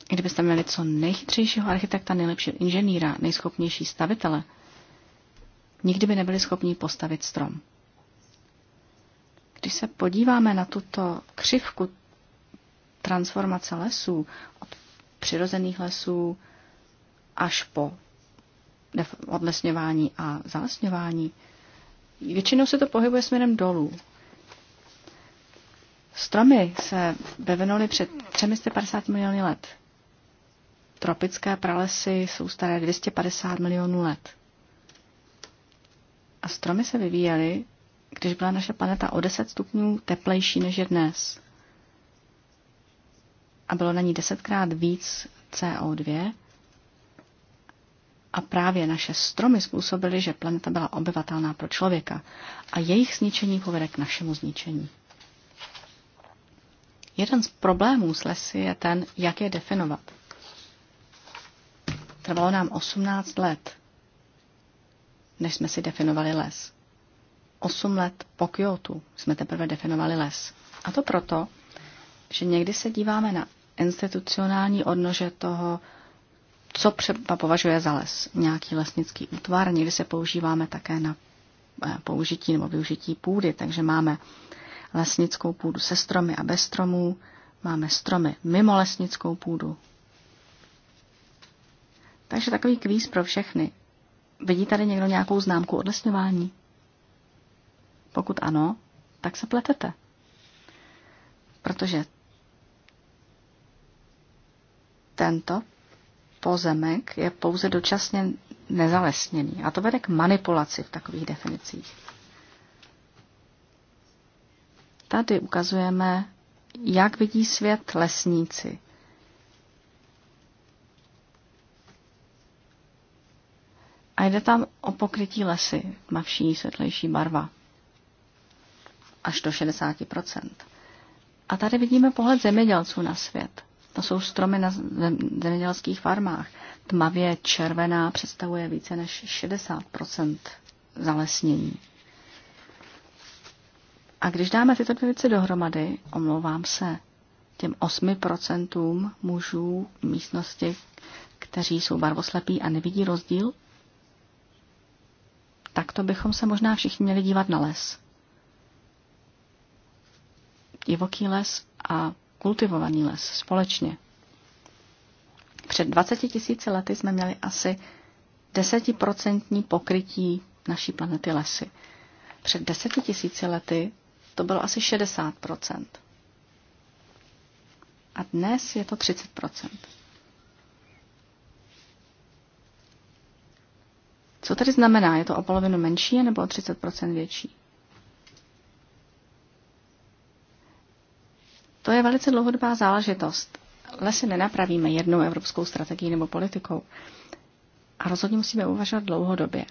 Kdybyste měli co nejchytřejšího architekta, nejlepšího inženýra, nejschopnější stavitele – nikdy by nebyli schopni postavit strom. Když se podíváme na tuto křivku transformace lesů, od přirozených lesů až po odlesňování a zalesňování, většinou se to pohybuje směrem dolů. Stromy se vyvinuly před 350 miliony let. Tropické pralesy jsou staré 250 milionů let stromy se vyvíjely, když byla naše planeta o 10 stupňů teplejší než je dnes. A bylo na ní desetkrát víc CO2. A právě naše stromy způsobily, že planeta byla obyvatelná pro člověka. A jejich zničení povede k našemu zničení. Jeden z problémů s lesy je ten, jak je definovat. Trvalo nám 18 let, než jsme si definovali les. Osm let po Kyoto jsme teprve definovali les. A to proto, že někdy se díváme na institucionální odnože toho, co třeba považuje za les. Nějaký lesnický útvar, někdy se používáme také na eh, použití nebo využití půdy, takže máme lesnickou půdu se stromy a bez stromů, máme stromy mimo lesnickou půdu. Takže takový kvíz pro všechny. Vidí tady někdo nějakou známku odlesňování? Pokud ano, tak se pletete. Protože tento pozemek je pouze dočasně nezalesněný. A to vede k manipulaci v takových definicích. Tady ukazujeme, jak vidí svět lesníci. A jde tam o pokrytí lesy, tmavší, světlejší barva. Až do 60%. A tady vidíme pohled zemědělců na svět. To jsou stromy na zemědělských farmách. Tmavě červená představuje více než 60% zalesnění. A když dáme tyto dvě věci dohromady, omlouvám se, těm 8% mužů v místnosti, kteří jsou barvoslepí a nevidí rozdíl, takto bychom se možná všichni měli dívat na les. Divoký les a kultivovaný les společně. Před 20 tisíci lety jsme měli asi desetiprocentní pokrytí naší planety lesy. Před deseti tisíci lety to bylo asi 60%. A dnes je to 30%. Co tedy znamená? Je to o polovinu menší nebo o 30% větší? To je velice dlouhodobá záležitost. Lesy nenapravíme jednou evropskou strategií nebo politikou. A rozhodně musíme uvažovat dlouhodobě,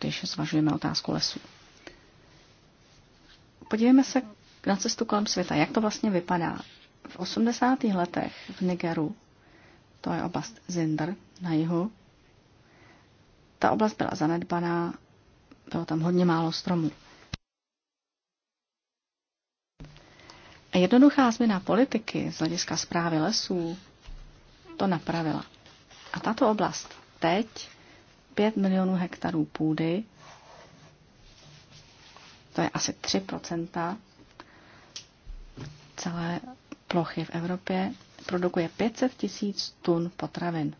když zvažujeme otázku lesů. Podívejme se na cestu kolem světa. Jak to vlastně vypadá? V 80. letech v Nigeru, to je oblast Zinder na jihu, ta oblast byla zanedbaná, bylo tam hodně málo stromů. A jednoduchá změna politiky z hlediska zprávy lesů to napravila. A tato oblast teď 5 milionů hektarů půdy, to je asi 3 celé plochy v Evropě, produkuje 500 tisíc tun potravin.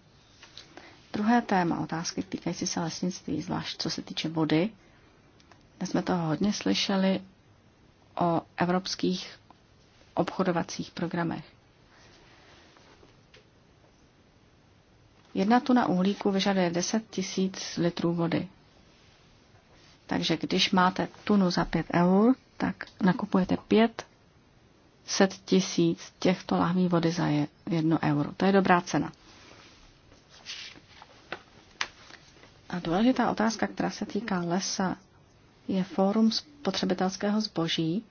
Druhé téma, otázky týkající se lesnictví, zvlášť co se týče vody. My jsme toho hodně slyšeli o evropských obchodovacích programech. Jedna tuna uhlíku vyžaduje 10 tisíc litrů vody. Takže když máte tunu za 5 eur, tak nakupujete 500 tisíc těchto lahví vody za 1 euro. To je dobrá cena. A důležitá otázka, která se týká lesa, je Fórum spotřebitelského zboží,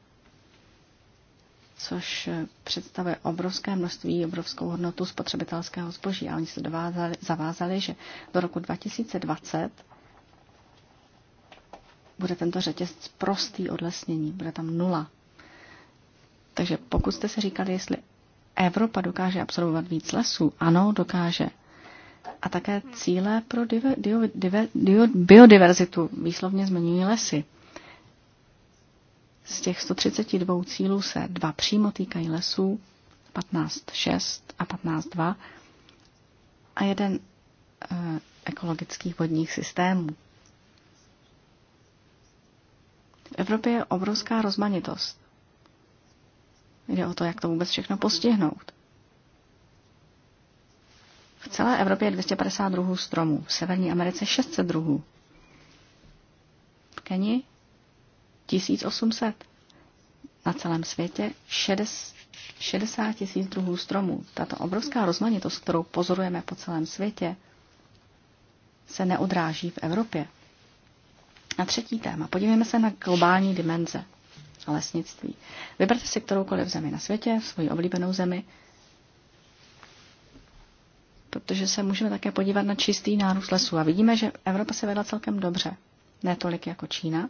což představuje obrovské množství, obrovskou hodnotu spotřebitelského zboží. A oni se dovázali, zavázali, že do roku 2020 bude tento řetězec prostý odlesnění, bude tam nula. Takže pokud jste si říkali, jestli Evropa dokáže absorbovat víc lesů, ano, dokáže a také cíle pro dive, dive, biodiverzitu, výslovně zmiňují lesy. Z těch 132 cílů se dva přímo týkají lesů, 15.6 a 15.2 a jeden e, ekologických vodních systémů. V Evropě je obrovská rozmanitost. Jde o to, jak to vůbec všechno postihnout. V celé Evropě je 250 druhů stromů, v Severní Americe 600 druhů. V Keni 1800. Na celém světě 60 tisíc druhů stromů. Tato obrovská rozmanitost, kterou pozorujeme po celém světě, se neodráží v Evropě. A třetí téma. Podívejme se na globální dimenze a lesnictví. Vyberte si kteroukoliv zemi na světě, svoji oblíbenou zemi, protože se můžeme také podívat na čistý nárůst lesů. A vidíme, že Evropa se vedla celkem dobře. Ne tolik jako Čína,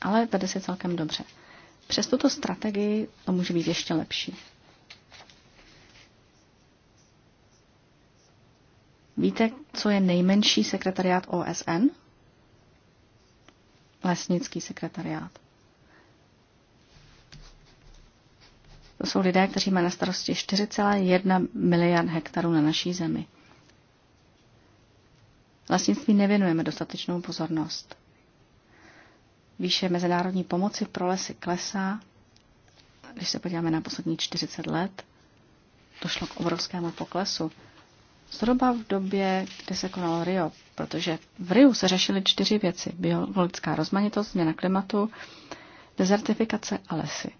ale vede se celkem dobře. Přes tuto strategii to může být ještě lepší. Víte, co je nejmenší sekretariát OSN? Lesnický sekretariát. To jsou lidé, kteří mají na starosti 4,1 miliard hektarů na naší zemi. Vlastnictví nevěnujeme dostatečnou pozornost. Výše mezinárodní pomoci pro lesy klesá. Když se podíváme na poslední 40 let, došlo k obrovskému poklesu. Zhruba v době, kdy se konalo Rio, protože v Rio se řešily čtyři věci. Biologická rozmanitost, změna klimatu, dezertifikace a lesy.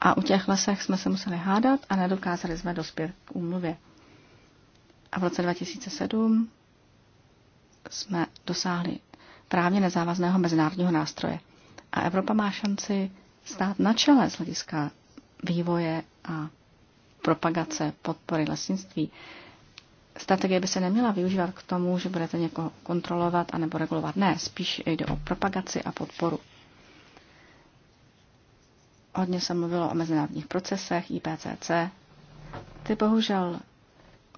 A u těch lesech jsme se museli hádat a nedokázali jsme dospět k úmluvě. A v roce 2007 jsme dosáhli právně nezávazného mezinárodního nástroje. A Evropa má šanci stát na čele z hlediska vývoje a propagace podpory lesnictví. Strategie by se neměla využívat k tomu, že budete někoho kontrolovat anebo regulovat. Ne, spíš jde o propagaci a podporu. Hodně se mluvilo o mezinárodních procesech, IPCC. Ty bohužel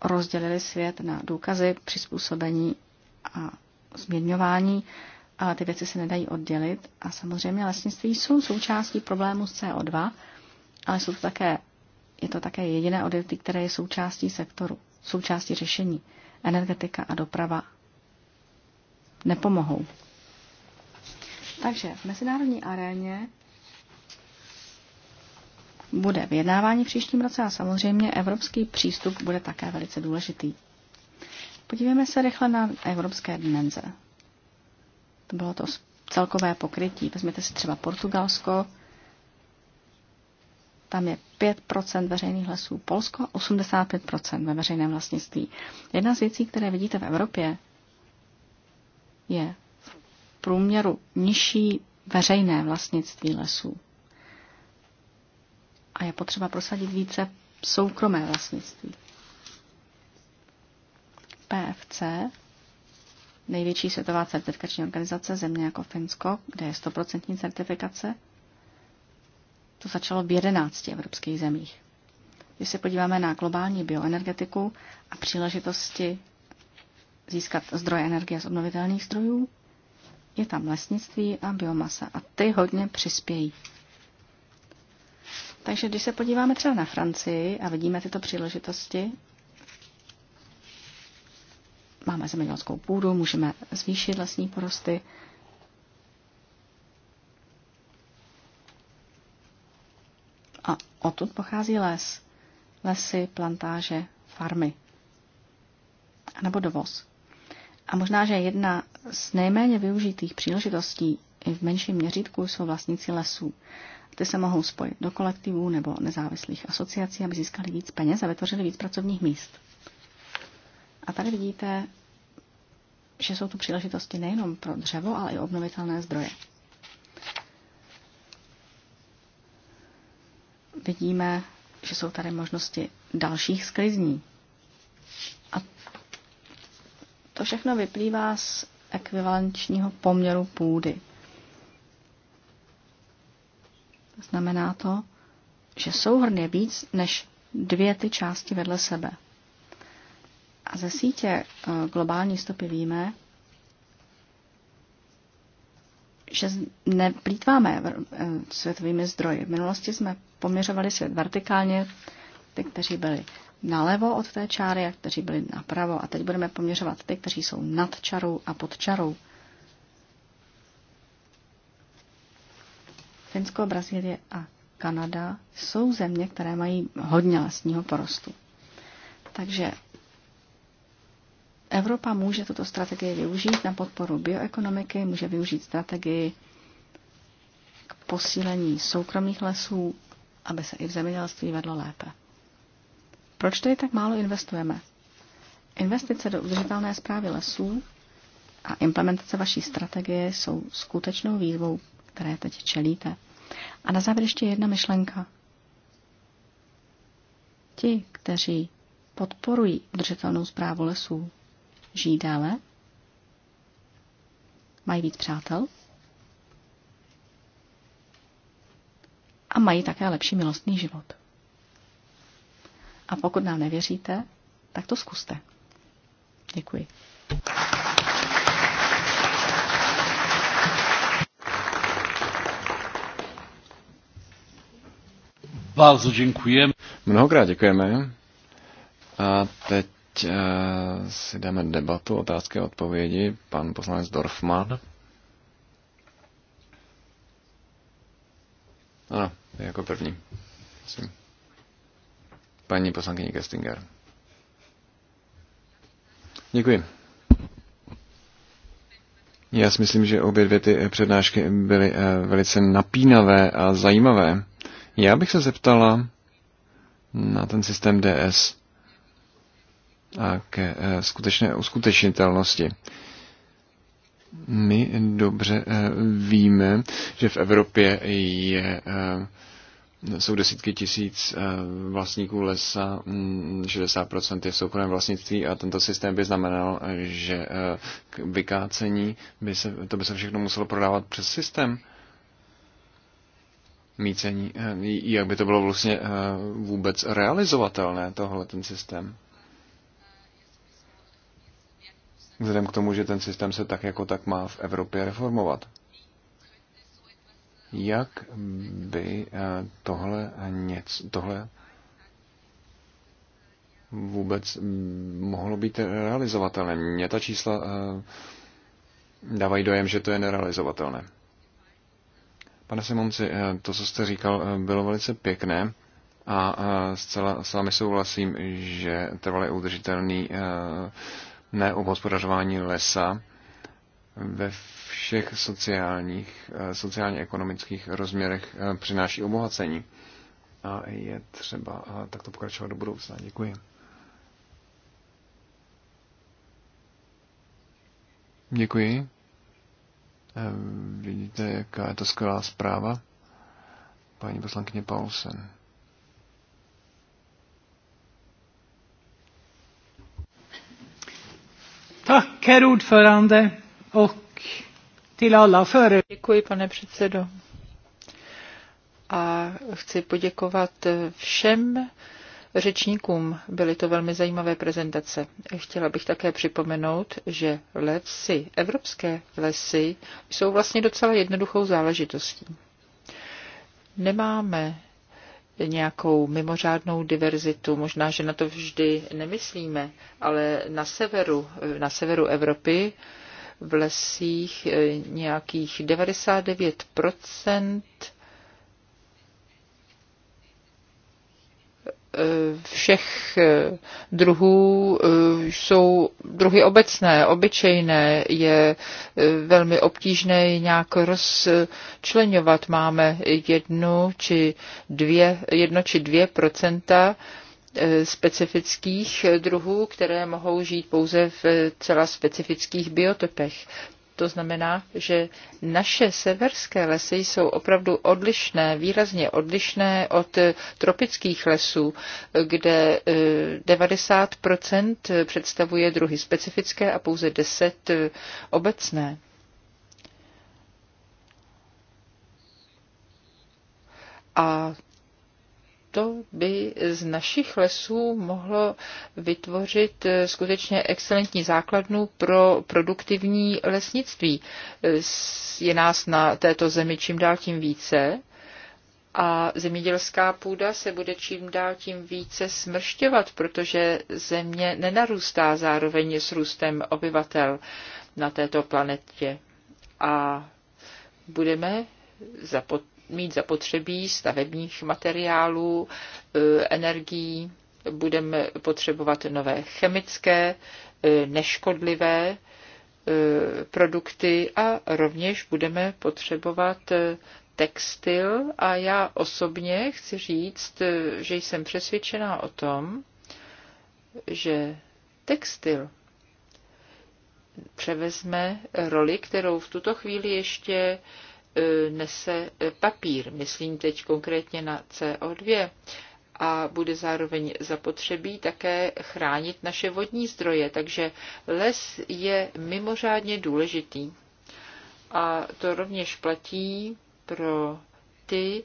rozdělili svět na důkazy, přizpůsobení a změňování, ale ty věci se nedají oddělit. A samozřejmě lesnictví jsou součástí problému s CO2, ale jsou to také, je to také jediné odvětví, které je součástí sektoru, součástí řešení. Energetika a doprava nepomohou. Takže v mezinárodní aréně bude vyjednávání v příštím roce a samozřejmě evropský přístup bude také velice důležitý. Podívejme se rychle na evropské dimenze. To bylo to celkové pokrytí. Vezměte si třeba Portugalsko, tam je 5% veřejných lesů, Polsko 85% ve veřejném vlastnictví. Jedna z věcí, které vidíte v Evropě, je v průměru nižší veřejné vlastnictví lesů a je potřeba prosadit více soukromé vlastnictví. PFC, největší světová certifikační organizace země jako Finsko, kde je 100% certifikace, to začalo v 11 evropských zemích. Když se podíváme na globální bioenergetiku a příležitosti získat zdroje energie z obnovitelných zdrojů, je tam lesnictví a biomasa a ty hodně přispějí takže když se podíváme třeba na Francii a vidíme tyto příležitosti, máme zemědělskou půdu, můžeme zvýšit lesní porosty, A odtud pochází les. Lesy, plantáže, farmy. A nebo dovoz. A možná, že jedna z nejméně využitých příležitostí i v menším měřítku jsou vlastníci lesů. Ty se mohou spojit do kolektivů nebo nezávislých asociací, aby získali víc peněz a vytvořili víc pracovních míst. A tady vidíte, že jsou tu příležitosti nejenom pro dřevo, ale i obnovitelné zdroje. Vidíme, že jsou tady možnosti dalších sklizní. A to všechno vyplývá z ekvivalenčního poměru půdy. Znamená to, že souhrn je víc než dvě ty části vedle sebe. A ze sítě eh, globální stopy víme, že neplýtváme eh, světovými zdroji. V minulosti jsme poměřovali svět vertikálně, ty, kteří byli nalevo od té čáry a kteří byli napravo. A teď budeme poměřovat ty, kteří jsou nad čarou a pod čarou. Finsko, Brazílie a Kanada jsou země, které mají hodně lesního porostu. Takže Evropa může tuto strategii využít na podporu bioekonomiky, může využít strategii k posílení soukromých lesů, aby se i v zemědělství vedlo lépe. Proč tedy tak málo investujeme? Investice do udržitelné zprávy lesů a implementace vaší strategie jsou skutečnou výzvou které teď čelíte. A na závěr ještě jedna myšlenka. Ti, kteří podporují udržitelnou zprávu lesů, žijí déle, mají víc přátel a mají také lepší milostný život. A pokud nám nevěříte, tak to zkuste. Děkuji. Bardzo děkujeme. Mnohokrát děkujeme. A teď eh, si dáme debatu, otázky a odpovědi. Pan poslanec Dorfman. Ano, jako první. Myslím. Paní poslankyně Kestinger. Děkuji. Já si myslím, že obě dvě ty přednášky byly eh, velice napínavé a zajímavé. Já bych se zeptala na ten systém DS a ke eh, skutečné uskutečnitelnosti. My dobře eh, víme, že v Evropě je, eh, jsou desítky tisíc vlastníků lesa, 60% mm, je v soukromém vlastnictví a tento systém by znamenal, že k vykácení by se, to by se všechno muselo prodávat přes systém mícení, eh, jak by to bylo vlastně eh, vůbec realizovatelné, tohle ten systém. Vzhledem k tomu, že ten systém se tak jako tak má v Evropě reformovat. Jak by eh, tohle, něco, tohle vůbec mm, mohlo být realizovatelné? Mě ta čísla dávají dojem, že to je nerealizovatelné. Pane Simonci, eh, to, co jste říkal, eh, bylo velice pěkné a eh, zcela s vámi souhlasím, že trvalé udržitelný obhospodařování lesa ve všech sociálních, sociálně-ekonomických rozměrech přináší obohacení. A je třeba takto pokračovat do budoucna. Děkuji. Děkuji. Ehm, vidíte, jaká je to skvělá zpráva? Paní poslankyně Paulsen. Tak, herr ordförande och till alla före... Děkuji, pane předsedo. A chci poděkovat všem řečníkům. Byly to velmi zajímavé prezentace. Chtěla bych také připomenout, že lesy, evropské lesy, jsou vlastně docela jednoduchou záležitostí. Nemáme nějakou mimořádnou diverzitu. Možná, že na to vždy nemyslíme, ale na severu, na severu Evropy v lesích eh, nějakých 99 všech eh, druhů eh, jsou druhy obecné, obyčejné, je eh, velmi obtížné nějak rozčlenovat. Máme jednu či dvě, jedno či dvě procenta specifických druhů, které mohou žít pouze v celá specifických biotopech. To znamená, že naše severské lesy jsou opravdu odlišné, výrazně odlišné od tropických lesů, kde 90 eh, představuje druhy specifické a pouze 10 eh, obecné. A to by z našich lesů mohlo vytvořit eh, skutečně excelentní základnu pro produktivní lesnictví. Eh, je nás na této zemi čím dál tím více a zemědělská půda se bude čím dál tím více smršťovat, protože země nenarůstá zároveň s růstem obyvatel na této planetě. A budeme zapot- mít zapotřebí stavebních materiálů, e, energií, budeme potřebovat nové chemické, e, neškodlivé e, produkty a rovněž budeme potřebovat textil a já osobně chci říct, že jsem přesvědčená o tom, že textil převezme roli, kterou v tuto chvíli ještě E, nese e, papír, myslím teď konkrétně na CO2, a bude zároveň zapotřebí také chránit naše vodní zdroje. Takže les je mimořádně důležitý. A to rovněž platí pro ty, e,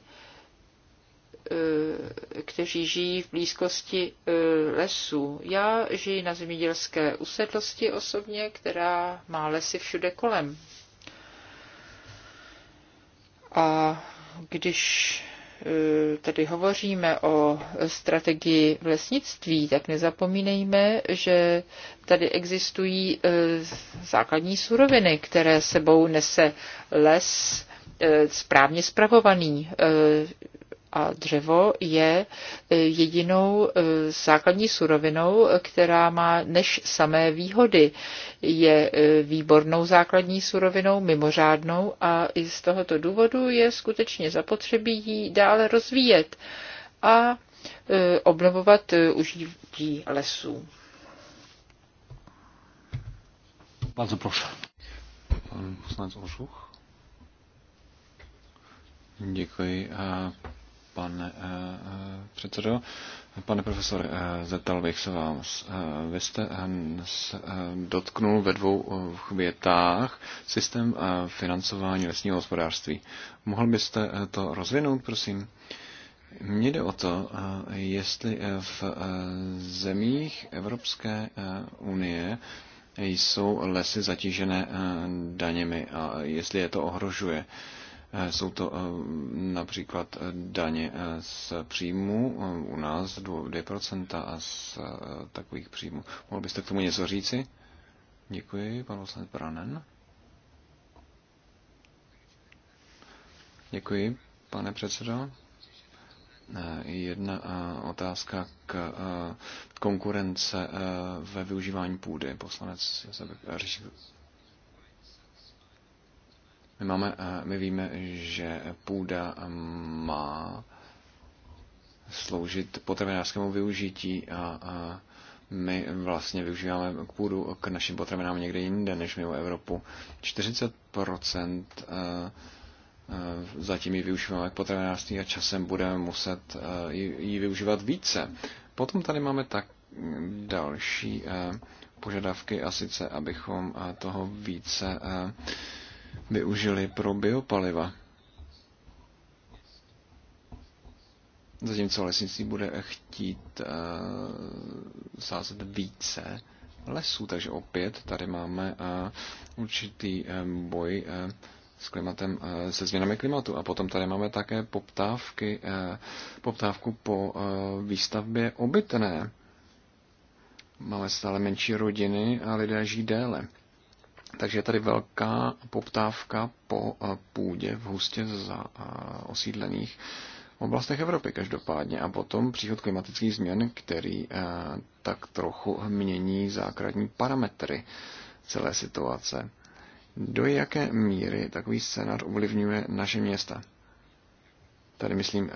kteří žijí v blízkosti lesů. Já žiji na zemědělské usedlosti osobně, která má lesy všude kolem. A když e, tedy hovoříme o strategii v lesnictví, tak nezapomínejme, že tady existují e, základní suroviny, které sebou nese les e, správně spravovaný, a dřevo je e, jedinou e, základní surovinou, která má než samé výhody. Je e, výbornou základní surovinou, mimořádnou a i z tohoto důvodu je skutečně zapotřebí ji dále rozvíjet a obnovovat užití lesů. Bardzo proszę. Pan poslanec Ošuch. Děkuji pane eh, eh, předsedo. Pane profesor, eh, zeptal bych se vám. Vy jste dotknul ve dvou větách systém financování lesního hospodářství. Mohl byste to rozvinout, prosím? Mně jde o to, jestli v zemích Evropské unie jsou lesy zatížené daněmi a jestli je to ohrožuje. Eh, jsou to eh, například eh, daně z příjmu u nás 2% a z takových příjmů. Mohl byste k tomu něco říci? Děkuji, pan poslanec Branen. Děkuji, pane předsedo. Jedna otázka k konkurence ve využívání půdy. Poslanec Řešil my, máme, eh, my víme, že půda má sloužit potravinářskému využití a, a my vlastně využíváme půdu k našim potravinám někde jinde než mimo Evropu. 40% eh, eh, zatím ji využíváme k potravinářství a časem budeme muset ji využívat více. Potom tady máme tak další požadavky a sice, abychom toho více využili pro biopaliva. Zatímco lesnictví bude chtít uh, sázet více lesů, takže opět tady máme uh, určitý um, boj uh, s klimatem, uh, se změnami klimatu. A potom tady máme také poptávky, uh, poptávku po uh, výstavbě obytné. Máme stále menší rodiny a lidé žijí déle. Takže je tady velká poptávka po eh, půdě v hustě za eh, osídlených oblastech Evropy každopádně a potom příchod klimatických změn, který eh, tak trochu mění základní parametry celé situace. Do jaké míry takový scénář ovlivňuje naše města? Tady myslím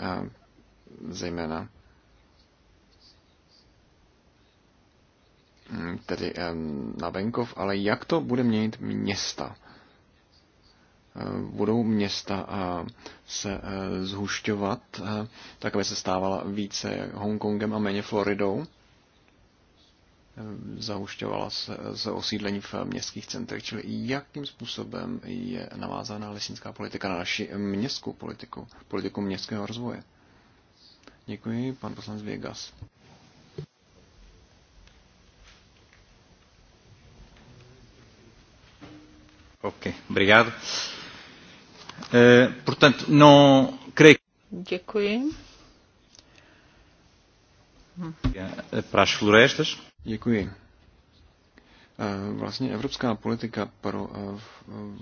zejména Mm, tedy eh, na venkov, ale jak to bude měnit města? Eh, budou města eh, se zhušťovat, tak aby se stávala více Hongkongem a méně Floridou? zahušťovala se, se osídlení v městských centrech, čili jakým způsobem je navázaná lesnická politika na naši městskou politiku, politiku městského rozvoje. Děkuji, pan poslanec Vegas. Eh, Děkuji. Děkuji. Eh, vlastně evropská politika pro eh,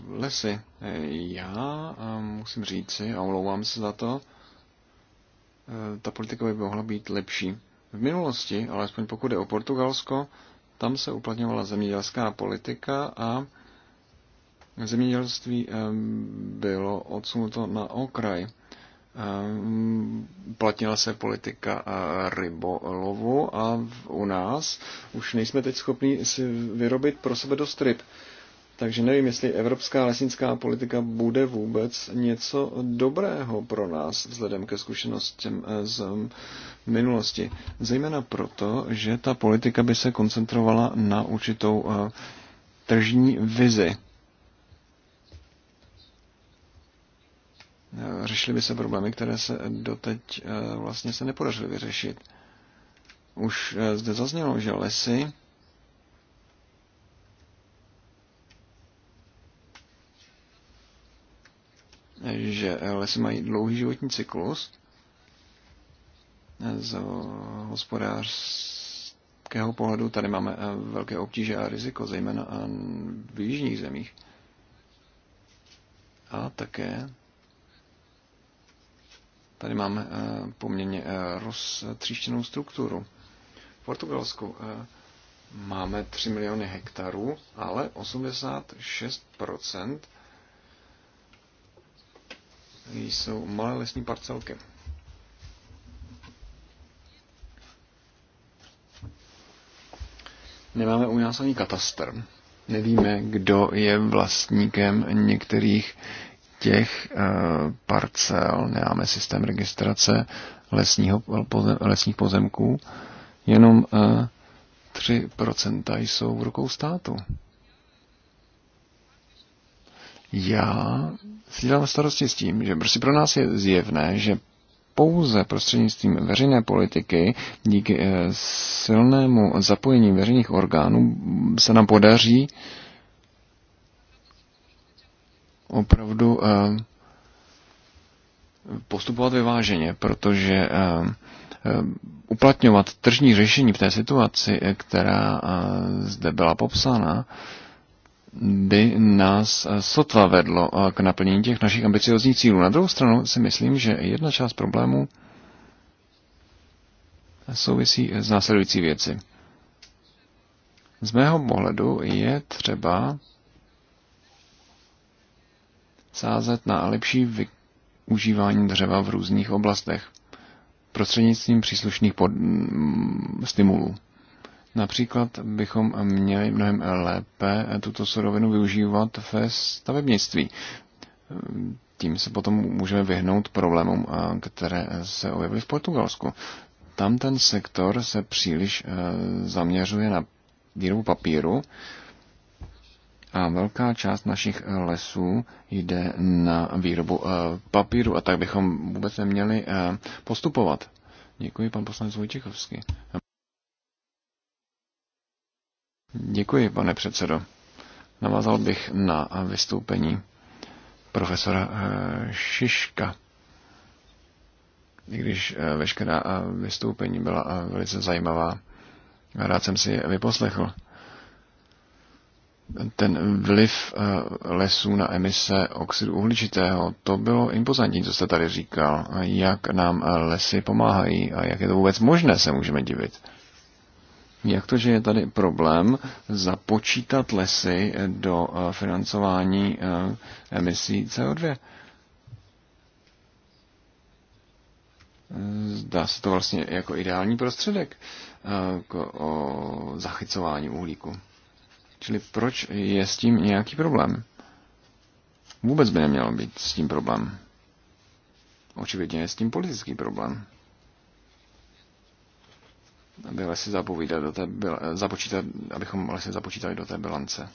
lesy. Já musím říci, a omlouvám se za to, ta politika by mohla být lepší. V minulosti, alespoň pokud je o Portugalsko, tam se uplatňovala zemědělská politika a zemědělství eh, bylo odsunuto na okraj. Eh, Platnila se politika eh, rybolovu a u nás už nejsme teď schopni si vyrobit pro sebe dost ryb. Takže nevím, jestli evropská lesnická politika bude vůbec něco dobrého pro nás vzhledem ke zkušenostem z minulosti. Zejména proto, že ta politika by se koncentrovala na určitou tržní vizi Eh, řešili by se problémy, které se doteď eh, vlastně se nepodařily vyřešit. Už eh, zde zaznělo, že lesy že lesy mají dlouhý životní cyklus z hospodářského pohledu. Tady máme velké obtíže a riziko, zejména v jižních zemích. A také Tady máme eh, poměrně eh, roztříštěnou strukturu. V Portugalsku eh, máme 3 miliony hektarů, ale 86% jsou malé lesní parcelky. Nemáme u nás ani katastr. Nevíme, kdo je vlastníkem některých těch eh, parcel nemáme systém registrace lesního, lesních pozemků, jenom 3% eh, jsou v rukou státu. Já si dělám starosti s tím, že prostě pro nás je zjevné, že pouze prostřednictvím veřejné politiky, díky eh, silnému zapojení veřejných orgánů, se nám podaří uh, opravdu eh, postupovat vyváženě, protože eh, uplatňovat tržní řešení v té situaci, která eh, zde byla popsána, by nás sotva vedlo k naplnění těch našich ambiciozních cílů. Na druhou stranu si myslím, že jedna část problémů souvisí s následující věci. Z mého pohledu je třeba sázet na lepší využívání dřeva v různých oblastech prostřednictvím příslušných pod, mm, stimulů. Například bychom měli mnohem lépe tuto surovinu využívat ve stavebnictví. Tím se potom můžeme vyhnout problémům, eh, které se objevily v Portugalsku. Tam ten sektor se příliš eh, zaměřuje na výrobu papíru, a velká část našich eh, lesů jde na výrobu eh, papíru a tak bychom vůbec neměli eh, postupovat. Děkuji, pan poslanec Vojtěchovský. Děkuji, pane předsedo. Navázal bych na vystoupení profesora Šiška. I když veškerá vystoupení byla velice zajímavá, rád jsem si je vyposlechl ten vliv eh, lesů na emise oxidu uhličitého, to bylo impozantní, co jste tady říkal, jak nám eh, lesy pomáhají a jak je to vůbec možné, se můžeme divit. Jak to, že je tady problém započítat lesy eh, do financování emisí CO2? Zdá se to vlastně jako ideální prostředek k zachycování uhlíku. Čili proč je s tím nějaký problém? Vůbec by neměl být s tím problém. Očividně je s tím politický problém. Aby lesy do té, započítat, abychom lesy započítali do té bilance.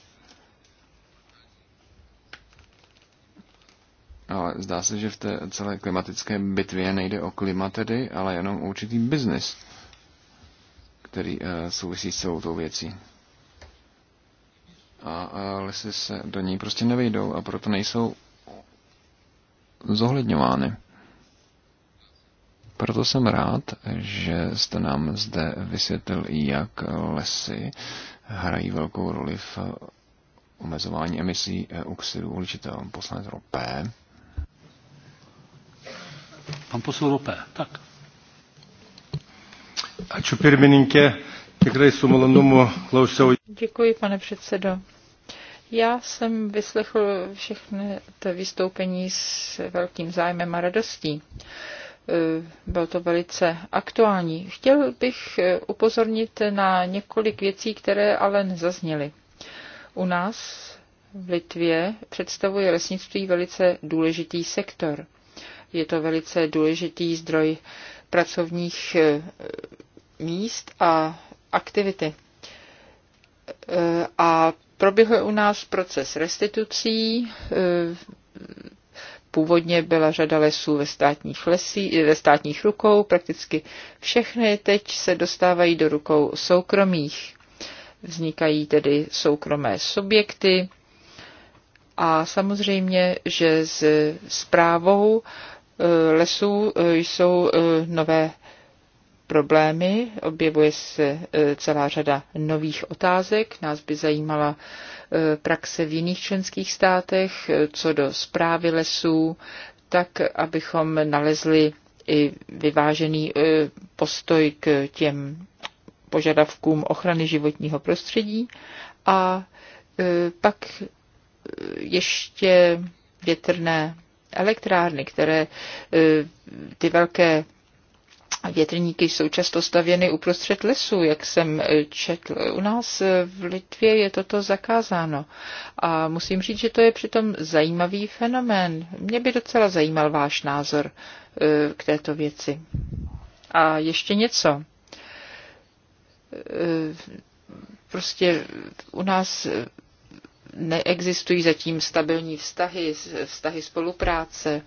Ale zdá se, že v té celé klimatické bitvě nejde o klima tedy, ale jenom o určitý biznis, který eh, souvisí s celou tou věcí a lesy se do ní prostě nevejdou a proto nejsou zohledňovány. Proto jsem rád, že jste nám zde vysvětlil, jak lesy hrají velkou roli v omezování emisí oxidu uhličitého. Poslanec Ropé. Pan poslanec Ropé, tak. Ačiū pirmininkė, tikrai Děkuji, pane předsedo. Já jsem vyslechl všechny ty vystoupení s velkým zájmem a radostí. E, bylo to velice aktuální. Chtěl bych e, upozornit na několik věcí, které ale nezazněly. U nás v Litvě představuje lesnictví velice důležitý sektor. Je to velice důležitý zdroj pracovních e, míst a aktivity. A Proběhl u nás proces restitucí, e, původně byla řada lesů ve státních, lesí, ve státních rukou, prakticky všechny teď se dostávají do rukou soukromých. Vznikají tedy soukromé subjekty a samozřejmě, že s zprávou e, lesů e, jsou nové problémy, objevuje se e, celá řada nových otázek. Nás by zajímala e, praxe v jiných členských státech, e, co do zprávy lesů, tak abychom nalezli i vyvážený postoj k těm požadavkům ochrany životního prostředí. A pak ještě větrné elektrárny, které ty velké a větrníky jsou často stavěny uprostřed lesů, jak jsem eh, četl. U nás eh, v Litvě je toto zakázáno. A musím říct, že to je přitom zajímavý fenomén. Mě by docela zajímal váš názor eh, k této věci. A ještě něco. Prostě u nás neexistují zatím stabilní vztahy, vztahy spolupráce.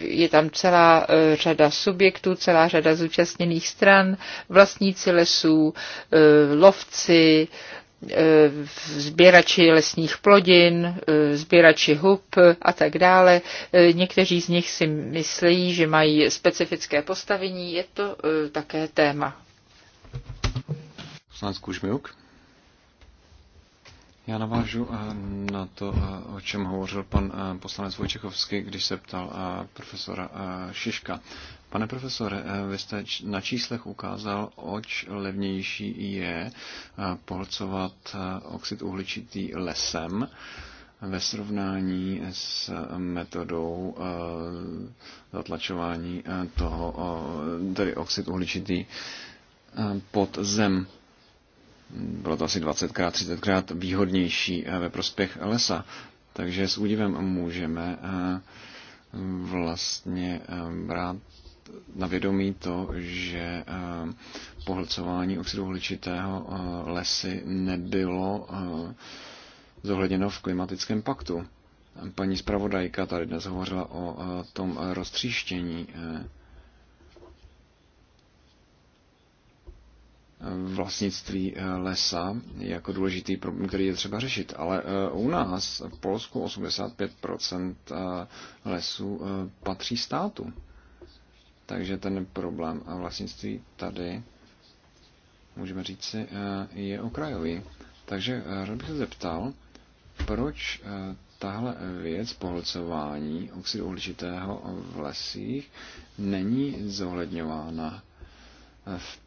Je tam celá řada subjektů, celá řada zúčastněných stran, vlastníci lesů, lovci, sběrači lesních plodin, sběrači hub a tak dále. Někteří z nich si myslí, že mají specifické postavení. Je to také téma. Poslanec Kužmiuk. Já navážu eh, na to, eh, o čem hovořil pan eh, poslanec Vojčechovský, když se ptal profesora Šiška. Pane profesore, vy jste na číslech ukázal, oč levnější je pohlcovat oxid uhličitý lesem ve srovnání s metodou zatlačování toho, tedy oxid uhličitý pod zem bylo to asi 20krát, 30krát výhodnější eh, ve prospěch lesa. Takže s údivem můžeme eh, vlastně eh, brát na vědomí to, že pohlcování oxidu uhličitého lesy nebylo zohledněno v klimatickém paktu. Paní zpravodajka tady dnes hovořila o tom roztříštění vlastnictví eh, lesa jako důležitý problém, který je třeba řešit. Ale eh, u nás v Polsku 85% eh, lesů patří státu. Takže ten problém a vlastnictví tady, můžeme říci, je okrajový. Takže rád bych se zeptal, proč tahle věc pohlcování oxidu uhličitého v lesích není zohledňována v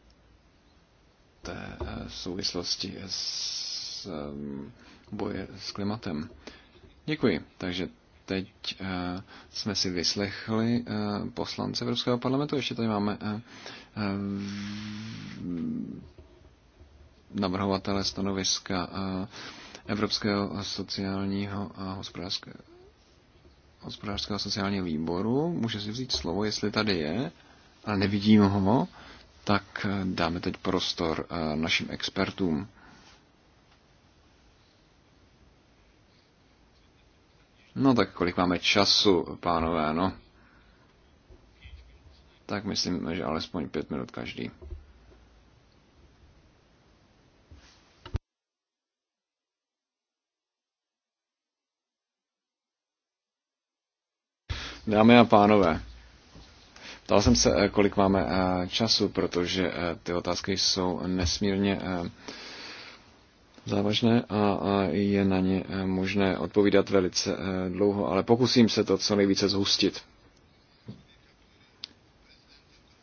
té eh, souvislosti s boje s klimatem. Děkuji. Takže teď eh, jsme si vyslechli eh, poslance Evropského parlamentu. Ještě tady máme navrhovatele stanoviska Evropského sociálního a hospodářského, hospodářského sociálního výboru. Může si vzít slovo, jestli tady je, ale nevidím ho tak eh, dáme teď prostor eh, našim expertům. No tak kolik máme času, pánové, no. Tak myslím, že alespoň pět minut každý. Dámy a pánové, Ptal jsem se, eh, kolik máme eh, času, protože eh, ty otázky jsou nesmírně závažné a je na ně možné odpovídat velice dlouho, ale pokusím se to co nejvíce zhustit.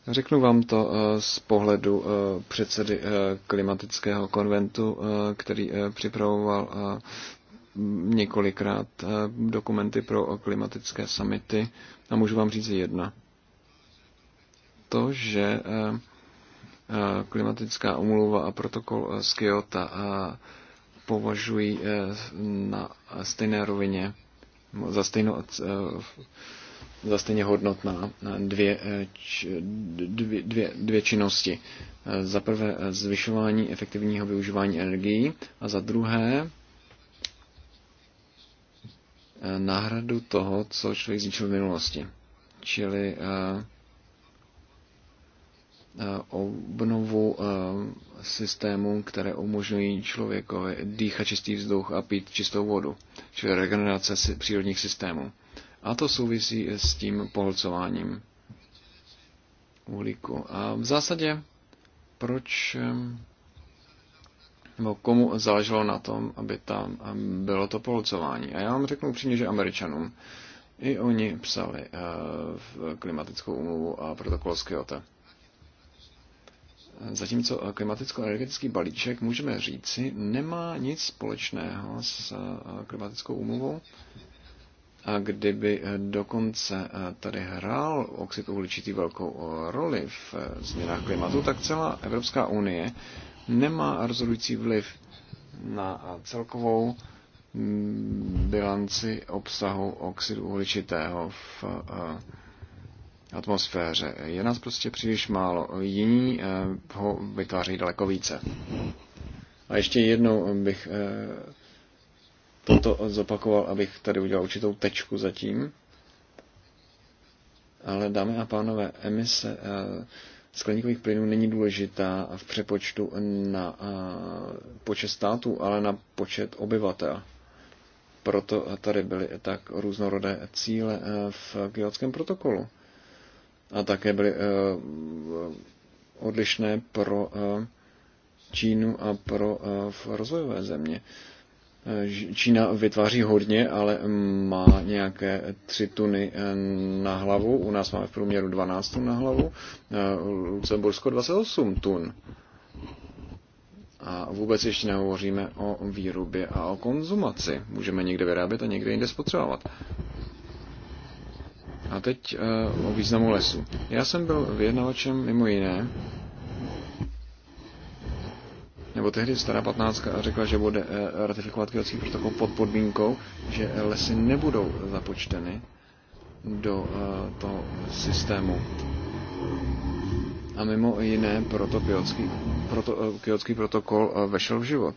Řeknu vám to z pohledu předsedy klimatického konventu, který připravoval několikrát dokumenty pro klimatické samity a můžu vám říct jedna to, že eh, eh, klimatická umluva a protokol eh, z Kyoto považují na stejné rovině za, stejno, za stejně hodnotná dvě, dvě, dvě, dvě činnosti. Za prvé zvyšování efektivního využívání energií a za druhé náhradu toho, co člověk zničil v minulosti. Čili Eh, obnovu eh, systémů, které umožňují člověkovi dýchat čistý vzduch a pít čistou vodu, čili regenerace přírodních systémů. A to souvisí s tím polcováním uhlíku. A v zásadě, proč eh, nebo komu záleželo na tom, aby tam bylo to polcování. A já vám řeknu upřímně, že Američanům i oni psali klimatickou úmluvu a protokol z Kyoto. Zatímco klimaticko-energetický balíček, můžeme říci, nemá nic společného s eh, klimatickou úmluvou. A kdyby eh, dokonce eh, tady hrál oxid uhličitý velkou roli v změnách klimatu, tak celá Evropská unie nemá rozhodující vliv na celkovou mm, bilanci obsahu oxidu uhličitého v atmosféře. Je nás prostě příliš málo. Jiní eh, ho vytváří daleko více. A ještě jednou bych eh, toto zopakoval, abych tady udělal určitou tečku zatím. Ale dámy a pánové, emise eh, skleníkových plynů není důležitá v přepočtu na počet států, ale na počet obyvatel. Proto tady byly tak různorodé cíle v Kyotském protokolu a také byly eh, odlišné pro eh, Čínu a pro eh, rozvojové země. Čína vytváří hodně, ale má nějaké tři tuny na hlavu. U nás máme v průměru 12 tun na hlavu. Lucembursko 28 tun. A vůbec ještě nehovoříme o výrobě a o konzumaci. Můžeme někde vyrábět a někde jinde spotřebovat. A teď eh, o významu lesu. Já jsem byl vyjednavačem mimo jiné, nebo tehdy stará patnáctka řekla, že bude eh, ratifikovat kyotský protokol pod podmínkou, že lesy nebudou započteny do eh, toho systému. A mimo jiné proto kyotský, proto, uh, protokol vešel v život.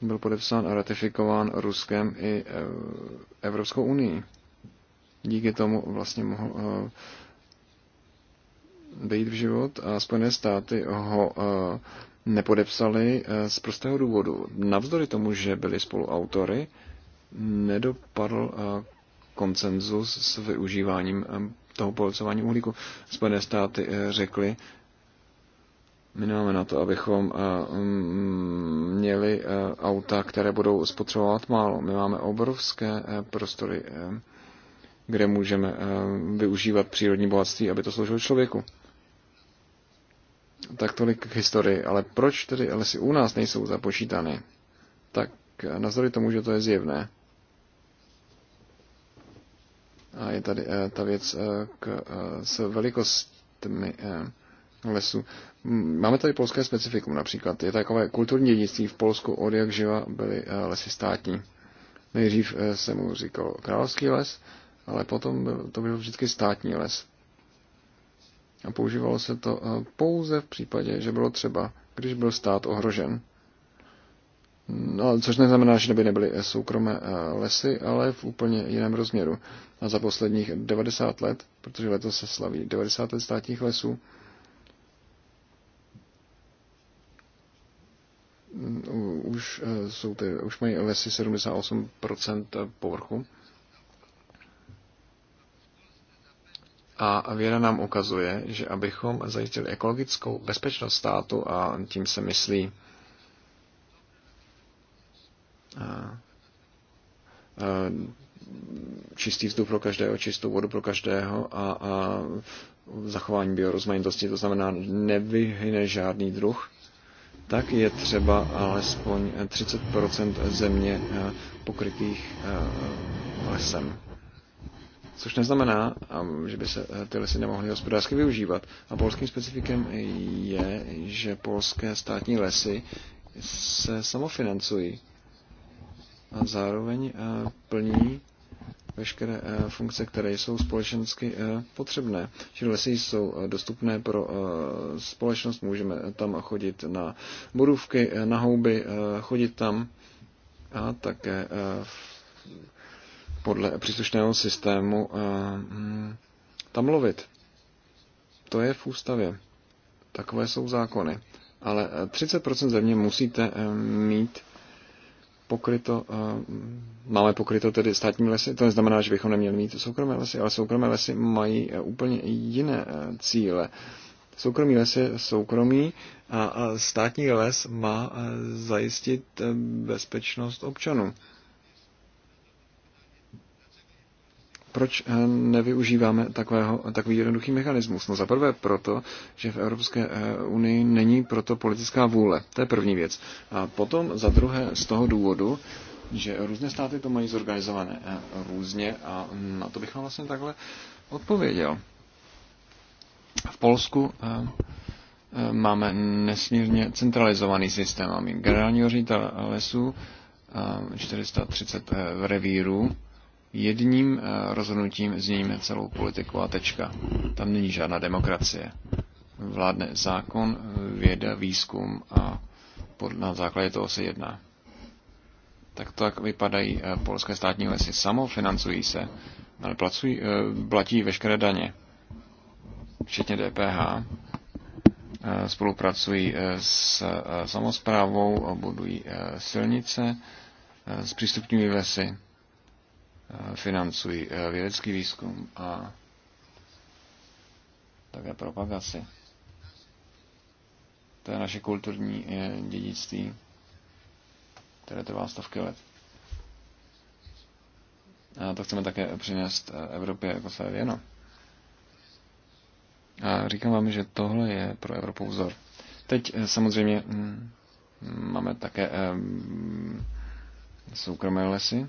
Byl podepsán a ratifikován Ruskem i Evropskou unii díky tomu vlastně mohl eh, vejít v život a Spojené státy ho eh, nepodepsali eh, z prostého důvodu. Navzdory tomu, že byli spoluautory, nedopadl konsenzus s využíváním toho polcování uhlíku. Spojené státy řekly, my nemáme na to, abychom mm, měli auta, které budou spotřebovat málo. My máme obrovské prostory kde můžeme eh, využívat přírodní bohatství, aby to sloužilo člověku. Tak tolik k historii. Ale proč tedy lesy u nás nejsou započítány? Tak eh, navzdory tomu, že to je zjevné. A je tady eh, ta věc k, s velikostmi lesu. Máme tady polské specifikum například. Je takové kulturní dědictví v Polsku od jak živa byly lesy státní. Nejdřív se mu říkal Královský les, ale potom to byl vždycky státní les. A používalo se to eh, pouze v případě, že bylo třeba, když byl stát ohrožen. No, což neznamená, že by nebyly eh, soukromé eh, lesy, ale v úplně jiném rozměru. A za posledních 90 let, protože letos se slaví 90 let státních lesů, mm, už, jsou ty, už mají lesy 78% povrchu A věda nám ukazuje, že abychom zajistili ekologickou bezpečnost státu, a tím se myslí čistý vzduch pro každého, čistou vodu pro každého a, a zachování biorozmanitosti, to znamená nevyhne žádný druh, tak je třeba alespoň 30 země pokrytých lesem. Což neznamená, um, že by se eh, ty lesy nemohly hospodářsky využívat. A polským specifikem je, že polské státní lesy se samofinancují a zároveň eh, plní veškeré eh, funkce, které jsou společensky potřebné. Čili lesy jsou dostupné pro společnost, můžeme tam chodit na borůvky, na houby, chodit tam a také podle příslušného systému eh, hm, tam lovit. To je v ústavě. Takové jsou zákony. Ale 30% eh, země musíte eh, mít pokryto, máme pokryto tedy státní lesy, to neznamená, že bychom neměli mít soukromé lesy, ale soukromé lesy mají úplně jiné cíle. Soukromý les je soukromý a státní les má zajistit bezpečnost občanů. proč eh, nevyužíváme takového, takový jednoduchý mechanismus? No zaprvé proto, že v Evropské eh, unii není proto politická vůle. To je první věc. A potom za druhé z toho důvodu, že různé státy to mají zorganizované eh, různě a na to bych vám vlastně takhle odpověděl. V Polsku máme nesmírně centralizovaný systém. Máme generálního ředitele lesů, 430 revírů, jedním eh, rozhodnutím změníme celou politiku a tečka. Tam není žádná demokracie. Vládne zákon, věda, výzkum a na základě toho se jedná. Tak to tak vypadají eh, polské státní lesy. financují se, ale placují, eh, platí veškeré daně, včetně DPH. Spolupracují s samozprávou, budují silnice, zpřístupňují lesy financují eh, vědecký výzkum a také propagaci. To je naše kulturní eh, dědictví, které trvá stovky let. A to chceme také přinést eh, Evropě jako své věno. A říkám vám, že tohle je pro Evropu vzor. Teď samozřejmě mm, máme také mm, soukromé lesy,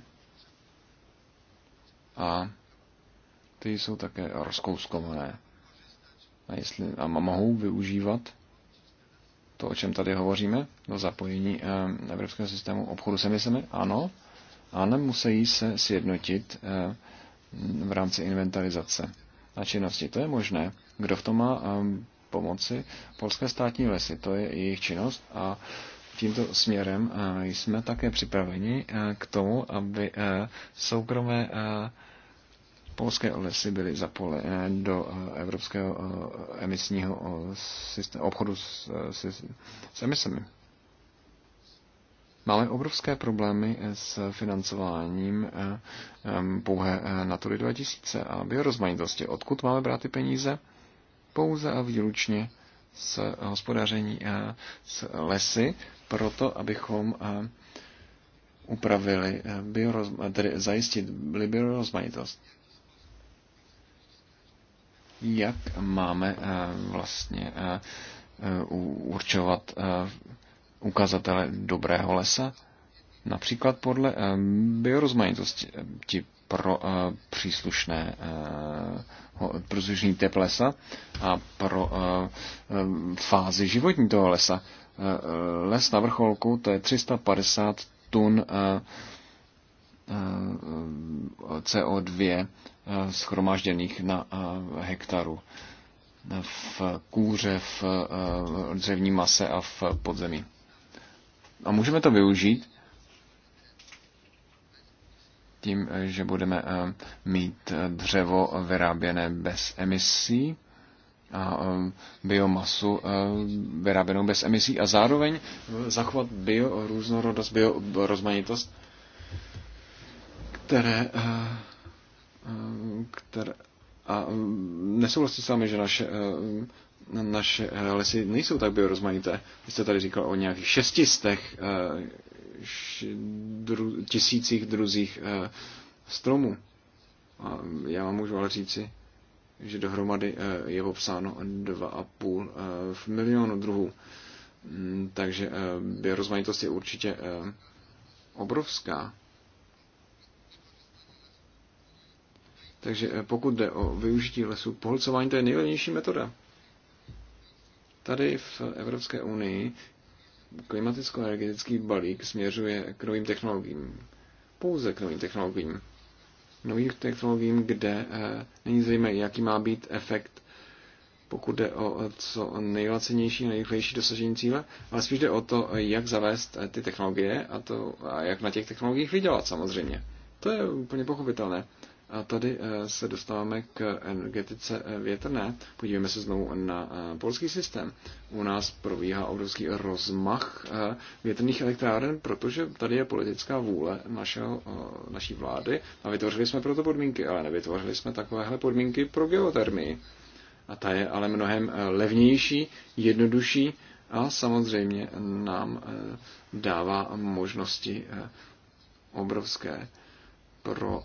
a ty jsou také rozkouskované. A, jestli, a mohou využívat to, o čem tady hovoříme, do zapojení eh, evropského systému obchodu s emisemi? Ano. A nemusí se sjednotit eh, v rámci inventarizace a činnosti. To je možné. Kdo v tom má eh, pomoci? Polské státní lesy, to je jejich činnost a tímto směrem jsme také připraveni k tomu, aby soukromé polské lesy byly zapojené do evropského emisního systému, obchodu s, s, s emisemi. Máme obrovské problémy s financováním pouhé Natury 2000 a biorozmanitosti. Odkud máme brát ty peníze? Pouze a výlučně z hospodaření s lesy, proto, abychom eh, upravili, eh, bioroz, eh, tedy zajistili biorozmanitost. Jak máme vlastně určovat ukazatele dobrého lesa? Například podle biorozmanitosti pro příslušné příslušný typ lesa a pro fázi životní toho lesa. Eh, les na vrcholku, to je 350 tun eh, eh, CO2 schromážděných na hektaru v kůře, v dřevní mase a v podzemí. A můžeme to využít tím, že budeme mít dřevo vyráběné bez emisí, a um, biomasu uh, vyráběnou bez emisí a zároveň uh, zachovat bio, různorodost, bio, rozmanitost, které, uh, které a um, nesouhlasím s vámi, že naše, naše lesy nejsou tak biorozmanité. Vy jste tady říkal o nějakých šestistech tisících druzích stromů. A já vám můžu ale říci, že dohromady eh, je popsáno 2,5 eh, v milionu druhů. Mm, takže eh, biorozmanitost je určitě obrovská. Takže pokud jde o využití lesů, pohlcování to je nejlevnější metoda. Tady v Evropské unii klimaticko-energetický balík směřuje k novým technologiím. Pouze k novým technologiím novým technologiím, kde eh, není zřejmé, jaký má být efekt, pokud jde o eh, co nejlacenější, nejrychlejší dosažení cíle, ale spíš jde o to, eh, jak zavést ty technologie a, to, a jak na těch technologiích vydělat samozřejmě. To je úplně pochopitelné. A tady eh, se dostáváme k energetice eh, větrné. Podívejme se znovu na eh, polský systém. U nás probíhá obrovský rozmach větrných elektráren, protože tady je politická vůle našeho, naší vlády a vytvořili jsme proto podmínky, ale nevytvořili jsme takovéhle podmínky pro geotermii. A ta je ale mnohem levnější, jednodušší a samozřejmě nám dává možnosti obrovské pro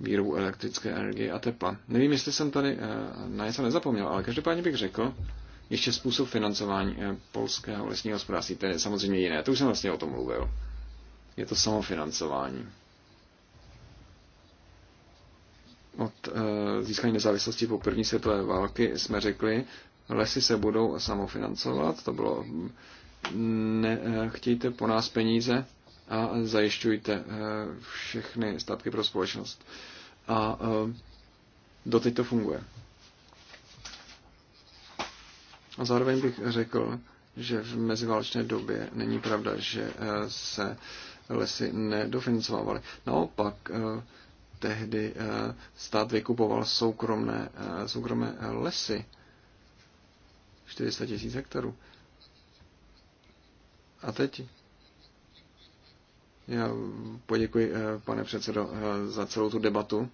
výrobu elektrické energie a tepla. Nevím, jestli jsem tady eh, na něco nezapomněl, ale každopádně bych řekl, ještě způsob financování eh, polského lesního hospodářství, to je samozřejmě jiné, to už jsem vlastně o tom mluvil. Je to samofinancování. Od eh, získání nezávislosti po první světové války jsme řekli, lesy se budou samofinancovat, to bylo mm, nechtějte po nás peníze, a zajišťujte eh, všechny statky pro společnost. A eh, doteď to funguje. A zároveň bych řekl, že v meziválečné době není pravda, že eh, se lesy nedofinancovaly. Naopak, tehdy stát vykupoval soukromné, soukromé lesy, 400 tisíc hektarů. A teď já poděkuji, eh, pane předsedo, eh, za celou tu debatu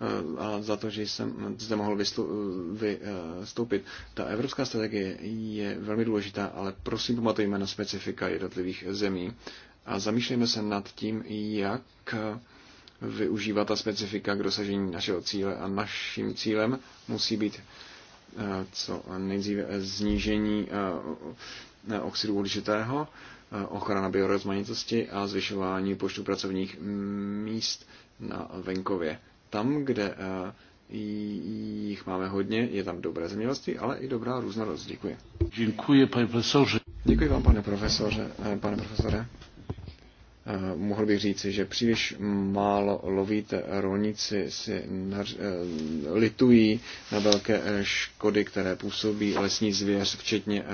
eh, a za to, že jsem zde mohl vystoupit. Ta evropská strategie je velmi důležitá, ale prosím pamatujme na specifika jednotlivých zemí a zamýšlejme se nad tím, jak využívat ta specifika k dosažení našeho cíle. A naším cílem musí být co nejdříve znížení oxidu uhličitého, Eh, ochrana biorozmanitosti a zvyšování počtu pracovních míst na venkově. Tam, kde eh, jich máme hodně, je tam dobré zemědělství, ale i dobrá různorodost. Děkuji. Děkuji, pane profesore. Děkuji vám, pane profesore. Eh, pane profesore. Eh, mohl bych říci, že příliš málo lovíte. Rolníci si nař- eh, litují na velké eh, škody, které působí lesní zvěř, včetně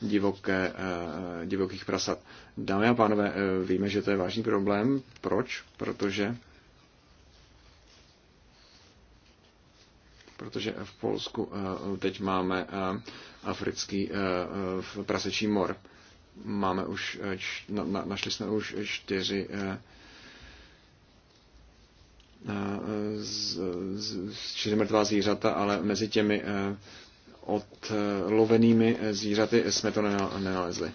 divoké, divokých prasat. Dámy a pánové, víme, že to je vážný problém. Proč? Protože protože v Polsku teď máme africký prasečí mor máme už, eh, našli jsme už čtyři eh, eh, z, z, z čtyři mrtvá zvířata, ale mezi těmi odlovenými zvířaty jsme to nenalezli.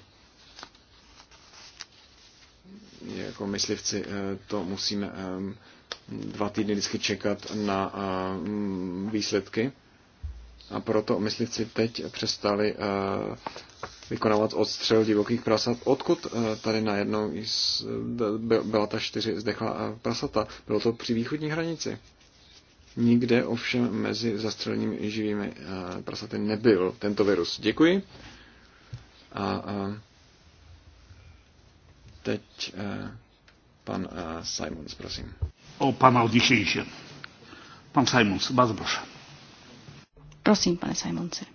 Jako myslivci to musíme dva týdny vždycky čekat na výsledky. A proto myslivci teď přestali vykonávat odstřel divokých prasat. Odkud eh, tady najednou eh, byla ta čtyři zdechlá eh, prasata? Bylo to při východní hranici. Nikde ovšem mezi zastřelenými živými prasaty nebyl tento virus. Děkuji. A, teď pan Simons, prosím. O pana odniesiejcie. Pan Simons, bardzo proszę. Prosím, pane Simonsi.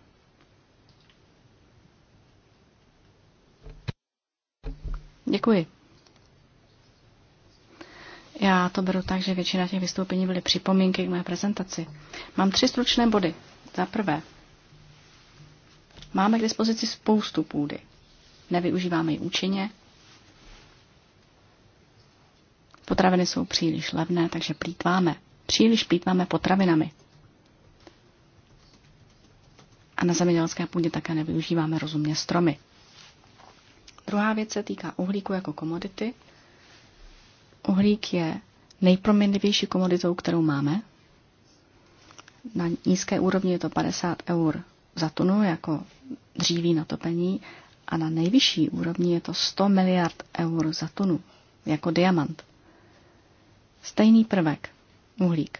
Děkuji. Já to beru tak, že většina těch vystoupení byly připomínky k mé prezentaci. Mám tři stručné body. Za prvé, máme k dispozici spoustu půdy. Nevyužíváme ji účinně. Potraviny jsou příliš levné, takže plítváme. Příliš plítváme potravinami. A na zemědělské půdě také nevyužíváme rozumně stromy. Druhá věc se týká uhlíku jako komodity. Uhlík je nejproměnlivější komoditou, kterou máme. Na nízké úrovni je to 50 eur za tunu jako dříví na topení a na nejvyšší úrovni je to 100 miliard eur za tunu jako diamant. Stejný prvek, uhlík.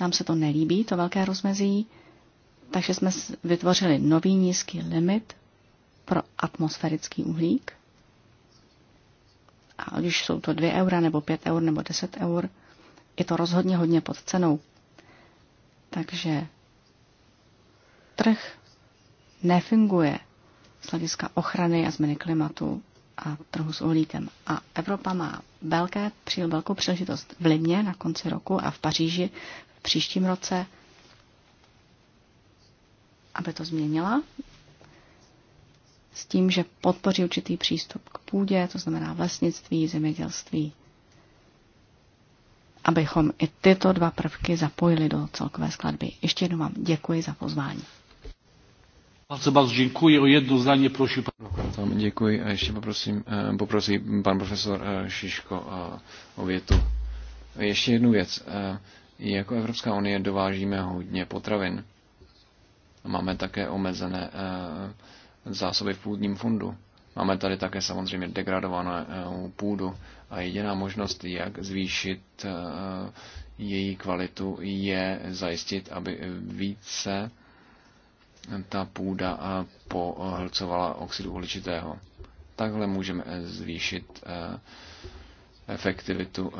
Nám se to nelíbí, to velké rozmezí, takže jsme vytvořili nový nízký limit pro atmosférický uhlík. A když jsou to 2 eura, nebo 5 eur, nebo 10 eur, je to rozhodně hodně pod cenou. Takže trh nefunguje z hlediska ochrany a změny klimatu a trhu s uhlíkem. A Evropa má velké, velkou příležitost v Limě na konci roku a v Paříži v příštím roce, aby to změnila s tím, že podpoří určitý přístup k půdě, to znamená vlastnictví, zemědělství, abychom i tyto dva prvky zapojili do celkové skladby. Ještě jednou vám děkuji za pozvání. Bardzo, bardzo děkuji. O jedno zdanie prosím. Pan... No, děkuji a ještě poprosím, eh, poprosi pan profesor eh, Šiško o větu. Ještě jednu věc. Eh, jako Evropská unie dovážíme hodně potravin. Máme také omezené uh, zásoby v půdním fundu. Máme tady také samozřejmě degradovanou eh, půdu a jediná možnost, jak zvýšit eh, její kvalitu, je zajistit, aby více ta půda eh, pohlcovala oxidu uhličitého. Takhle můžeme zvýšit efektivitu.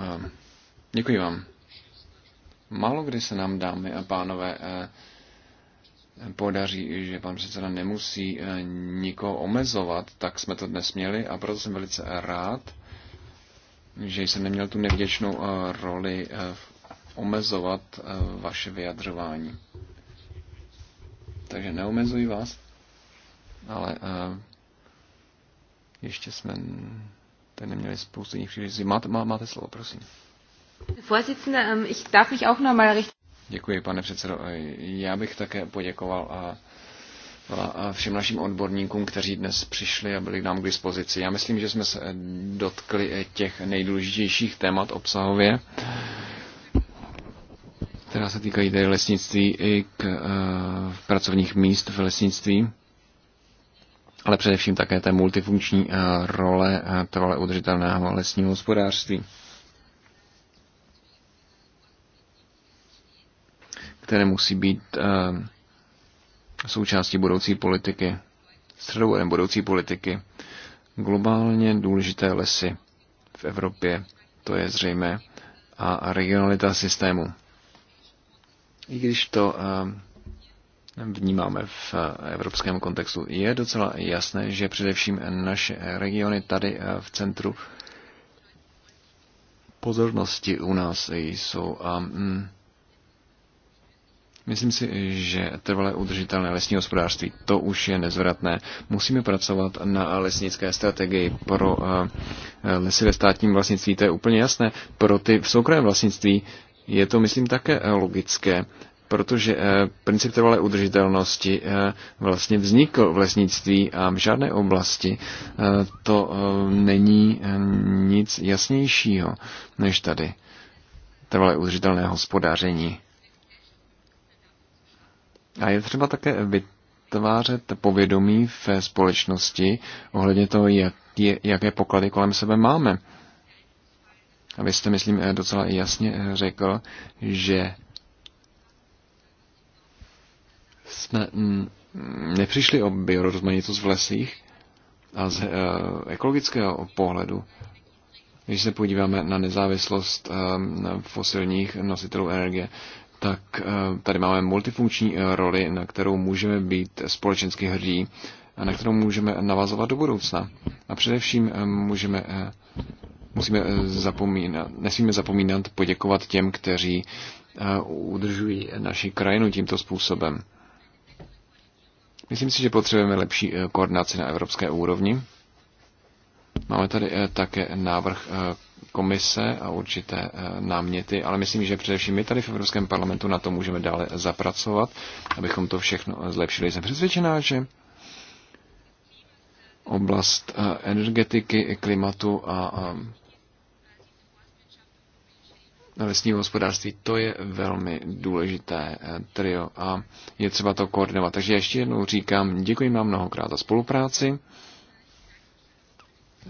Děkuji vám. Málo kdy se nám, dámy a pánové, podaří, že pan předseda nemusí eh, nikoho omezovat, tak jsme to dnes měli a proto jsem velice rád, že jsem neměl tu nevděčnou eh, roli eh, omezovat vaše vyjadřování. Takže neomezuji vás, ale ještě jsme tady neměli spoustu jiných příležitostí. Máte, máte slovo, prosím. Vorsitzende, ähm, ich darf mich auch mal richten. Děkuji, pane předsedo. Já bych také poděkoval a všem našim odborníkům, kteří dnes přišli a byli k nám k dispozici. Já myslím, že jsme se dotkli těch nejdůležitějších témat obsahově, která se týkají tedy lesnictví i k uh, pracovních míst v lesnictví, ale především také té multifunkční uh, role uh, e, role udržitelného lesního hospodářství. které musí být ehm, součástí budoucí politiky, středovodem budoucí politiky. Globálně důležité lesy v Evropě, to je zřejmé, a regionalita systému. I když to ehm, vnímáme v eh, evropském kontextu, je docela jasné, že především naše regiony tady eh, v centru pozornosti u nás jsou a mm, Myslím si, že trvalé udržitelné lesní hospodářství, to už je nezvratné. Musíme pracovat na lesnické strategii pro eh, lesy ve státním vlastnictví, to je úplně jasné. Pro ty v soukromém vlastnictví je to, myslím, také eh, logické, protože eh, princip trvalé udržitelnosti vlastně vznikl v lesnictví a v žádné oblasti to není nic jasnějšího než tady trvalé udržitelné hospodáření. A je třeba také vytvářet povědomí v společnosti ohledně toho, jak je, jaké poklady kolem sebe máme. A vy jste, myslím, docela jasně řekl, že jsme nepřišli o biorozmanitost v lesích a z eh, ekologického pohledu, když se podíváme na nezávislost eh, fosilních nositelů energie, tak eh, tady máme multifunkční eh, roli, na kterou můžeme být společensky hrdí a na kterou můžeme navazovat do budoucna. A především eh, můžeme, musíme zapomínat, nesmíme zapomínat poděkovat těm, kteří udržují naši krajinu tímto způsobem. Myslím si, že potřebujeme lepší koordinaci na evropské úrovni. Máme tady také návrh komise a určité eh, náměty, ale myslím, že především my tady v Evropském parlamentu na to můžeme dále zapracovat, abychom to všechno zlepšili. Jsem přesvědčená, že oblast eh, energetiky, klimatu a eh, lesního hospodářství, to je velmi důležité trio a je třeba to koordinovat. Takže ještě jednou říkám, děkuji vám mnohokrát za spolupráci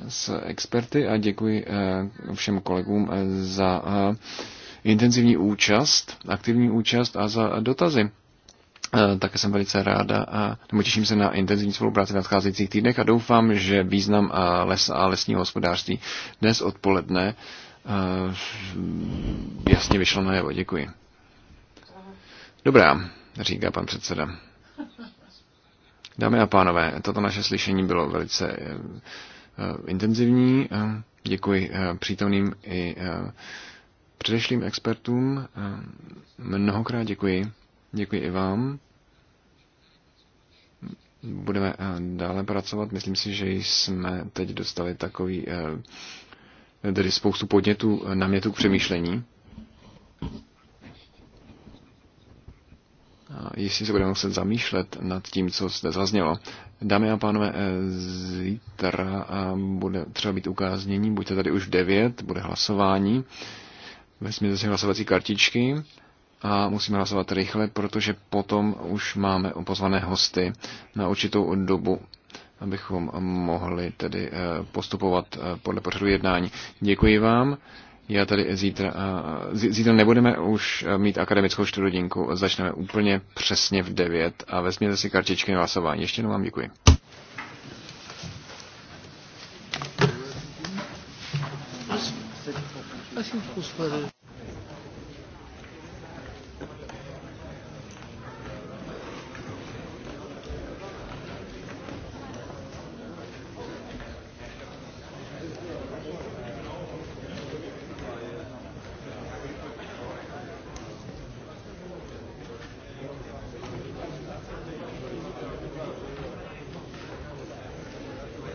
s experty a děkuji eh, všem kolegům eh, za eh, intenzivní účast, aktivní účast a za dotazy. Také jsem velice ráda a nebo těším se na intenzivní spolupráci v nadcházejících týdnech a doufám, že význam lesa a lesního hospodářství dnes odpoledne jasně vyšlo na najevo. Děkuji. Dobrá, říká pan předseda. Dámy a pánové, toto naše slyšení bylo velice Eh, intenzivní. Eh, děkuji eh, přítomným i předešlým expertům. Mnohokrát děkuji. Děkuji i vám. Budeme dále pracovat. Myslím si, že jsme teď dostali takový tedy spoustu podnětů, na námětů k přemýšlení. jistě se budeme muset zamýšlet nad tím, co zde zaznělo. Dámy a pánové, eh, zítra eh, bude třeba být ukáznění, buďte tady už v 9, bude hlasování, vezměte si hlasovací kartičky a musíme hlasovat rychle, protože potom už máme pozvané hosty na určitou dobu abychom mohli tedy eh, postupovat podle pořadu jednání. Děkuji vám. Já tady zítra, zítra nebudeme už e, mít akademickou čtvrthodinku, začneme úplně přesně v 9 a vezměte si kartičky na hlasování. Ještě jednou vám děkuji.